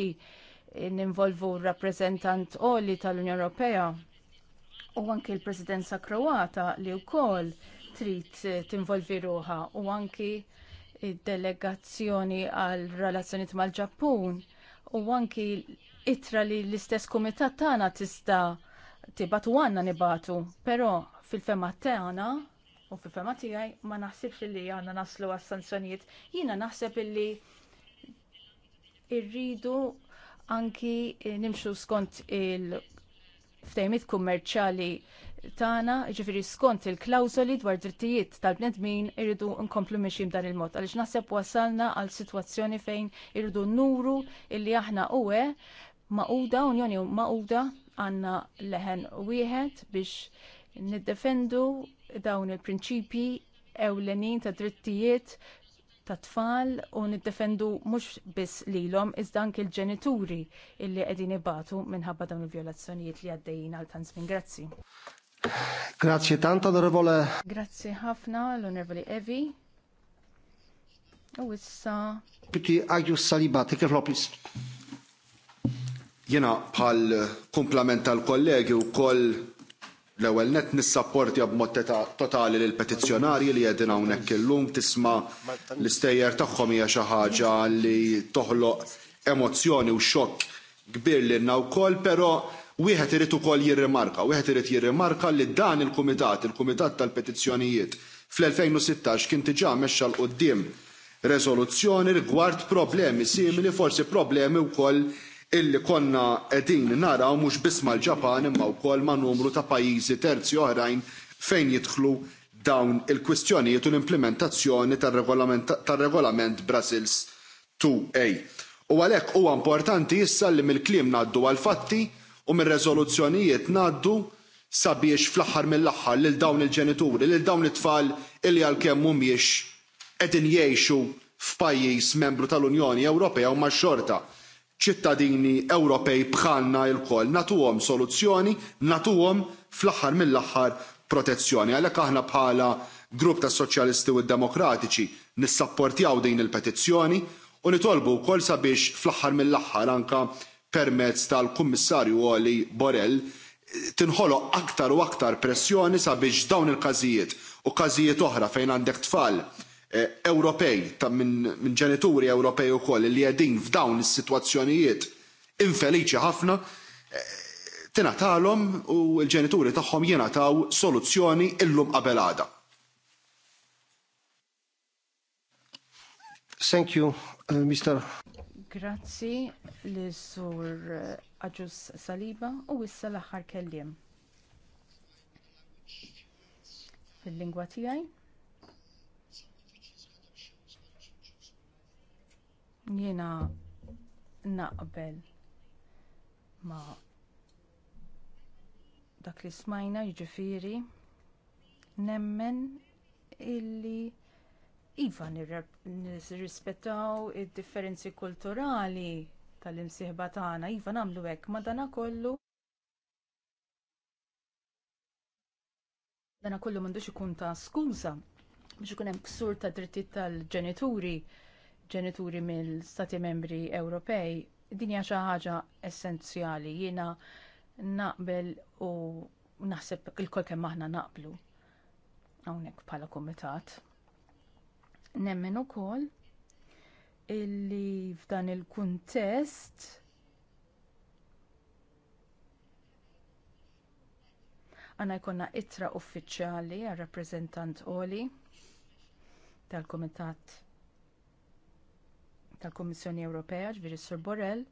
ninvolvu rappreżentant qoli tal-Unjoni Ewropea u anki l-presidenza Kroata li wkoll trid tinvolvi ruħa u anki id-delegazzjoni għal relazzjoniet mal-Ġappun u anki itra li l-istess kumitat tagħna tista tibatu għanna nibatu, però fil-fema tagħna u fil-fema tiegħi ma naħsibx li għandna naslu għas sanzjonijiet. Jiena naħseb li irridu anki nimxu skont il f'tajmit kummerċali tagħna, ġifiri skont il-klawżoli dwar drittijiet tal-bnedmin irridu nkomplu mixim dan il-mod. Għaliex naħseb wasalna għal sitwazzjoni fejn irridu nuru illi aħna uwe maquda, unjoni maquda għanna leħen wieħed biex niddefendu dawn il-prinċipji ewlenin ta' drittijiet ta' tfal u niddefendu mhux biss lilhom iżda anke l-ġenituri illi qegħdin ibatu minħabba dawn il-vjolazzjonijiet li għaddejjin għal tant żmien. Grazzi. Grazzi tant onorevole. Grazzi ħafna l-onorevoli Evi. U issa. Piti għagju saliba, kif lopis. Jena bħal komplement tal-kollegi u koll L-ewwel nett nissapportja b'mod totali lil petizzjonarji li qegħdin hawnhekk illum tisma' l-istejjer tagħhom hija xi ħaġa li toħloq emozzjoni u xokk kbir lilna wkoll, però wieħed irid ukoll jirrimarka, wieħed irid jirrimarka li dan il-kumitat, il-kumitat tal-petizzjonijiet fl-2016 kien diġà mexxa l qudiem rezoluzzjoni rigward problemi simili, forsi problemi wkoll illi konna qegħdin naraw mhux biss mal-Ġapan imma wkoll ma' numru ta' pajjiżi terzi oħrajn fejn jidħlu dawn il-kwistjonijiet u l-implementazzjoni tar-regolament Brussels 2A. U għalhekk huwa importanti issa li mill-kliem ngħaddu għal fatti u mir-reżoluzzjonijiet ngħaddu sabiex fl-aħħar mill-aħħar lil dawn il-ġenituri, lil dawn it-tfal illi għalkemm mhumiex qegħdin jgħixu f'pajjiż membru tal-Unjoni Ewropea u max-xorta ċittadini Ewropej bħalna lkoll nagħtuhom soluzzjoni, nagħtuhom fl-aħħar mill-aħħar protezzjoni. Għalhekk aħna bħala grupp tas soċjalisti u demokratiċi nissapportjaw din il-petizzjoni u nitolbu wkoll sabiex fl-aħħar mill-aħħar anke permezz tal-Kummissarju Oli Borrell tinħoloq aktar u aktar pressjoni sabiex dawn il-każijiet u każijiet oħra fejn għandek tfal Eh, Ewropej, ta' minn ġenituri Ewropej ukoll li għedin f'dawn is-sitwazzjonijiet infeliċi ħafna, eh, tingħatalhom u l-ġenituri tagħhom jingħataw soluzzjoni illum qabel għada. Thank you, uh, Mr. Grazzi li sur eh, Aġus Saliba u issa l-aħħar kelliem. Fil-lingwa tiegħi. Jiena naqbel ma dak li smajna jiġifieri nemmen illi iva nirrispettaw id-differenzi kulturali tal-imsieħba tagħna, iva nagħmlu hekk, ma dana kollu dana kollu m'għandux ikun ta' skuża biex ikun hemm ksur ta' drittijiet tal-ġenituri ġenituri mill-Stati membri Ewropej, din hija xi ħaġa essenzjali. Jiena naqbel u naħseb il-kol kemm aħna naqblu hawnhekk bħala kumitat. Nemmen ukoll illi f'dan il-kuntest għanna jkonna itra uffiċjali għal rappreżentant Oli tal kumitat tal kummissjoni Ewropea, ġviri Sur Borrell,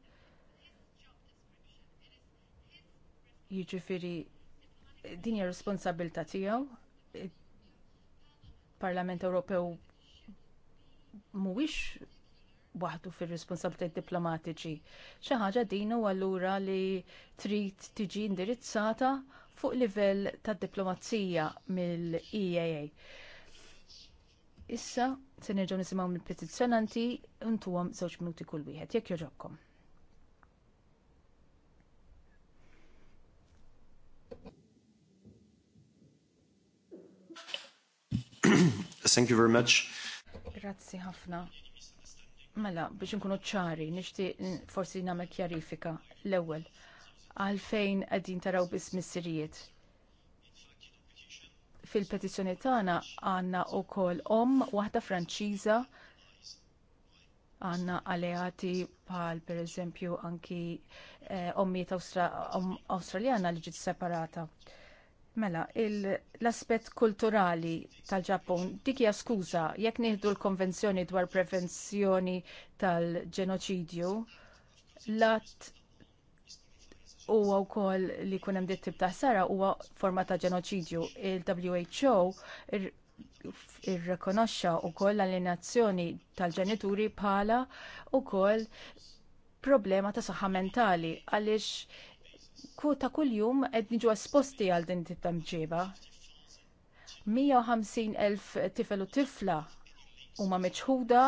jiġifieri din hija responsabilità tiegħu. Parlament Ewropew mhuwiex waħdu fir responsabiltajiet diplomatiċi. Xi ħaġa din u allura li trid tiġi indirizzata fuq livell tad diplomazija mill-EAA. Issa Se nerġgħu nisimgħu mill-petizzjonanti għam żewġ minuti kull wieħed jekk joġobkom. [CLEARS THROAT] Thank you very much. Grazzi ħafna. Mela, biex nkunu ċari, nixtieq forsi nagħmel kjarifika l-ewwel. Għalfejn qegħdin taraw bis missirijiet fil-petizzjoni tagħna għandna wkoll om waħda Franċiża għandna alleati bħal pereżempju anki eh, ommiet Awstraljana li ġiet separata. Mela, l-aspett kulturali tal-Ġappun, dik hija skuża jekk nieħdu l-konvenzjoni dwar prevenzjoni tal-ġenoċidju, l-att huwa wkoll li jkun hemm dit ta' sara huwa forma ta' ġenoċidju. Il-WHO irrikonoxxa wkoll l-alienazzjoni tal-ġenituri bħala wkoll problema ta' saħħa mentali għaliex ku ta' kuljum qed jiġu esposti għal din it ta' 150,000 tifel u tifla huma miċħuda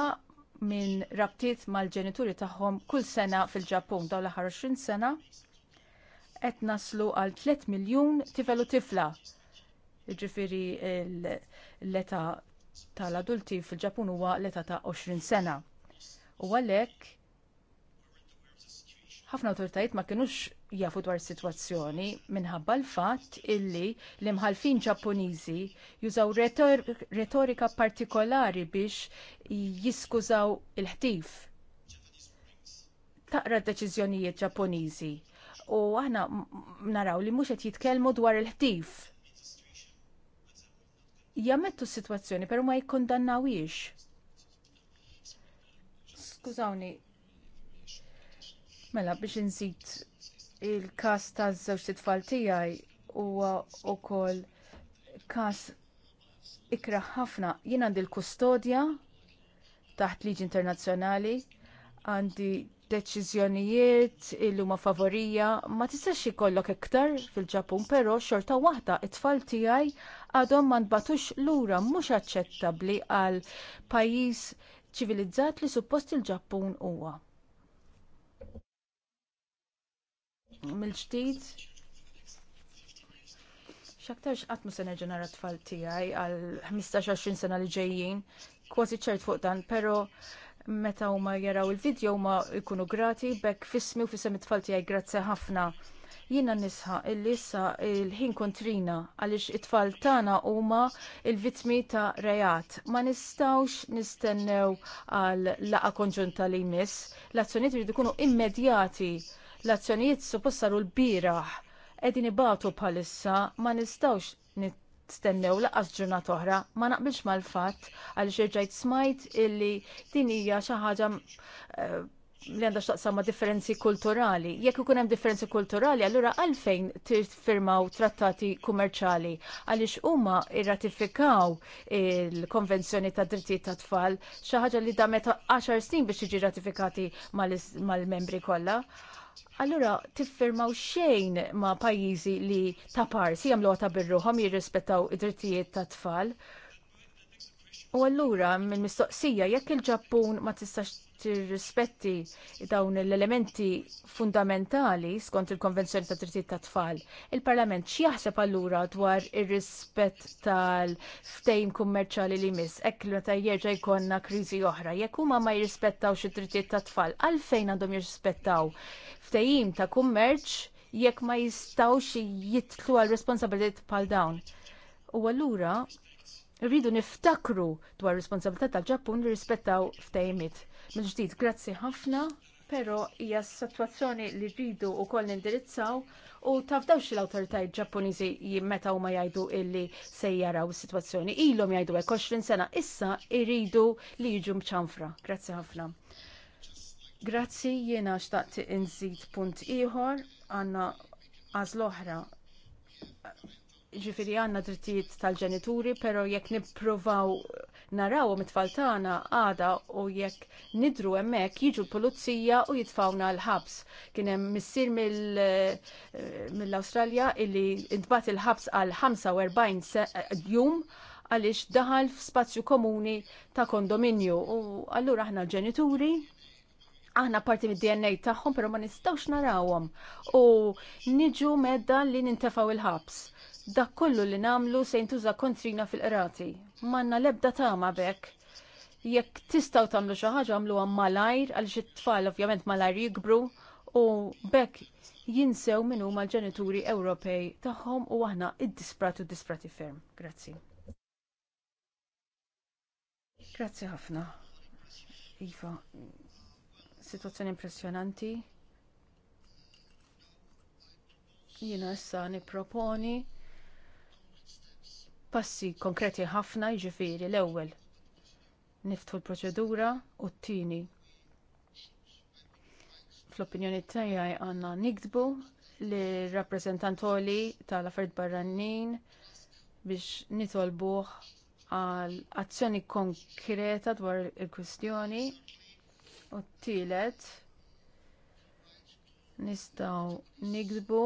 minn rabtiet mal-ġenituri tagħhom kull sena fil-Ġappun dawn l-aħħar 20 sena qed naslu għal 3 miljun tifel u tifla. Ġifiri l-età tal-adulti fil-Ġapun huwa l-età ta' 20 sena. U għalhekk ħafna awtoritajiet ma kinux jafu dwar is-sitwazzjoni minħabba l-fatt illi l-imħalfin Ġappuniżi jużaw retorika partikolari biex jiskużaw il-ħtif taqra d deċiżjonijiet Ġappuniżi u aħna naraw li mhux qed jitkellmu dwar il-ħtif. Jammettu s-sitwazzjoni, per ma jikkondannawiex. Skużawni, mela biex inżid il-kas ta' żewġ titfal tiegħi huwa wkoll każ ikra ħafna. Jien għandi l-kustodja taħt liġi internazzjonali, għandi deċiżjonijiet illi huma favorija ma tistax ikollok iktar fil-Ġappun, però xorta waħda it-tfal tiegħi għadhom ma nbatux lura mhux aċċettabbli għal pajjiż ċivilizzat li suppost il-Ġappun huwa. Mill-ġdid x'aktarx qatt ma se nerġa' t-tfal tiegħi għal 15-20 sena li ġejjin, kważi ċert fuq dan, però meta huma jaraw il-video huma jkunu grati bekk fismi u fisem it tfalti għaj grazzi ħafna. Jiena nisħa illi issa il-ħin kontrina għaliex it-tfal tagħna huma il-vittmi ta' rejat. Ma nistawx nistennew għal laqa konġunta li jmiss. L-azzjonijiet jridu jkunu immedjati. L-azzjonijiet suppost saru l-bieraħ. Qegħdin ibatu bħalissa ma nistawx tstennew laqas ġurnat oħra, ma naqbilx mal-fatt għaliex irġajt smajt illi din hija xi ħaġa eh, li għandha x'taqsam ma' differenzi kulturali. Jekk ikun hemm differenzi kulturali, allura għalfejn tiffirmaw trattati kummerċali għaliex huma irratifikaw il-Konvenzjoni ta' Drittijiet ta' Tfal xi ħaġa li damet 10 snin biex tiġi ratifikati mal-membri kollha. Allura, tiffirmaw xejn ma' pajjiżi li ta' parsi jagħmluha ta' birruħom jirrispettaw id-drittijiet ta' tfal. U allura mill-mistoqsija jekk il-Ġappun ma tistax tirrispetti dawn l-elementi fundamentali skont il-Konvenzjoni ta' Drittijiet ta' Tfal, il-Parlament x'jaħseb allura dwar ir-rispett tal-ftejn kummerċjali li miss hekk meta jerġa' jkollna kriżi oħra, jekk huma ma jirrispettawx id-drittijiet ta' tfal, għalfejn għandhom jirrispettaw ftejim ta' kummerċ jekk ma jistawx jitlu għal responsabilitet bħal dawn. U allura Rridu niftakru dwar responsabilità tal-Ġappun li rispettaw ftejmit. Mill-ġdid, grazzi ħafna, pero hija situazzjoni li rridu u koll u u tafdawx l-autoritajiet Ġappuniżi meta huma jgħidu illi sejjaraw is-sitwazzjoni. Ilhom jgħidu hekk 20 sena issa jridu li jiġu mċanfra. Grazzi ħafna. Grazzi jiena xtaqt inżid punt ieħor għandna għażl oħra ġifiri għanna drittijiet tal-ġenituri, pero jekk nipprovaw naraw mit-tfal tagħna għada u jekk nidru hemmhekk jiġu l-pulizija u jitfawna l-ħabs. Kien hemm missier eh, mill-Awstralja illi intbat il-ħabs għal 45 eh, jum għaliex daħal f'spazju komuni ta' kondominju u allura aħna l-ġenituri aħna parti mid-DNA tagħhom, pero ma nistgħux narawhom u niġu medda li nintefgħu il-ħabs Dak kollu li namlu se jintuża kontrina fil-qrati. Manna lebda ma' bekk. Jekk tistaw tamlu xi ħaġa għamluha malajr għaliex it-tfal ovvjament malajr jikbru u bekk jinsew minn huma l-ġenituri Ewropej tagħhom u aħna id-dispratu disprati ferm. Grazzi. Grazzi ħafna. Iva, situazzjoni impressjonanti. Jiena issa nipproponi passi konkreti ħafna jiġifieri l-ewwel niftħu l-proċedura u t-tieni fl-opinjoni tiegħi għandna nikdbu li rappreżentantoli tal-affarijiet barranin biex nitolbuh għal azzjoni konkreta dwar il-kwistjoni u t-tielet nistgħu nikdbu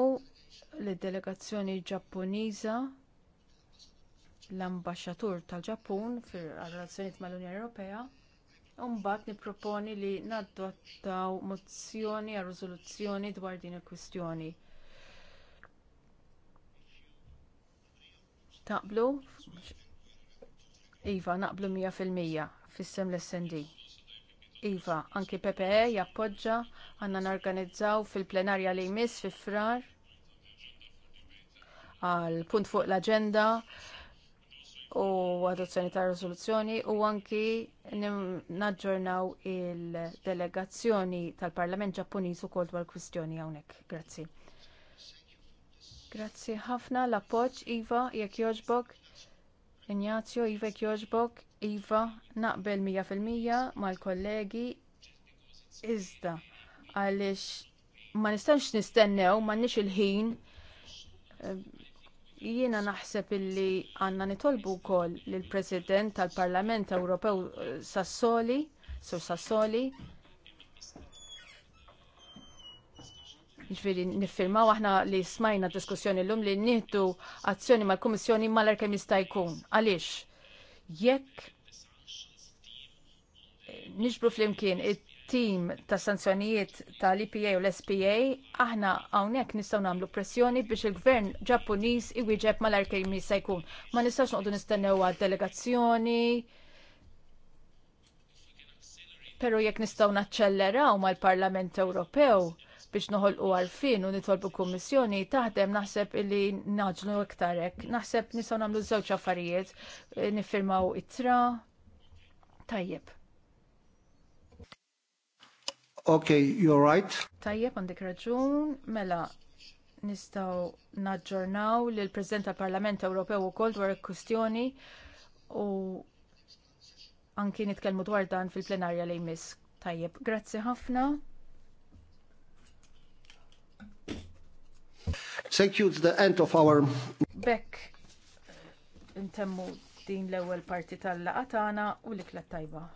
lid delegazzjoni Ġappuniża l-ambasċatur tal-Ġappun fir-relazzjonijiet mal-Unjoni Ewropea u mbagħad nipproponi li nadottaw mozzjoni għal riżoluzzjoni dwar din il-kwistjoni. Taqblu? Iva, naqblu 100% fissem l-SND. Iva, anki PPE jappoġġa għandna narganizzaw fil-plenarja li jmiss fi frar għal punt fuq l aġenda u adozzjoni ta' risoluzzjoni u anki naġġornaw il-delegazzjoni tal-Parlament Ġappuniż ukoll dwar kwistjoni hawnhekk. Grazzi. Grazzi ħafna l-appoġġ Iva jekk jogħġbok. Ignazio Iva jekk jogħġbok, Iva naqbel 100% mal-kollegi iżda għaliex ma nistax nistennew, ma nix il-ħin jiena naħseb illi għandna nitolbu wkoll lill president tal-Parlament Ewropew eh, Sassoli, Sur Sassoli, ġviri niffirmaw aħna li smajna diskussjoni l-lum li nieħdu azzjoni mal kummissjoni mal-erkem jista' jkun. Għaliex, jekk eh, nixbru flimkien tim ta' sanzjonijiet tal-EPA u l-SPA, aħna hawnhekk nistgħu nagħmlu pressjoni biex il-gvern Ġappuniż iwieġeb mal-arkejmi se jkun. Ma nistgħux noqogħdu nistennew għad-delegazzjoni. Però jekk nistgħu naċċelleraw mal-Parlament Ewropew biex noħolqu għarfien u nitolbu kummissjoni taħdem naħseb illi naġlu iktarek. Naħseb nistgħu nagħmlu żewġ affarijiet, niffirmaw ittra. Tajjeb. Okay, you're right. Tajjeb għandek raġun, mela nistaw naġġornaw li l-President tal-Parlament Ewropew ukoll dwar il-kustjoni u anki nitkellmu dwar dan fil-plenarja li jmiss. Tajjeb, grazzi ħafna. Thank you, it's the end of our... Bekk, intemmu din l-ewel parti tal-laqatana u l-ikla tajba.